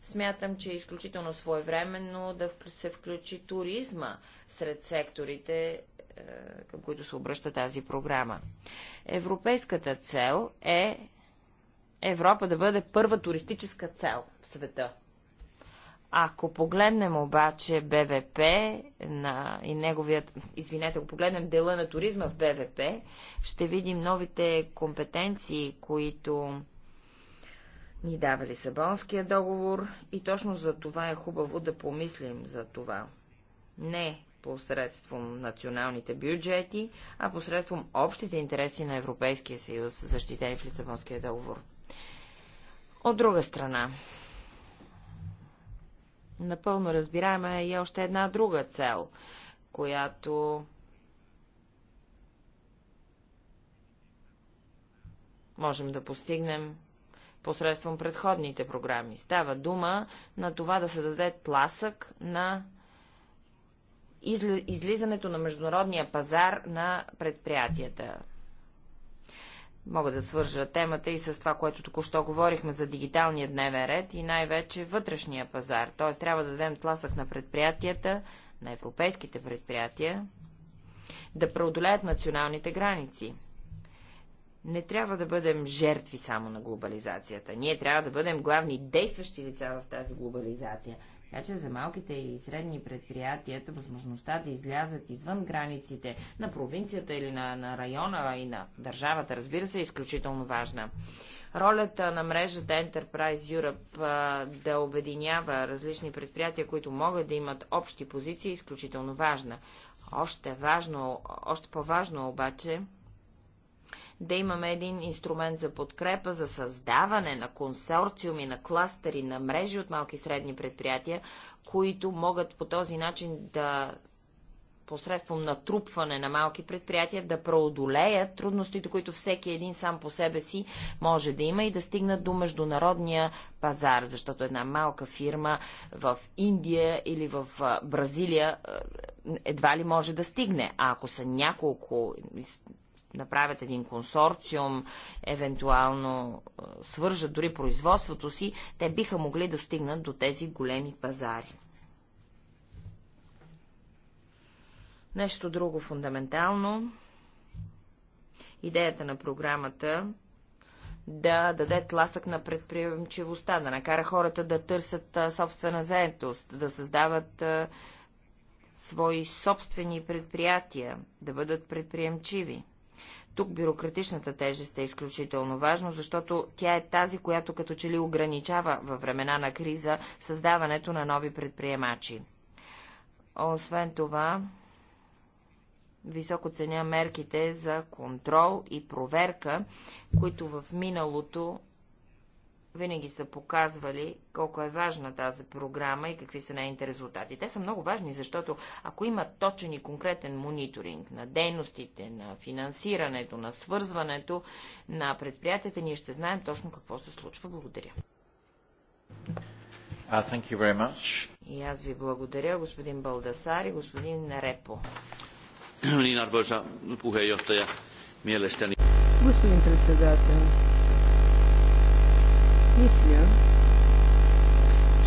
Speaker 2: Смятам, че е изключително своевременно да се включи туризма сред секторите, е, към които се обръща тази програма. Европейската цел е Европа да бъде първа туристическа цел в света. Ако погледнем обаче БВП на, и неговият, извинете, ако погледнем дела на туризма в БВП, ще видим новите компетенции, които ни дава Лисабонския договор и точно за това е хубаво да помислим за това. Не посредством националните бюджети, а посредством общите интереси на Европейския съюз, защитени в Лисабонския договор. От друга страна, Напълно разбираема е и още една друга цел, която можем да постигнем посредством предходните програми. Става дума на това да се даде тласък на излизането на международния пазар на предприятията. Мога да свържа темата и с това, което току-що говорихме за дигиталния дневен ред и най-вече вътрешния пазар. Т.е. трябва да дадем тласък на предприятията, на европейските предприятия, да преодолеят националните граници. Не трябва да бъдем жертви само на глобализацията. Ние трябва да бъдем главни действащи лица в тази глобализация – така че за малките и средни предприятията възможността да излязат извън границите на провинцията или на, на района и на държавата, разбира се, е изключително важна. Ролята на мрежата Enterprise Europe а, да обединява различни предприятия, които могат да имат общи позиции, е изключително важна. Още, важно, още по-важно обаче да имаме един инструмент за подкрепа, за създаване на консорциуми, на кластери, на мрежи от малки и средни предприятия, които могат по този начин да посредством натрупване на малки предприятия да преодолеят трудностите, които всеки един сам по себе си може да има и да стигнат до международния пазар, защото една малка фирма в Индия или в Бразилия едва ли може да стигне. А ако са няколко направят един консорциум, евентуално е, свържат дори производството си, те биха могли да стигнат до тези големи пазари. Нещо друго фундаментално. Идеята на програмата да даде тласък на предприемчивостта, да накара хората да търсят собствена заетост, да създават свои собствени предприятия, да бъдат предприемчиви. Тук бюрократичната тежест е изключително важно, защото тя е тази, която като че ли ограничава във времена на криза създаването на нови предприемачи. Освен това, високо ценя мерките за контрол и проверка, които в миналото винаги са показвали колко е важна тази програма и какви са нейните резултати. Те са много важни, защото ако има точен и конкретен мониторинг на дейностите, на финансирането, на свързването на предприятията, ние ще знаем точно какво се случва. Благодаря.
Speaker 1: Uh, thank you very much.
Speaker 2: И аз ви благодаря, господин Балдасар и господин Репо.
Speaker 4: Господин председател, мисля,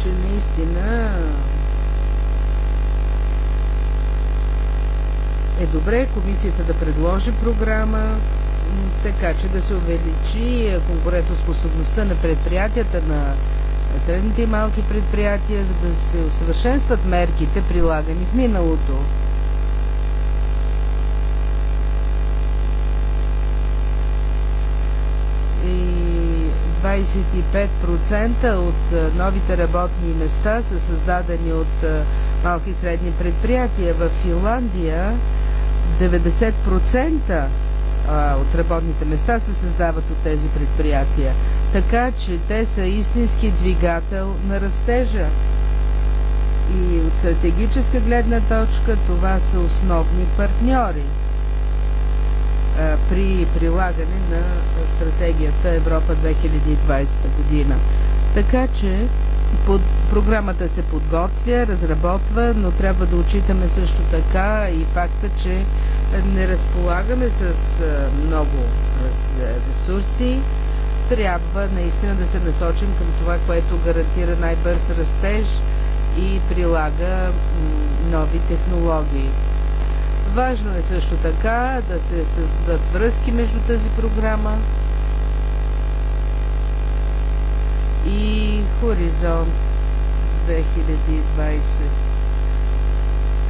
Speaker 4: че наистина е добре комисията да предложи програма, така че да се увеличи конкурентоспособността на предприятията, на средните и малки предприятия, за да се усъвършенстват мерките, прилагани в миналото. И 25% от е, новите работни места са създадени от е, малки и средни предприятия. В Финландия 90% от работните места се създават от тези предприятия. Така че те са истински двигател на растежа. И от стратегическа гледна точка това са основни партньори е, при прилагане на стратегията Европа 2020 година. Така че под, програмата се подготвя, разработва, но трябва да отчитаме също така и факта, че не разполагаме с е, много е, ресурси. Трябва наистина да се насочим към това, което гарантира най-бърз растеж и прилага нови технологии. Важно е също така да се създадат връзки между тази програма и Хоризонт 2020,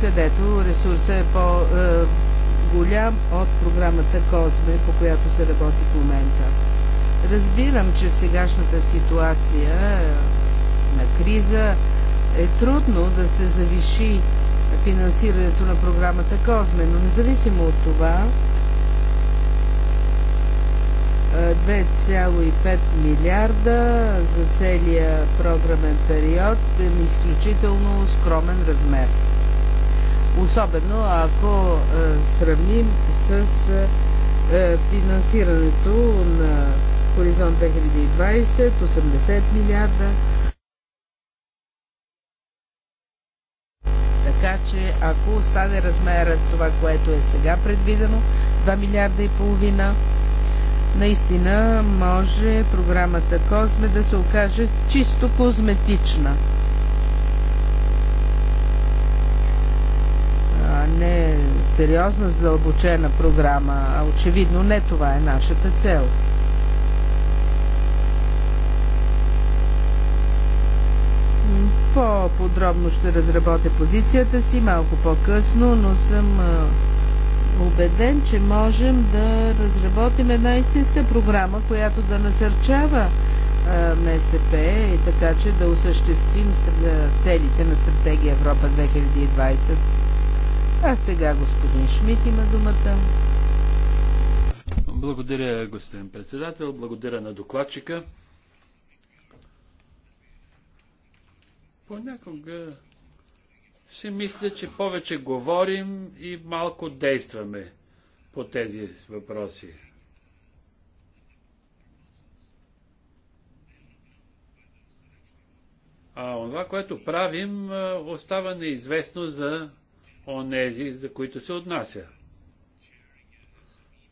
Speaker 4: където ресурсът е по-голям е, от програмата Козме, по която се работи в момента. Разбирам, че в сегашната ситуация на криза е трудно да се завиши финансирането на програмата Козме. Но независимо от това, 2,5 милиарда за целия програмен период е изключително скромен размер. Особено ако сравним с финансирането на Хоризонт 2020 80 милиарда че ако остане размерът това, което е сега предвидено, 2 милиарда и половина, наистина може програмата Козме да се окаже чисто козметична. не сериозна, задълбочена програма, а очевидно не това е нашата цел. По-подробно ще разработя позицията си малко по-късно, но съм убеден, че можем да разработим една истинска програма, която да насърчава МСП и така, че да осъществим целите на стратегия Европа 2020. А сега господин Шмидт има думата.
Speaker 3: Благодаря, господин председател. Благодаря на докладчика. Понякога си мисля, че повече говорим и малко действаме по тези въпроси. А това, което правим, остава неизвестно за онези, за които се отнася.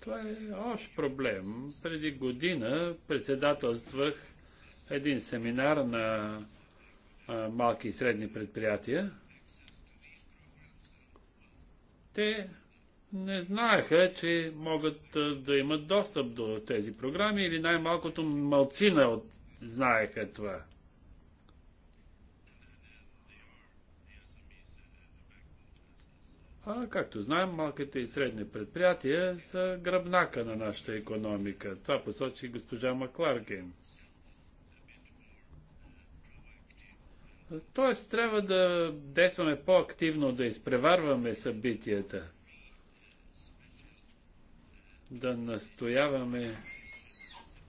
Speaker 3: Това е общ проблем. Преди година председателствах един семинар на малки и средни предприятия, те не знаеха, че могат да имат достъп до тези програми или най-малкото малцина от... знаеха това. А, както знаем, малките и средни предприятия са гръбнака на нашата економика. Това посочи госпожа Макларкин. Тоест, трябва да действаме по-активно, да изпреварваме събитията, да настояваме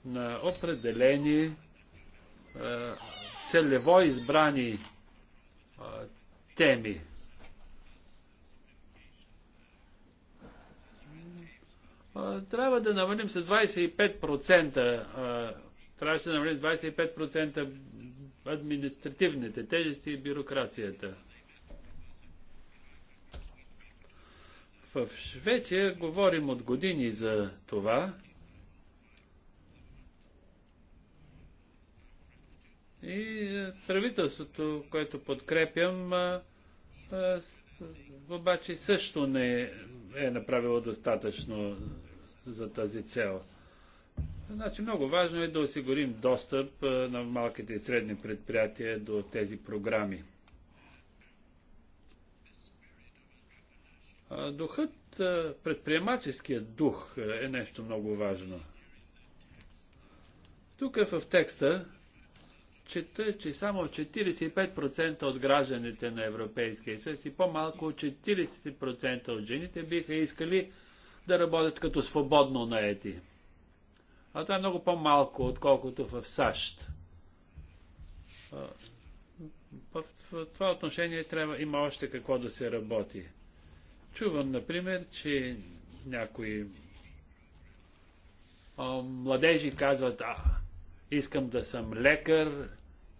Speaker 3: на определени е, целево избрани е, теми. Е, трябва да намалим с 25%. Трябваше да намалим 25% административните тежести и бюрокрацията. В Швеция говорим от години за това. И е, правителството, което подкрепям, е, е, обаче също не е направило достатъчно за тази цел. Значи много важно е да осигурим достъп на малките и средни предприятия до тези програми. Духът, предприемаческият дух е нещо много важно. Тук е в текста чета, че само 45% от гражданите на Европейския съюз и по-малко от 40% от жените биха искали да работят като свободно наети. А това е много по-малко, отколкото в САЩ. В това отношение трябва, има още какво да се работи. Чувам, например, че някои младежи казват, а, искам да съм лекар,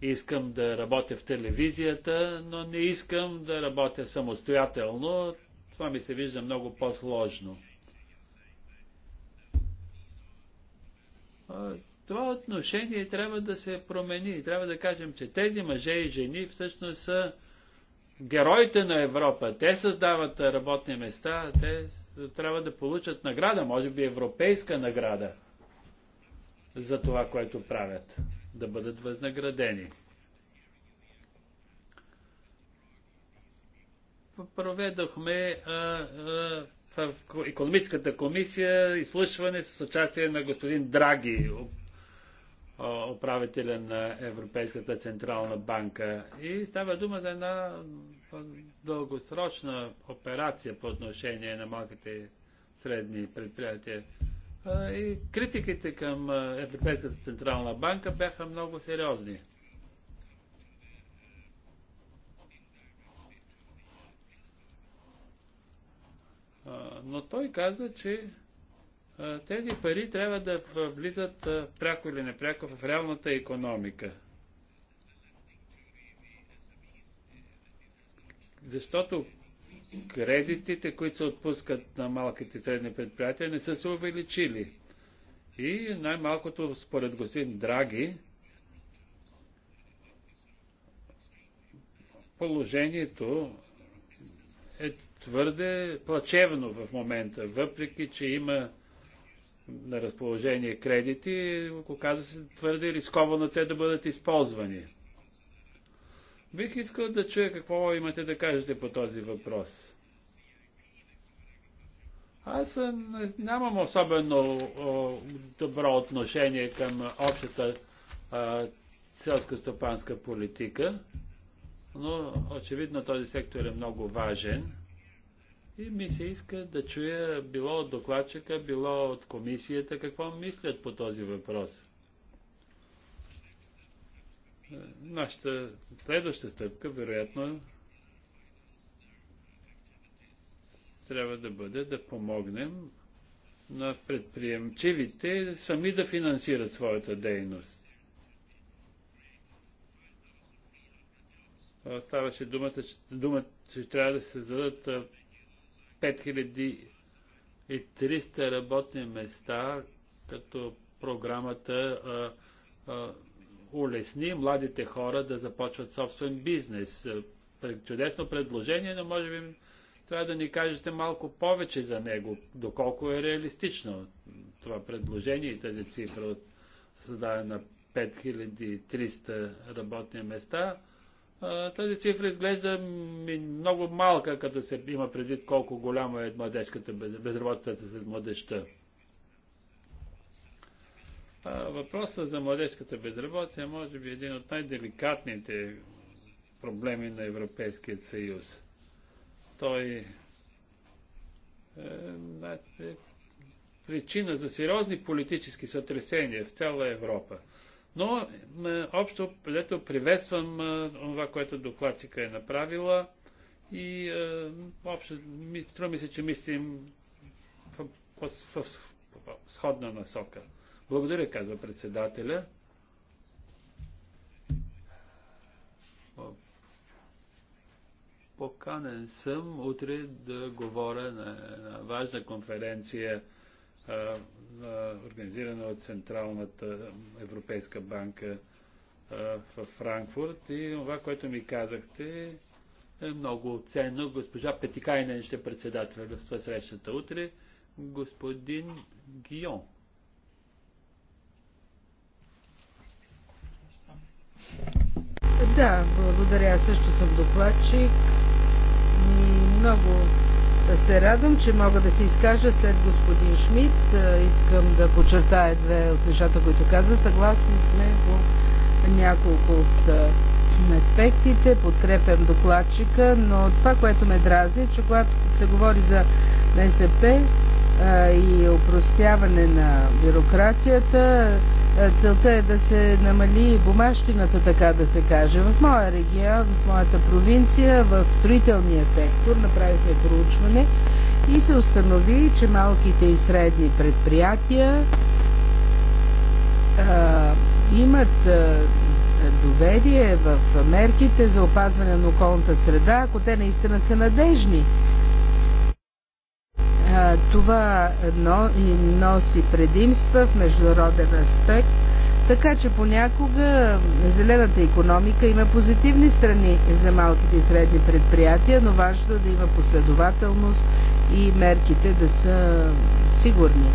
Speaker 3: искам да работя в телевизията, но не искам да работя самостоятелно. Това ми се вижда много по-сложно. това отношение трябва да се промени. Трябва да кажем, че тези мъже и жени всъщност са героите на Европа. Те създават работни места, те трябва да получат награда, може би европейска награда за това, което правят. Да бъдат възнаградени. Проведохме а, а, в економическата комисия изслушване с участие на господин Драги, управителя на Европейската централна банка. И става дума за една дългосрочна операция по отношение на малките и средни предприятия. И критиките към Европейската централна банка бяха много сериозни. но той каза, че тези пари трябва да влизат пряко или непряко в реалната економика. Защото кредитите, които се отпускат на малките и средни предприятия, не са се увеличили. И най-малкото, според господин Драги, положението е твърде плачевно в момента, въпреки че има на разположение кредити, каза се твърде рисковано те да бъдат използвани. Бих искал да чуя какво имате да кажете по този въпрос. Аз нямам особено добро отношение към общата селско-стопанска политика, но очевидно този сектор е много важен. И ми се иска да чуя било от докладчика, било от комисията, какво мислят по този въпрос. Нашата следваща стъпка, вероятно, трябва да бъде да помогнем на предприемчивите сами да финансират своята дейност. Ставаше думата, че, думата, че трябва да се създадат 5300 работни места, като програмата а, а, улесни младите хора да започват собствен бизнес. Чудесно предложение, но може би трябва да ни кажете малко повече за него, доколко е реалистично това предложение и тази цифра от създаване на 5300 работни места тази цифра изглежда много малка, като се има предвид колко голяма е младежката безработицата сред младежта. Въпросът за младежката безработица е може би един от най-деликатните проблеми на Европейския съюз. Той е, значи, е причина за сериозни политически сътресения в цяла Европа. Но общо, лето приветствам това, което докладчика е направила и е, общо, струва ми се, че мислим в, в, в, в сходна насока. Благодаря, казва председателя. Поканен съм утре да говоря на важна конференция организирана от Централната Европейска банка в Франкфурт. И това, което ми казахте, е много ценно. Госпожа Петикайнен ще председателства срещата утре. Господин Гион.
Speaker 4: Да, благодаря. Също съм докладчик и много се радвам, че мога да се изкажа след господин Шмидт. Е, искам да подчертая две от нещата, които каза. Съгласни сме по няколко от е, аспектите, подкрепям докладчика, но това, което ме дразни, е, че когато се говори за МСП е, и упростяване на бюрокрацията, Целта е да се намали бумащината, така да се каже. В моя регион, в моята провинция, в строителния сектор направихме проучване и се установи, че малките и средни предприятия а, имат а, доверие в мерките за опазване на околната среда, ако те наистина са надежни това едно и носи предимства в международен аспект, така че понякога зелената економика има позитивни страни за малките и средни предприятия, но важно е да има последователност и мерките да са сигурни.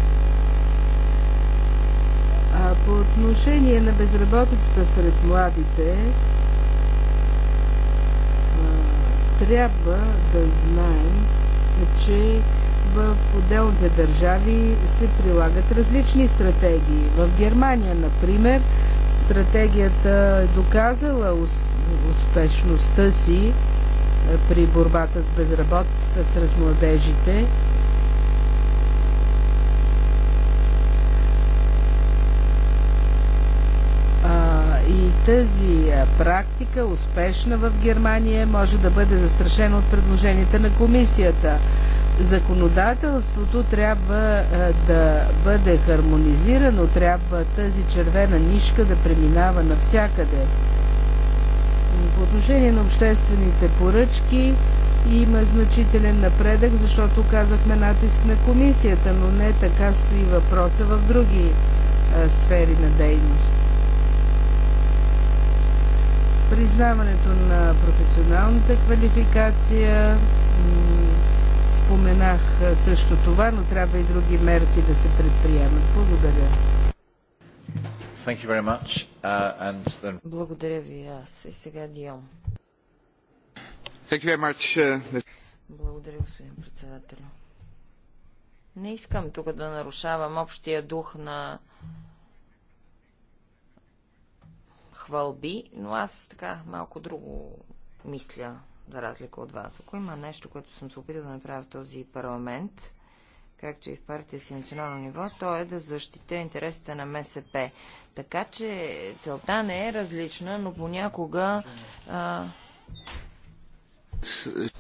Speaker 4: А по отношение на безработицата сред младите, трябва да знаем, че в отделните държави се прилагат различни стратегии. В Германия, например, стратегията е доказала успешността си е, при борбата с безработицата сред младежите. и тази практика, успешна в Германия, може да бъде застрашена от предложенията на комисията законодателството трябва е, да бъде хармонизирано, трябва тази червена нишка да преминава навсякъде. По отношение на обществените поръчки има значителен напредък, защото казахме натиск на комисията, но не така стои въпроса в други е, сфери на дейност. Признаването на професионалната квалификация, Споменах също това, но трябва и други мерки да се предприемат. Благодаря.
Speaker 1: Thank you very much. Uh, and then...
Speaker 2: Благодаря ви аз. И сега Дион.
Speaker 5: Thank you very much, uh...
Speaker 2: Благодаря, господин председател. Не искам тук да нарушавам общия дух на хвалби, но аз така малко друго мисля за разлика от вас. Ако има нещо, което съм се опитал да направя в този парламент, както и в партия си национално ниво, то е да защите интересите на МСП. Така че целта не е различна, но понякога... А...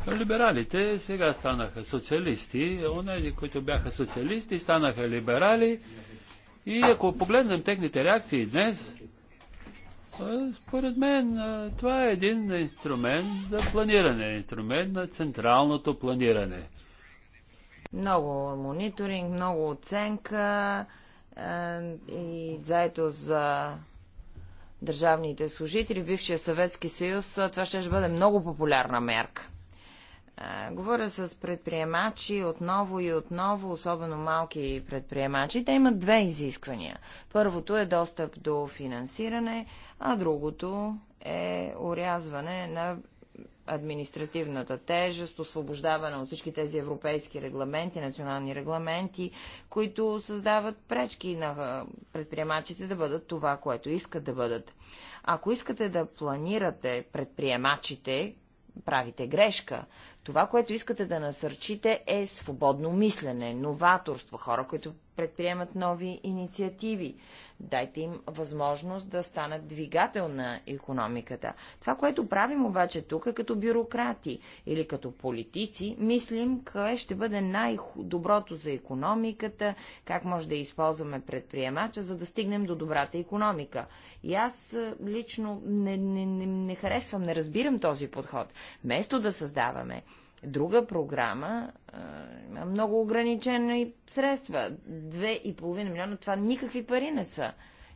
Speaker 3: Либералите сега станаха социалисти, онези, които бяха социалисти, станаха либерали. И ако погледнем техните реакции днес,
Speaker 2: според мен
Speaker 3: това е един инструмент за планиране, инструмент на централното планиране.
Speaker 2: Много мониторинг, много оценка и заето за държавните служители в бившия Съветски съюз, това ще бъде много популярна мерка говоря с предприемачи отново и отново, особено малки предприемачи. Те имат две изисквания. Първото е достъп до финансиране, а другото е урязване на административната тежест, освобождаване от всички тези европейски регламенти, национални регламенти, които създават пречки на предприемачите да бъдат това, което искат да бъдат. Ако искате да планирате предприемачите, правите грешка, това, което искате да насърчите е свободно мислене, новаторство, хора, които предприемат нови инициативи. Дайте им възможност да станат двигател на економиката. Това, което правим обаче тук е като бюрократи или като политици, мислим къде ще бъде най-доброто за економиката, как може да използваме предприемача, за да стигнем до добрата економика. И аз лично не, не, не, не харесвам, не разбирам този подход. Вместо да създаваме Друга програма има много ограничени средства. Две и половина милиона, това никакви пари не са.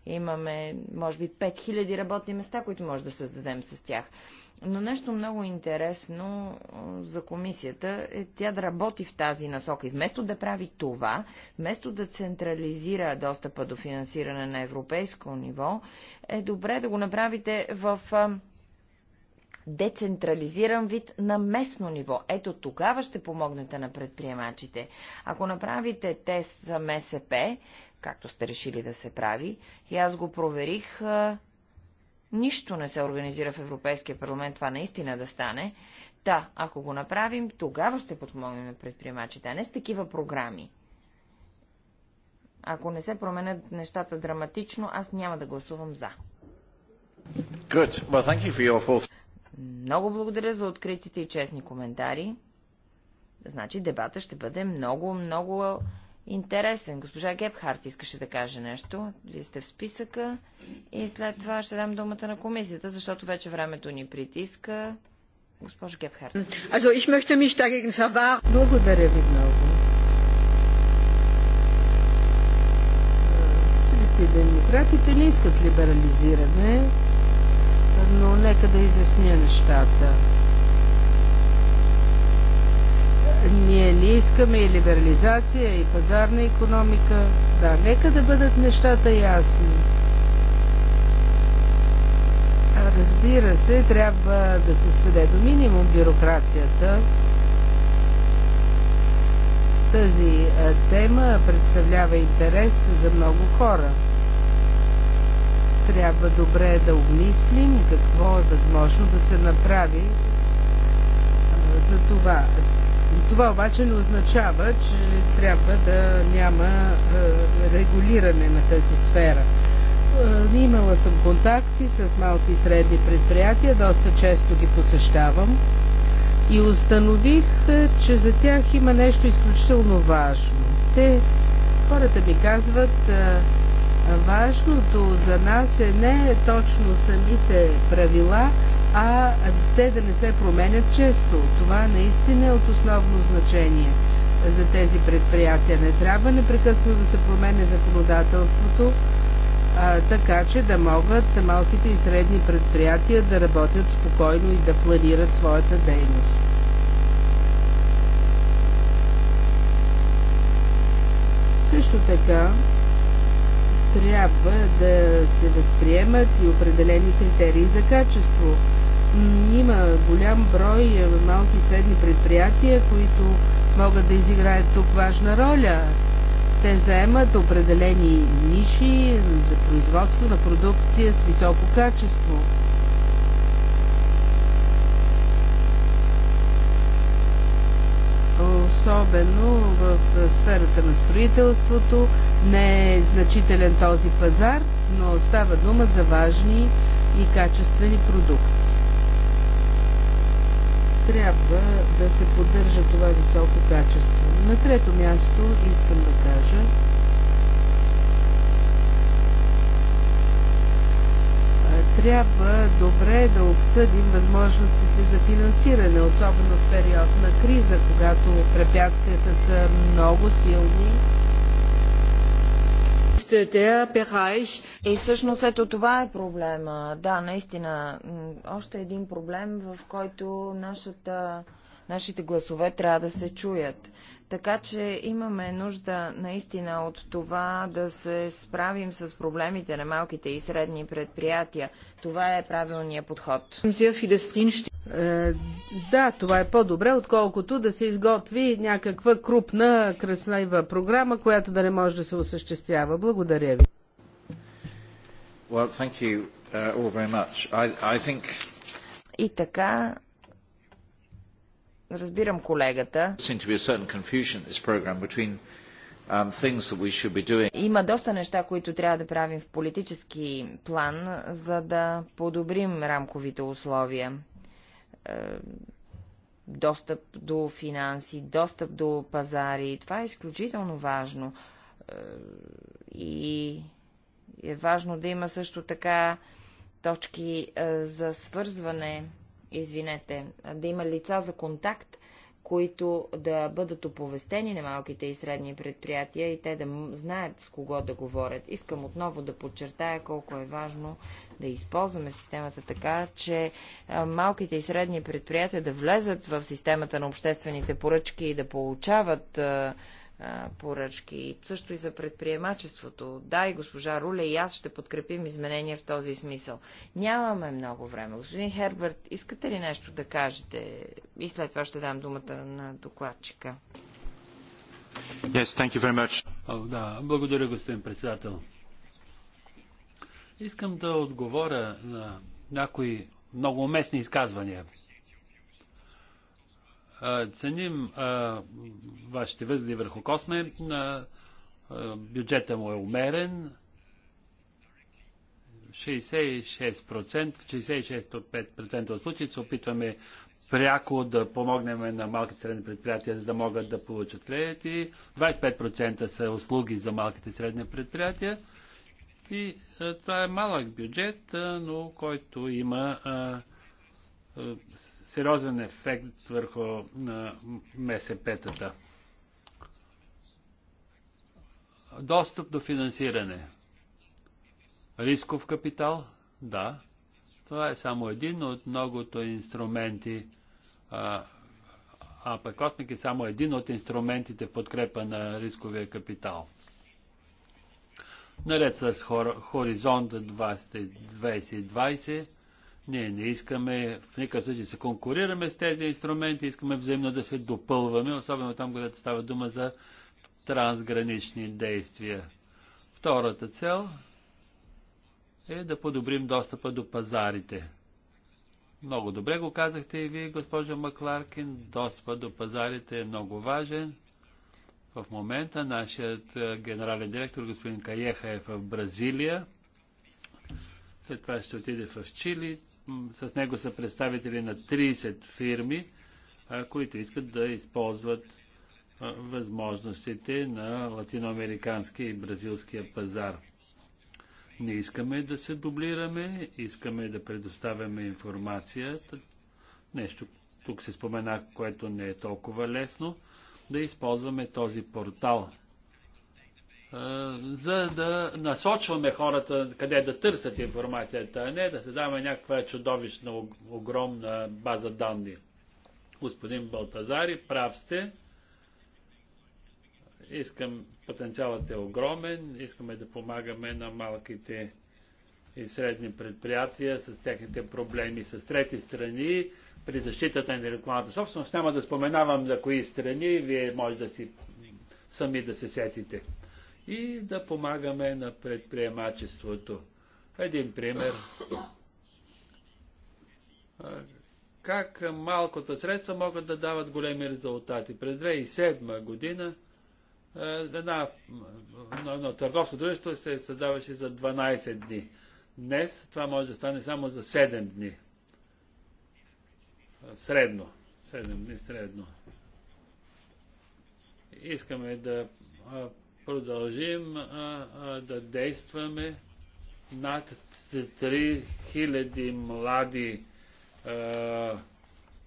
Speaker 2: Имаме, може би, 5000 работни места, които може да създадем с тях. Но нещо много интересно за комисията е тя да работи в тази насока. И вместо да прави това, вместо да централизира достъпа до финансиране на европейско ниво, е добре да го направите в децентрализиран вид на местно ниво. Ето тогава ще помогнете на предприемачите. Ако направите тест за МСП, както сте решили да се прави, и аз го проверих, а... нищо не се организира в Европейския парламент, това наистина да стане. Та, ако го направим, тогава ще подпомогнем на предприемачите, а не с такива програми. Ако не се променят нещата драматично, аз няма да гласувам за.
Speaker 1: Well, you your...
Speaker 2: Много благодаря за откритите и честни коментари. Значи дебата ще бъде много, много интересен. Госпожа Гепхарт искаше да каже нещо. Вие сте в списъка и след това ще дам думата на комисията, защото вече времето ни притиска. Госпожо Гепхарт. Also, ich möchte
Speaker 4: mich dagegen verwahren. Благодаря ви много. Социалистите и демократите не искат либерализиране но нека да изясня нещата. Ние не искаме и либерализация, и пазарна економика. Да, нека да бъдат нещата ясни. Разбира се, трябва да се сведе до минимум бюрокрацията. Тази тема представлява интерес за много хора трябва добре да обмислим какво е възможно да се направи за това. Това обаче не означава, че трябва да няма регулиране на тази сфера. Имала съм контакти с малки и средни предприятия, доста често ги посещавам и установих, че за тях има нещо изключително важно. Те, хората ми казват, Важното за нас е не точно самите правила, а те да не се променят често. Това наистина е от основно значение за тези предприятия. Не трябва непрекъснато да се променя законодателството, а, така че да могат малките и средни предприятия да работят спокойно и да планират своята дейност. Също така, трябва да се възприемат и определени критерии за качество. Има голям брой е, малки и средни предприятия, които могат да изиграят тук важна роля. Те заемат определени ниши за производство на продукция с високо качество. особено в сферата на строителството. Не е значителен този пазар, но става дума за важни и качествени продукти. Трябва да се поддържа това високо качество. На трето място искам да кажа, трябва добре да обсъдим възможностите за финансиране, особено в период на криза, когато препятствията са много силни.
Speaker 2: И всъщност ето това е проблема. Да, наистина, още един проблем, в който нашата, нашите гласове трябва да се чуят. Така че имаме нужда наистина от това да се справим с проблемите на малките и средни предприятия. Това е правилния подход.
Speaker 4: Е, да, това е по-добре, отколкото да се изготви някаква крупна, красива програма, която да не може да се
Speaker 2: осъществява. Благодаря ви.
Speaker 1: Well, uh, I, I think...
Speaker 2: И така, Разбирам колегата.
Speaker 1: Um,
Speaker 2: има доста неща, които трябва да правим в политически план, за да подобрим рамковите условия. Е, достъп до финанси, достъп до пазари. Това е изключително важно. Е, и е важно да има също така точки е, за свързване извинете, да има лица за контакт, които да бъдат оповестени на малките и средни предприятия и те да знаят с кого да говорят. Искам отново да подчертая колко е важно да използваме системата така, че малките и средни предприятия да влезат в системата на обществените поръчки и да получават поръчки. И също и за предприемачеството. Да, и госпожа Руле и аз ще подкрепим изменения в този смисъл. Нямаме много време. Господин Херберт, искате ли нещо да кажете? И след това ще дам думата на докладчика.
Speaker 1: Yes, thank you very much. Oh, да.
Speaker 3: Благодаря, господин председател. Искам да отговоря на някои много уместни изказвания ценим вашите възли върху Косме. Бюджета му е умерен. 66%, 66% от случаи се опитваме пряко да помогнем на малките средни предприятия, за да могат да получат кредити. 25% са услуги за малките средни предприятия. И това е малък бюджет, но който има сериозен ефект върху МСП-тата. Достъп до финансиране. Рисков капитал, да. Това е само един от многото инструменти, а, а пъкотник е само един от инструментите в подкрепа на рисковия капитал. Наред с хоризонта Хоризонт 20 2020 ние не искаме в никакъв случай да се конкурираме с тези инструменти, искаме взаимно да се допълваме, особено там, където става дума за трансгранични действия. Втората цел е да подобрим достъпа до пазарите. Много добре го казахте и вие, госпожо Макларкин. Достъпа до пазарите е много важен. В момента нашият е, генерален директор, господин Каеха, е в Бразилия. След това ще отиде в Чили с него са представители на 30 фирми, които искат да използват възможностите на латиноамериканския и бразилския пазар. Не искаме да се дублираме, искаме да предоставяме информация. Нещо тук се спомена, което не е толкова лесно, да използваме този портал – за да насочваме хората къде да търсят информацията, а не да се даваме някаква чудовищна, огромна база данни. Господин Балтазари, прав сте. Искам, потенциалът е огромен, искаме да помагаме на малките и средни предприятия с техните проблеми с трети страни при защитата на рекламата собственост. Няма да споменавам за кои страни, вие може да си сами да се сетите и да помагаме на предприемачеството. Един пример. Как малкото средства могат да дават големи резултати. През 2007 година една, едно търговско дружество се създаваше за 12 дни. Днес това може да стане само за 7 дни. Средно. 7 дни средно. Искаме да продължим а, а, да действаме над 3000 млади а,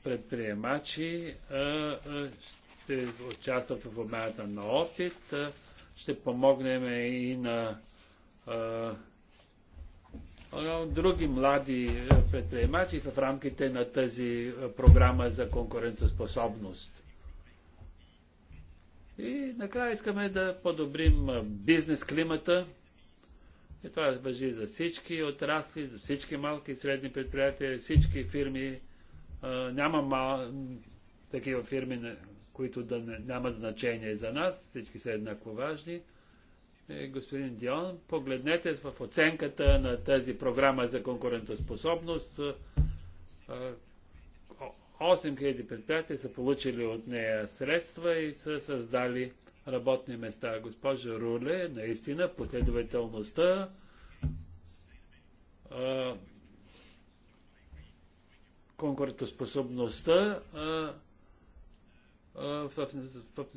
Speaker 3: предприемачи ще участват в обмената на опит, ще помогнем и на други млади предприемачи в рамките на тази програма за конкурентоспособност. И накрая искаме да подобрим бизнес климата. И е, това въжи за всички отрасли, за всички малки и средни предприятия, всички фирми. А, няма мал... такива фирми, които да не, нямат значение за нас. Всички са еднакво важни. И е, господин Дион, погледнете в оценката на тази програма за конкурентоспособност 8000 предприятия са получили от нея средства и са създали работни места. Госпожа Руле, наистина последователността конкурентоспособността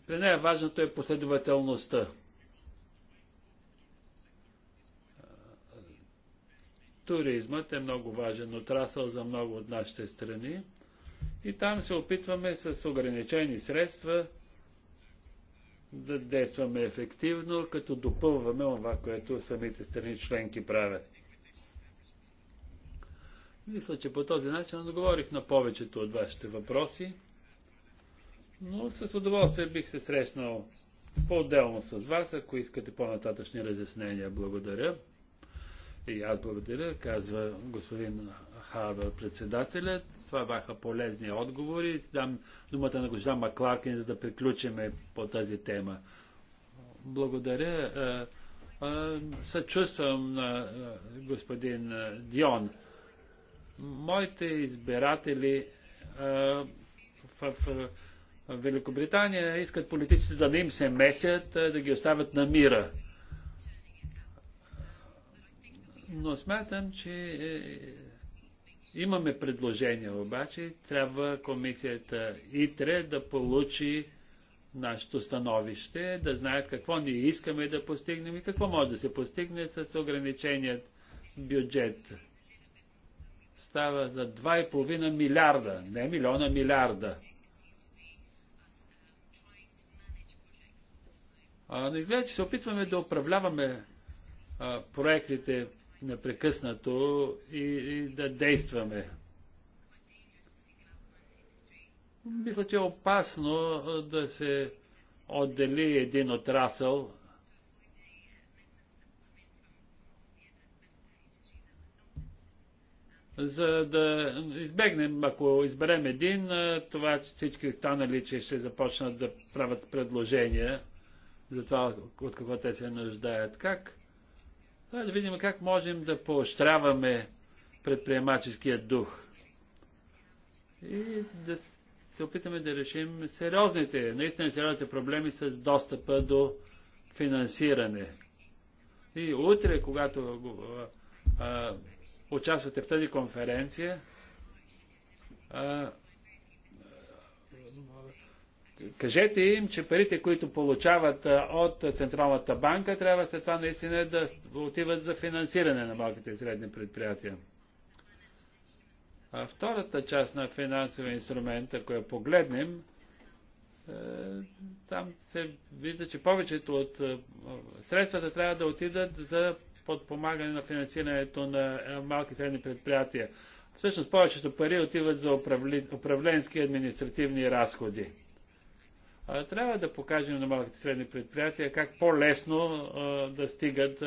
Speaker 3: при нея важното е последователността. Туризмът е много важен отрасъл за много от нашите страни. И там се опитваме с ограничени средства да действаме ефективно, като допълваме това, което самите страни членки правят. Мисля, че по този начин отговорих на повечето от вашите въпроси, но с удоволствие бих се срещнал по-отделно с вас, ако искате по-нататъчни разяснения. Благодаря. И аз благодаря, казва господин Харбър председателя, Това бяха полезни отговори. Дам думата на госпожа Макларкин, за да приключиме по тази тема. Благодаря. Съчувствам на господин Дион. Моите избиратели в Великобритания искат политиците да не им се месят, да ги оставят на мира. Но смятам, че е, Имаме предложение обаче, трябва комисията ИТРЕ да получи нашето становище, да знаят какво ние искаме да постигнем и какво може да се постигне с ограниченият бюджет. Става за 2,5 милиарда, не милиона, милиарда. А, но изглежда, че се опитваме да управляваме а, проектите непрекъснато и, и да действаме. Мисля, че е опасно да се отдели един отрасъл за да избегнем, ако изберем един, това, че всички останали, че ще започнат да правят предложения за това, от какво те се нуждаят. Как трябва да видим как можем да поощряваме предприемаческия дух и да се опитаме да решим сериозните, наистина сериозните проблеми с достъпа до финансиране. И утре, когато а, участвате в тази конференция, а, Кажете им, че парите, които получават от Централната банка, трябва след това наистина да отиват за финансиране на малките и средни предприятия. А втората част на финансовия инструмент, ако я погледнем, е, там се вижда, че повечето от е, средствата трябва да отидат за подпомагане на финансирането на е, малки и средни предприятия. Всъщност повечето пари отиват за управленски и административни разходи. Трябва да покажем на малките средни предприятия как по-лесно да стигат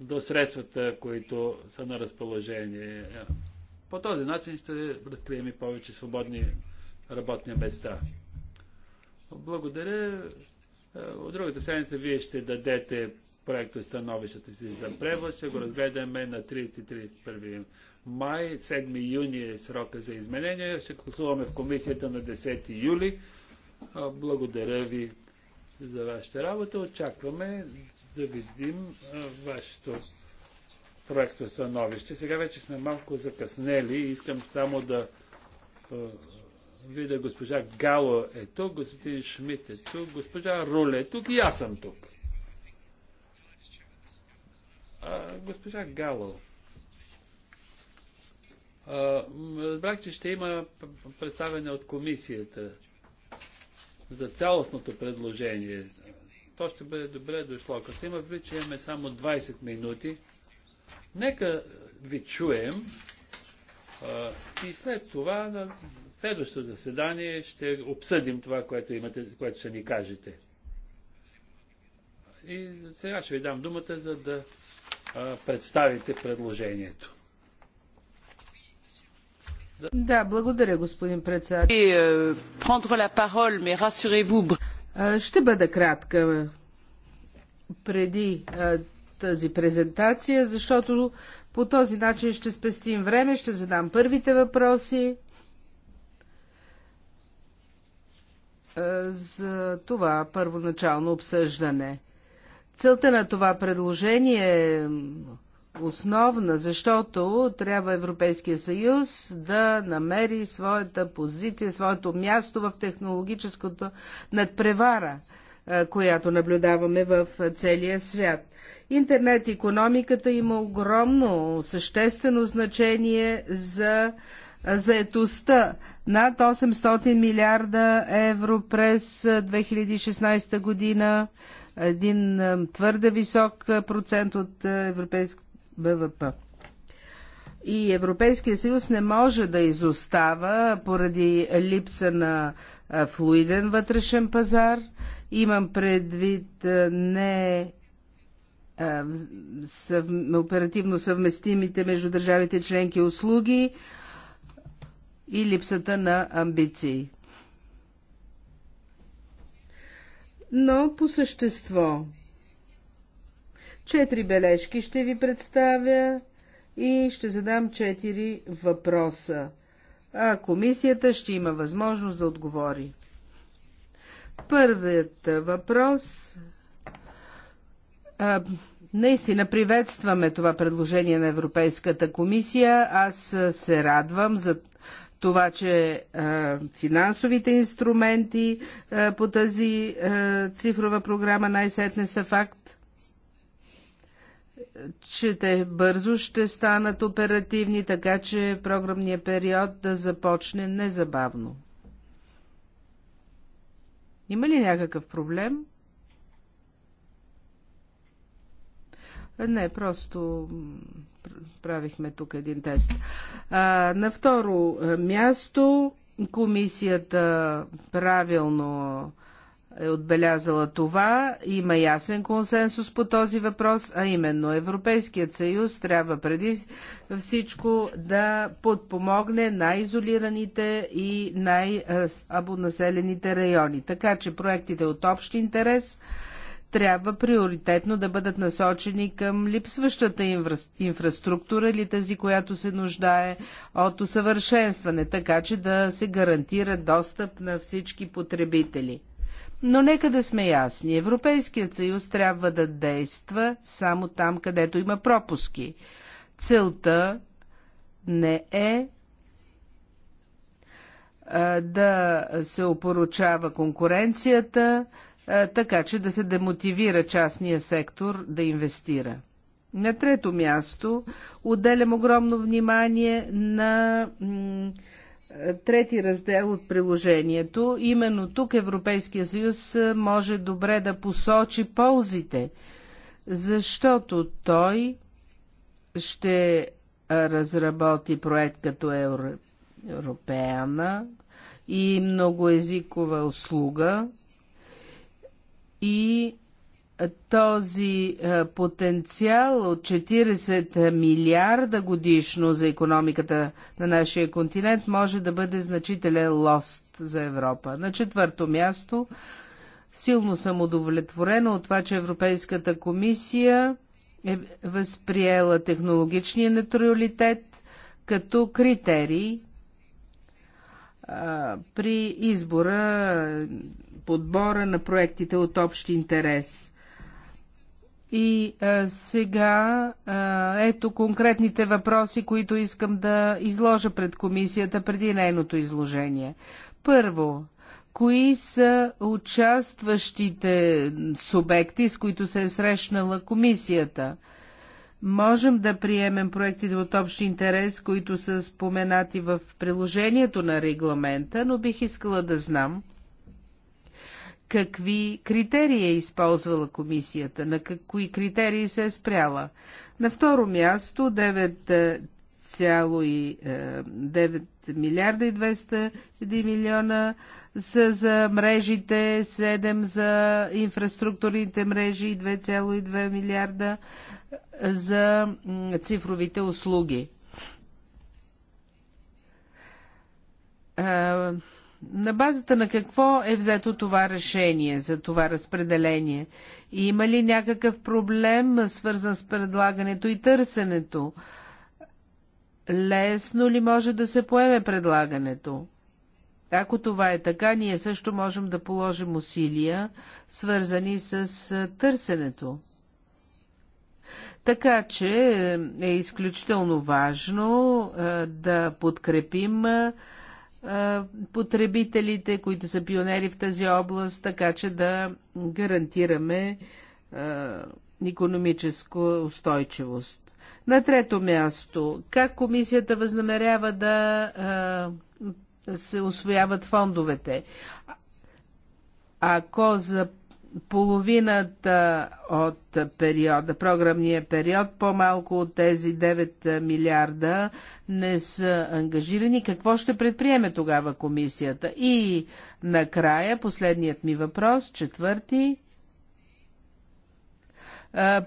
Speaker 3: до средствата, които са на разположение. По този начин ще разкрием и повече свободни работни места. Благодаря. От другата седмица вие ще дадете проекто становището си за превод. Ще го разгледаме на 30-31 май. 7 юни е срока за изменение. Ще гласуваме в комисията на 10 юли. Благодаря ви за вашата работа. Очакваме да видим вашето проекто становище. Сега вече сме малко закъснели и искам само да видя госпожа Гало е тук, господин Шмидт е тук, госпожа Руле е тук и аз съм тук. А, госпожа Гало, разбрах, че ще има представяне от комисията за цялостното предложение. То ще бъде добре дошло. Като има вид, че имаме само 20 минути, нека ви чуем а, и след това на следващото заседание ще обсъдим това, което, имате, което ще ни кажете. И сега ще ви дам думата, за да а, представите предложението.
Speaker 4: Да, благодаря, господин председател. Е, ще бъда кратка преди тази презентация, защото по този начин ще спестим време, ще задам първите въпроси. за това първоначално обсъждане. Целта на това предложение е основна, защото трябва Европейския съюз да намери своята позиция, своето място в технологическото надпревара, която наблюдаваме в целия свят. Интернет економиката има огромно съществено значение за заетостта над 800 милиарда евро през 2016 година, един твърде висок процент от европейското БВП. И Европейския съюз не може да изостава поради липса на флуиден вътрешен пазар. Имам предвид не съв... оперативно съвместимите между държавите членки услуги и липсата на амбиции. Но по същество Четири бележки ще ви представя и ще задам четири въпроса. А комисията ще има възможност да отговори. Първият въпрос. А, наистина приветстваме това предложение на Европейската комисия. Аз се радвам за това, че а, финансовите инструменти а, по тази а, цифрова програма най-сетне са факт че те бързо ще станат оперативни, така че програмният период да започне незабавно. Има ли някакъв проблем? Не, просто правихме тук един тест. А, на второ място комисията правилно е отбелязала това. Има ясен консенсус по този въпрос, а именно Европейският съюз трябва преди всичко да подпомогне най-изолираните и най-абонаселените райони. Така че проектите от общ интерес трябва приоритетно да бъдат насочени към липсващата инфра... инфраструктура или тази, която се нуждае от усъвършенстване, така че да се гарантира достъп на всички потребители. Но нека да сме ясни. Европейският съюз трябва да действа само там, където има пропуски. Целта не е да се опоручава конкуренцията, така че да се демотивира частния сектор да инвестира. На трето място отделям огромно внимание на трети раздел от приложението. Именно тук Европейския съюз може добре да посочи ползите, защото той ще разработи проект като Европеана и многоезикова услуга и този е, потенциал от 40 милиарда годишно за економиката на нашия континент може да бъде значителен лост за Европа. На четвърто място, силно съм удовлетворена от това, че Европейската комисия е възприела технологичния нейтралитет като критерий е, при избора, подбора на проектите от общ интерес. И а, сега а, ето конкретните въпроси, които искам да изложа пред комисията преди нейното изложение. Първо, кои са участващите субекти, с които се е срещнала комисията? Можем да приемем проектите от общ интерес, които са споменати в приложението на регламента, но бих искала да знам – какви критерии е използвала комисията, на какви критерии се е спряла. На второ място 9,9 е, милиарда и 200 милиона са за мрежите, 7 за инфраструктурните мрежи и 2,2 милиарда за цифровите услуги е, на базата на какво е взето това решение за това разпределение? И има ли някакъв проблем, свързан с предлагането и търсенето? Лесно ли може да се поеме предлагането? Ако това е така, ние също можем да положим усилия, свързани с търсенето. Така че е изключително важно да подкрепим потребителите, които са пионери в тази област, така че да гарантираме економическо устойчивост. На трето място, как комисията възнамерява да се освояват фондовете? Ако за половината от периода, програмния период, по-малко от тези 9 милиарда не са ангажирани. Какво ще предприеме тогава комисията? И накрая, последният ми въпрос, четвърти.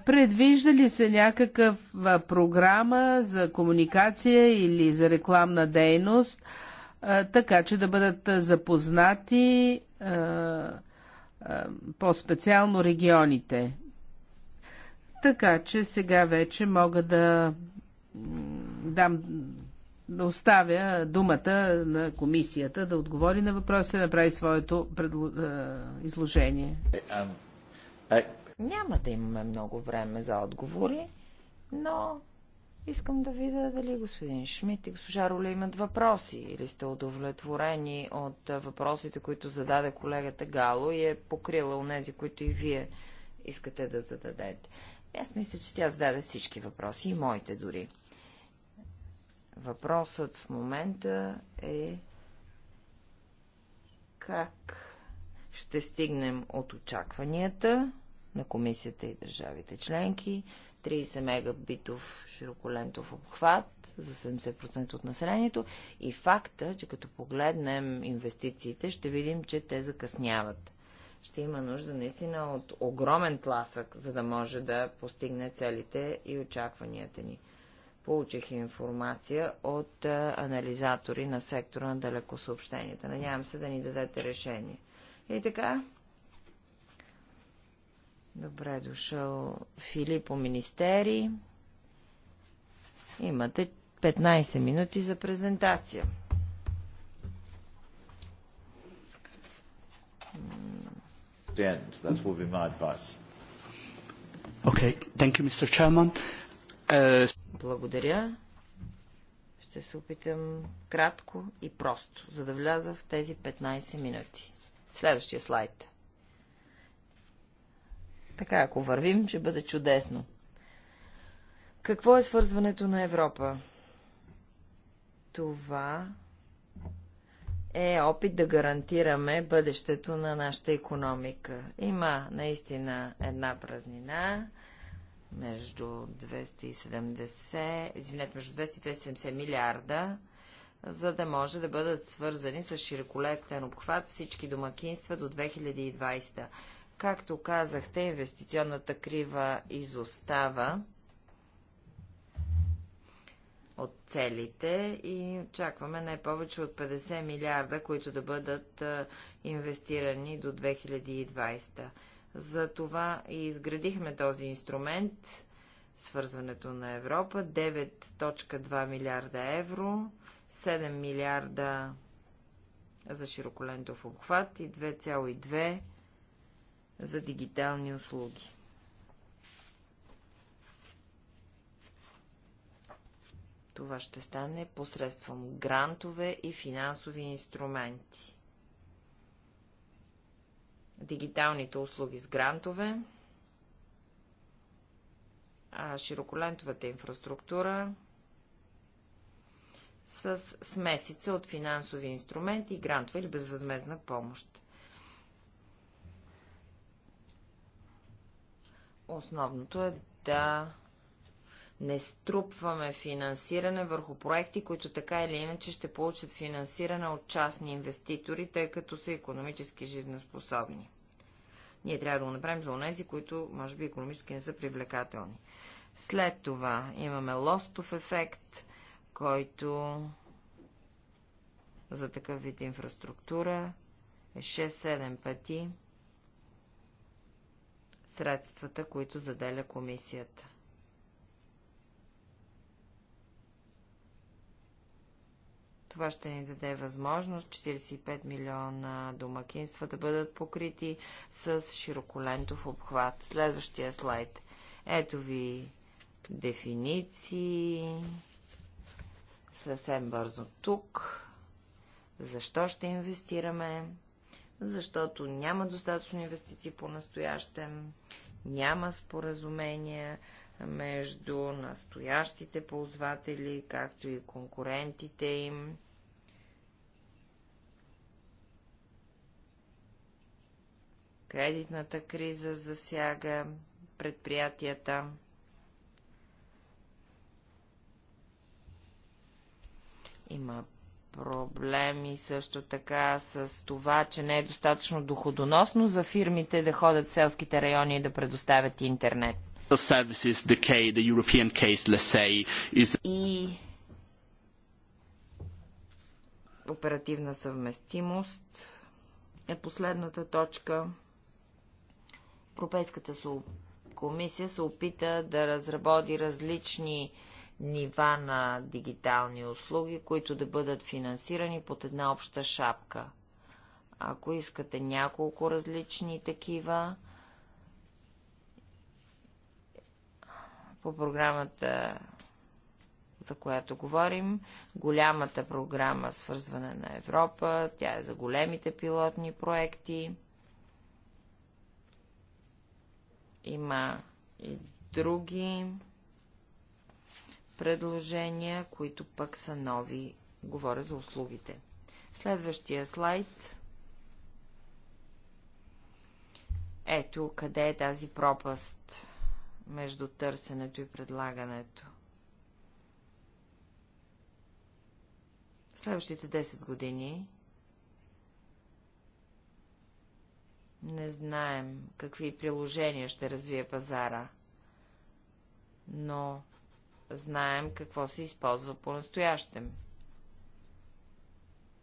Speaker 4: Предвижда ли се някакъв програма за комуникация или за рекламна дейност, така че да бъдат запознати по-специално регионите. Така че сега вече мога да дам да оставя думата на комисията да отговори на въпроса и да направи своето предло...
Speaker 2: изложение. Няма да имаме много време за отговори, но Искам да видя дали господин Шмидт и госпожа Руле имат въпроси или сте удовлетворени от въпросите, които зададе колегата Гало и е покрила у нези, които и вие искате да зададете. Аз мисля, че тя зададе всички въпроси и моите дори. Въпросът в момента е как ще стигнем от очакванията на комисията и държавите членки 30 мегабитов широколентов обхват за 70% от населението и факта, че като погледнем инвестициите, ще видим, че те закъсняват. Ще има нужда наистина от огромен тласък, за да може да постигне целите и очакванията ни. Получих информация от анализатори на сектора на далекосъобщенията. Надявам се да ни дадете решение. И така, Добре дошъл Филипо Министери. Имате 15 минути за презентация.
Speaker 1: the end. That will be my advice.
Speaker 5: Okay. Thank you, Mr. Chairman. Uh...
Speaker 2: Благодаря. Ще се опитам кратко и просто, за да вляза в тези 15 минути. Следващия слайд. Така, ако вървим, ще бъде чудесно. Какво е свързването на Европа? Това е опит да гарантираме бъдещето на нашата економика. Има наистина една празнина между 270, извинете, между 270 милиарда, за да може да бъдат свързани с широколетен обхват всички домакинства до 2020. Както казахте, инвестиционната крива изостава от целите и очакваме най повече от 50 милиарда, които да бъдат инвестирани до 2020. За това и изградихме този инструмент, свързването на Европа, 9.2 милиарда евро, 7 милиарда за широколентов обхват и 2,2 за дигитални услуги. Това ще стане посредством грантове и финансови инструменти. Дигиталните услуги с грантове, а широколентовата инфраструктура с смесица от финансови инструменти и грантове или безвъзмезна помощ. Основното е да не струпваме финансиране върху проекти, които така или иначе ще получат финансиране от частни инвеститори, тъй като са економически жизнеспособни. Ние трябва да го направим за онези, които може би економически не са привлекателни. След това имаме лостов ефект, който за такъв вид инфраструктура е 6-7 пъти средствата, които заделя комисията. Това ще ни даде възможност 45 милиона домакинства да бъдат покрити с широколентов обхват. Следващия слайд. Ето ви дефиниции. Съвсем бързо тук. Защо ще инвестираме? защото няма достатъчно инвестиции по-настоящем, няма споразумения между настоящите ползватели, както и конкурентите им. Кредитната криза засяга предприятията. Има проблеми също така с това, че не е достатъчно доходоносно за фирмите да ходят в селските райони и да предоставят интернет. И оперативна съвместимост е последната точка. Европейската комисия се опита да разработи различни нива на дигитални услуги, които да бъдат финансирани под една обща шапка. Ако искате няколко различни такива, по програмата, за която говорим, голямата програма Свързване на Европа, тя е за големите пилотни проекти. Има и други предложения, които пък са нови. Говоря за услугите. Следващия слайд. Ето къде е тази пропаст между търсенето и предлагането. Следващите 10 години не знаем какви приложения ще развие пазара, но знаем какво се използва по-настоящем.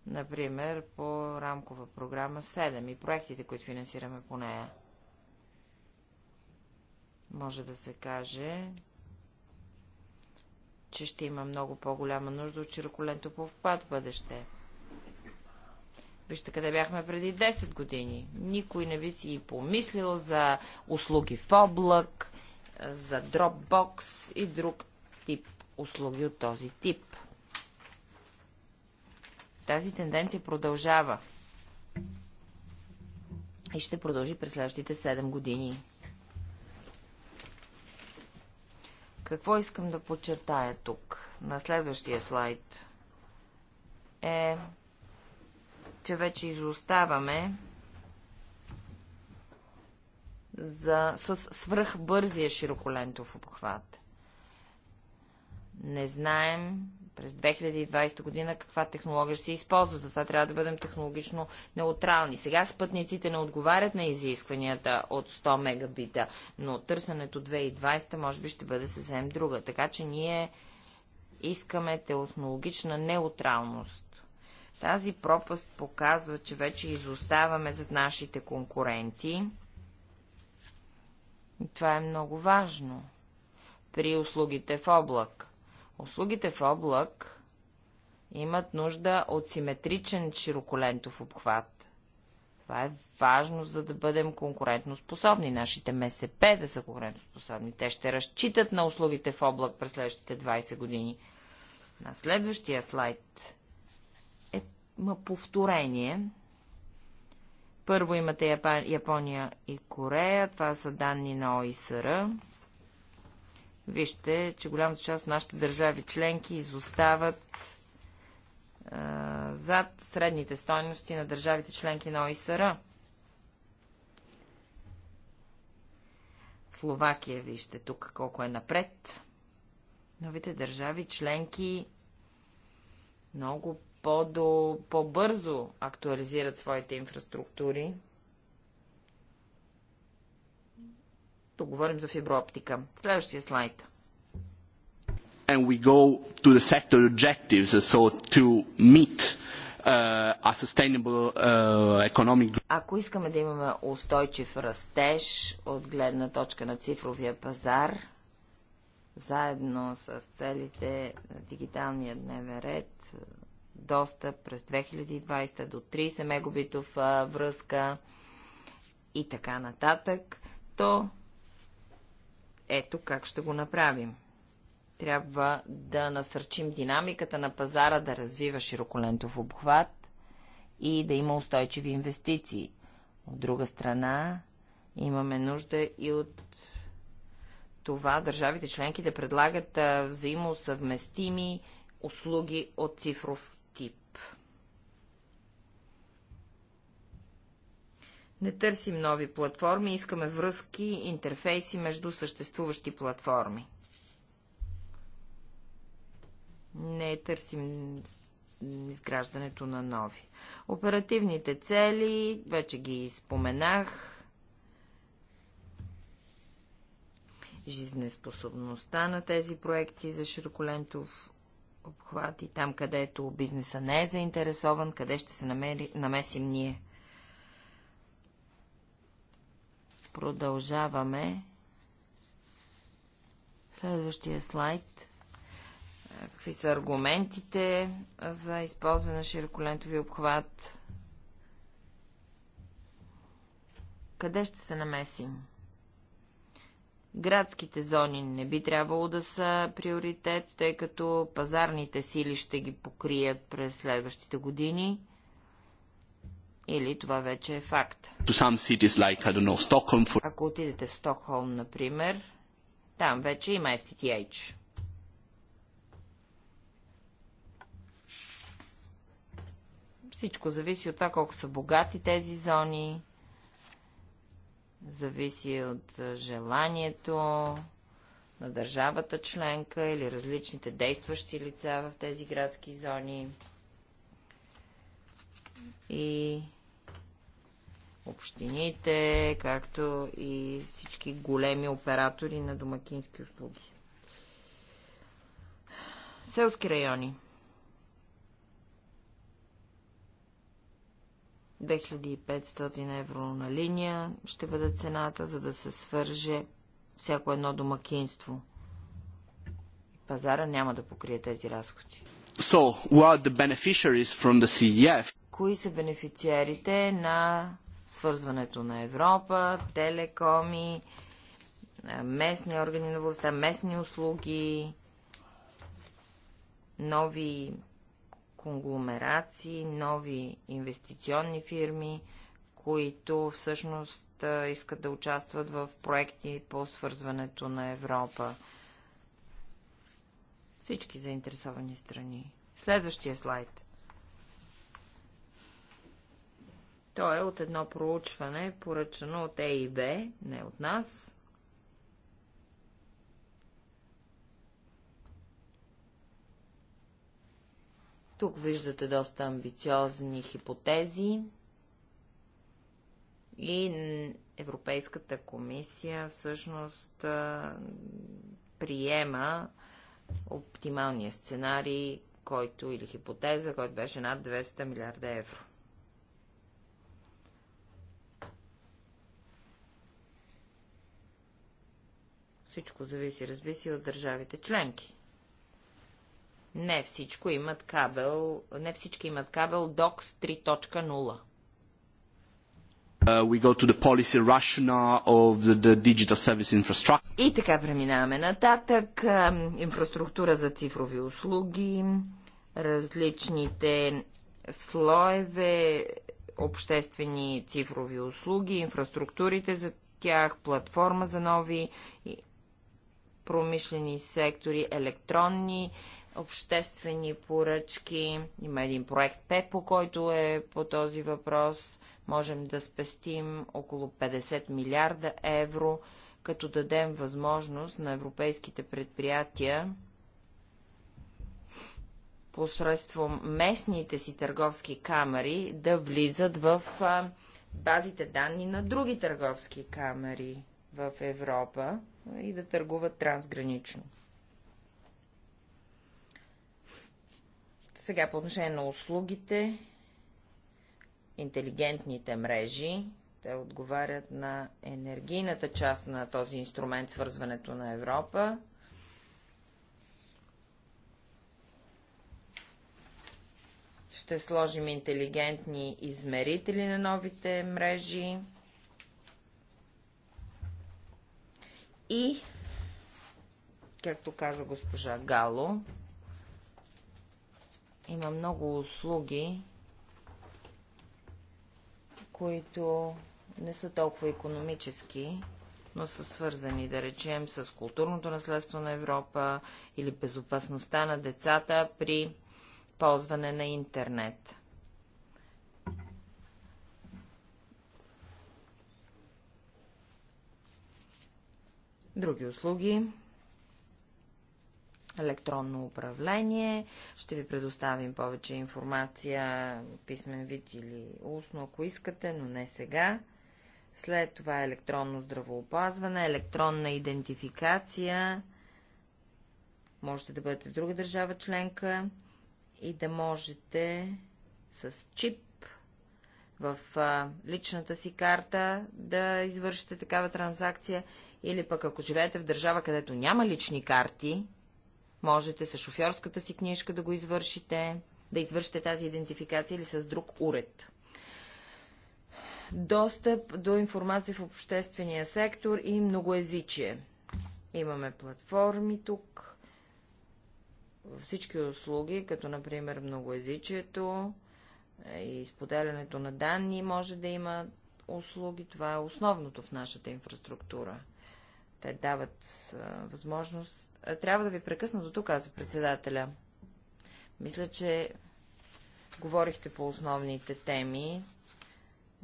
Speaker 2: Например, по рамкова програма 7 и проектите, които финансираме по нея. Може да се каже, че ще има много по-голяма нужда от широколентов по в бъдеще. Вижте къде бяхме преди 10 години. Никой не би си и помислил за услуги в облак, за Dropbox и друг тип услуги от този тип. Тази тенденция продължава и ще продължи през следващите 7 години. Какво искам да подчертая тук, на следващия слайд, е, че вече изоставаме за, с свръхбързия широколентов обхват. Не знаем през 2020 година каква технология ще се използва. Затова трябва да бъдем технологично неутрални. Сега спътниците не отговарят на изискванията от 100 мегабита, но търсенето 2020 може би ще бъде съвсем друга. Така че ние искаме технологична неутралност. Тази пропаст показва, че вече изоставаме зад нашите конкуренти. И това е много важно при услугите в облак. Услугите в облак имат нужда от симетричен широколентов обхват. Това е важно, за да бъдем конкурентоспособни. Нашите МСП да са конкурентоспособни. Те ще разчитат на услугите в облак през следващите 20 години. На следващия слайд е повторение. Първо имате Япония и Корея. Това са данни на ОИСР. Вижте, че голямата част от нашите държави членки изостават а, зад средните стойности на държавите членки на ОИСР. Словакия, вижте тук колко е напред. Новите държави членки много по-бързо по актуализират своите инфраструктури. Тук говорим за фиброоптика. Следващия слайд.
Speaker 5: And we go to the sector objectives, uh, so to meet uh, a sustainable uh, economic growth.
Speaker 2: Ако искаме да имаме устойчив растеж от гледна точка на цифровия пазар, заедно с целите на дигиталния дневен ред, достъп през 2020 до 30 мегабитов връзка и така нататък, то ето как ще го направим. Трябва да насърчим динамиката на пазара да развива широколентов обхват и да има устойчиви инвестиции. От друга страна, имаме нужда и от това държавите членки да предлагат взаимосъвместими услуги от цифров Не търсим нови платформи, искаме връзки, интерфейси между съществуващи платформи. Не търсим изграждането на нови. Оперативните цели, вече ги споменах. Жизнеспособността на тези проекти за широколентов обхват и там, където бизнеса не е заинтересован, къде ще се намери, намесим ние. Продължаваме. Следващия слайд. Какви са аргументите за използване на широколентови обхват? Къде ще се намесим? Градските зони не би трябвало да са приоритет, тъй като пазарните сили ще ги покрият през следващите години. Или това вече е факт. Ако отидете в Стокхолм, например, там вече има FTTH. Всичко зависи от това колко са богати тези зони, зависи от желанието на държавата членка или различните действащи лица в тези градски зони. И общините, както и всички големи оператори на домакински услуги. Селски райони. 2500 евро на линия ще бъде цената, за да се свърже всяко едно домакинство. Пазара няма да покрие тези разходи.
Speaker 5: So, what the beneficiaries from the CEF?
Speaker 2: Кои са бенефициарите на свързването на Европа, телекоми, е, местни органи на властта, местни услуги, нови конгломерации, нови инвестиционни фирми, които всъщност е, искат да участват в проекти по свързването на Европа. Всички заинтересовани страни. Следващия слайд – То е от едно проучване, поръчано от ЕИБ, не от нас. Тук виждате доста амбициозни хипотези и Европейската комисия всъщност приема оптималния сценарий, който или хипотеза, който беше над 200 милиарда евро. Всичко зависи, разби си, от държавите членки. Не всичко имат кабел, не всички имат кабел uh, DOCS
Speaker 5: 3.0.
Speaker 2: И така преминаваме нататък. Инфраструктура за цифрови услуги, различните слоеве, обществени цифрови услуги, инфраструктурите за тях, платформа за нови промишлени сектори, електронни, обществени поръчки. Има един проект ПЕП, по който е по този въпрос. Можем да спестим около 50 милиарда евро, като дадем възможност на европейските предприятия посредством местните си търговски камери да влизат в базите данни на други търговски камери в Европа и да търгуват трансгранично. Сега по отношение на услугите, интелигентните мрежи, те отговарят на енергийната част на този инструмент, свързването на Европа. Ще сложим интелигентни измерители на новите мрежи. И, както каза госпожа Гало, има много услуги, които не са толкова економически, но са свързани, да речем, с културното наследство на Европа или безопасността на децата при ползване на интернет. други услуги, електронно управление. Ще ви предоставим повече информация, писмен вид или устно, ако искате, но не сега. След това е електронно здравоопазване, електронна идентификация. Можете да бъдете в друга държава членка и да можете с чип в личната си карта да извършите такава транзакция или пък ако живеете в държава, където няма лични карти, можете с шофьорската си книжка да го извършите, да извършите тази идентификация или с друг уред. Достъп до информация в обществения сектор и многоезичие. Имаме платформи тук, всички услуги, като например многоезичието, и споделянето на данни може да има услуги. Това е основното в нашата инфраструктура. Те дават а, възможност. А, трябва да ви прекъсна до тук, каза председателя. Мисля, че говорихте по основните теми.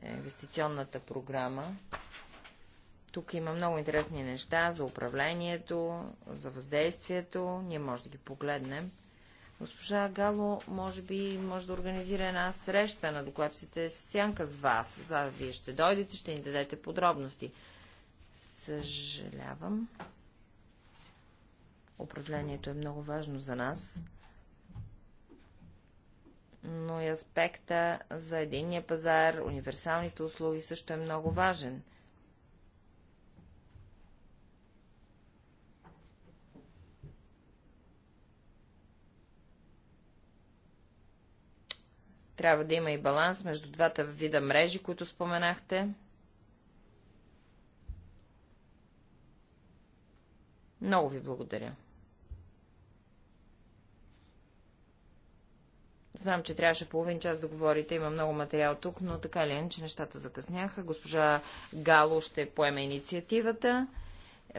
Speaker 2: Е, инвестиционната програма. Тук има много интересни неща за управлението, за въздействието. Ние може да ги погледнем. Госпожа Гало, може би, може да организира една среща на докладчите сянка с вас. За вие ще дойдете, ще ни дадете подробности. Съжалявам. Управлението е много важно за нас. Но и аспекта за единния пазар, универсалните услуги също е много важен. Трябва да има и баланс между двата вида мрежи, които споменахте. Много ви благодаря. Знам, че трябваше половин час да говорите, има много материал тук, но така ли е, че нещата закъсняха. Госпожа Гало ще поеме инициативата.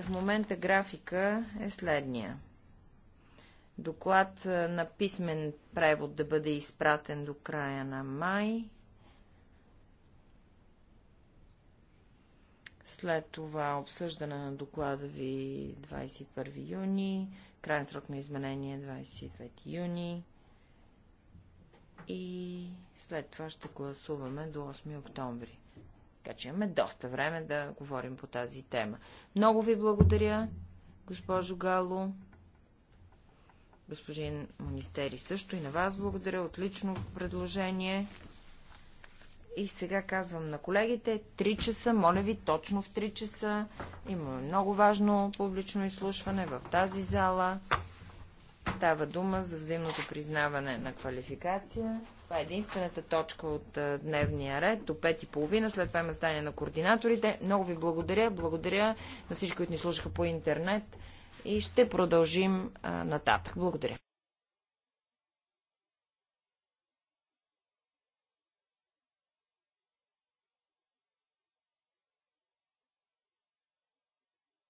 Speaker 2: В момента графика е следния. Доклад на писмен превод да бъде изпратен до края на май. След това обсъждане на доклада ви 21 юни, крайен срок на изменение 25 е юни и след това ще гласуваме до 8 октомври. Така че имаме доста време да говорим по тази тема. Много ви благодаря, госпожо Гало. Господин Монистери също и на вас благодаря. Отлично предложение. И сега казвам на колегите, 3 часа, моля ви, точно в 3 часа. Имаме много важно публично изслушване в тази зала. Става дума за взаимното признаване на квалификация. Това е единствената точка от дневния ред до 5.30. След това има стане на координаторите. Много ви благодаря. Благодаря на всички, които ни слушаха по интернет. И ще продължим а, нататък. Благодаря.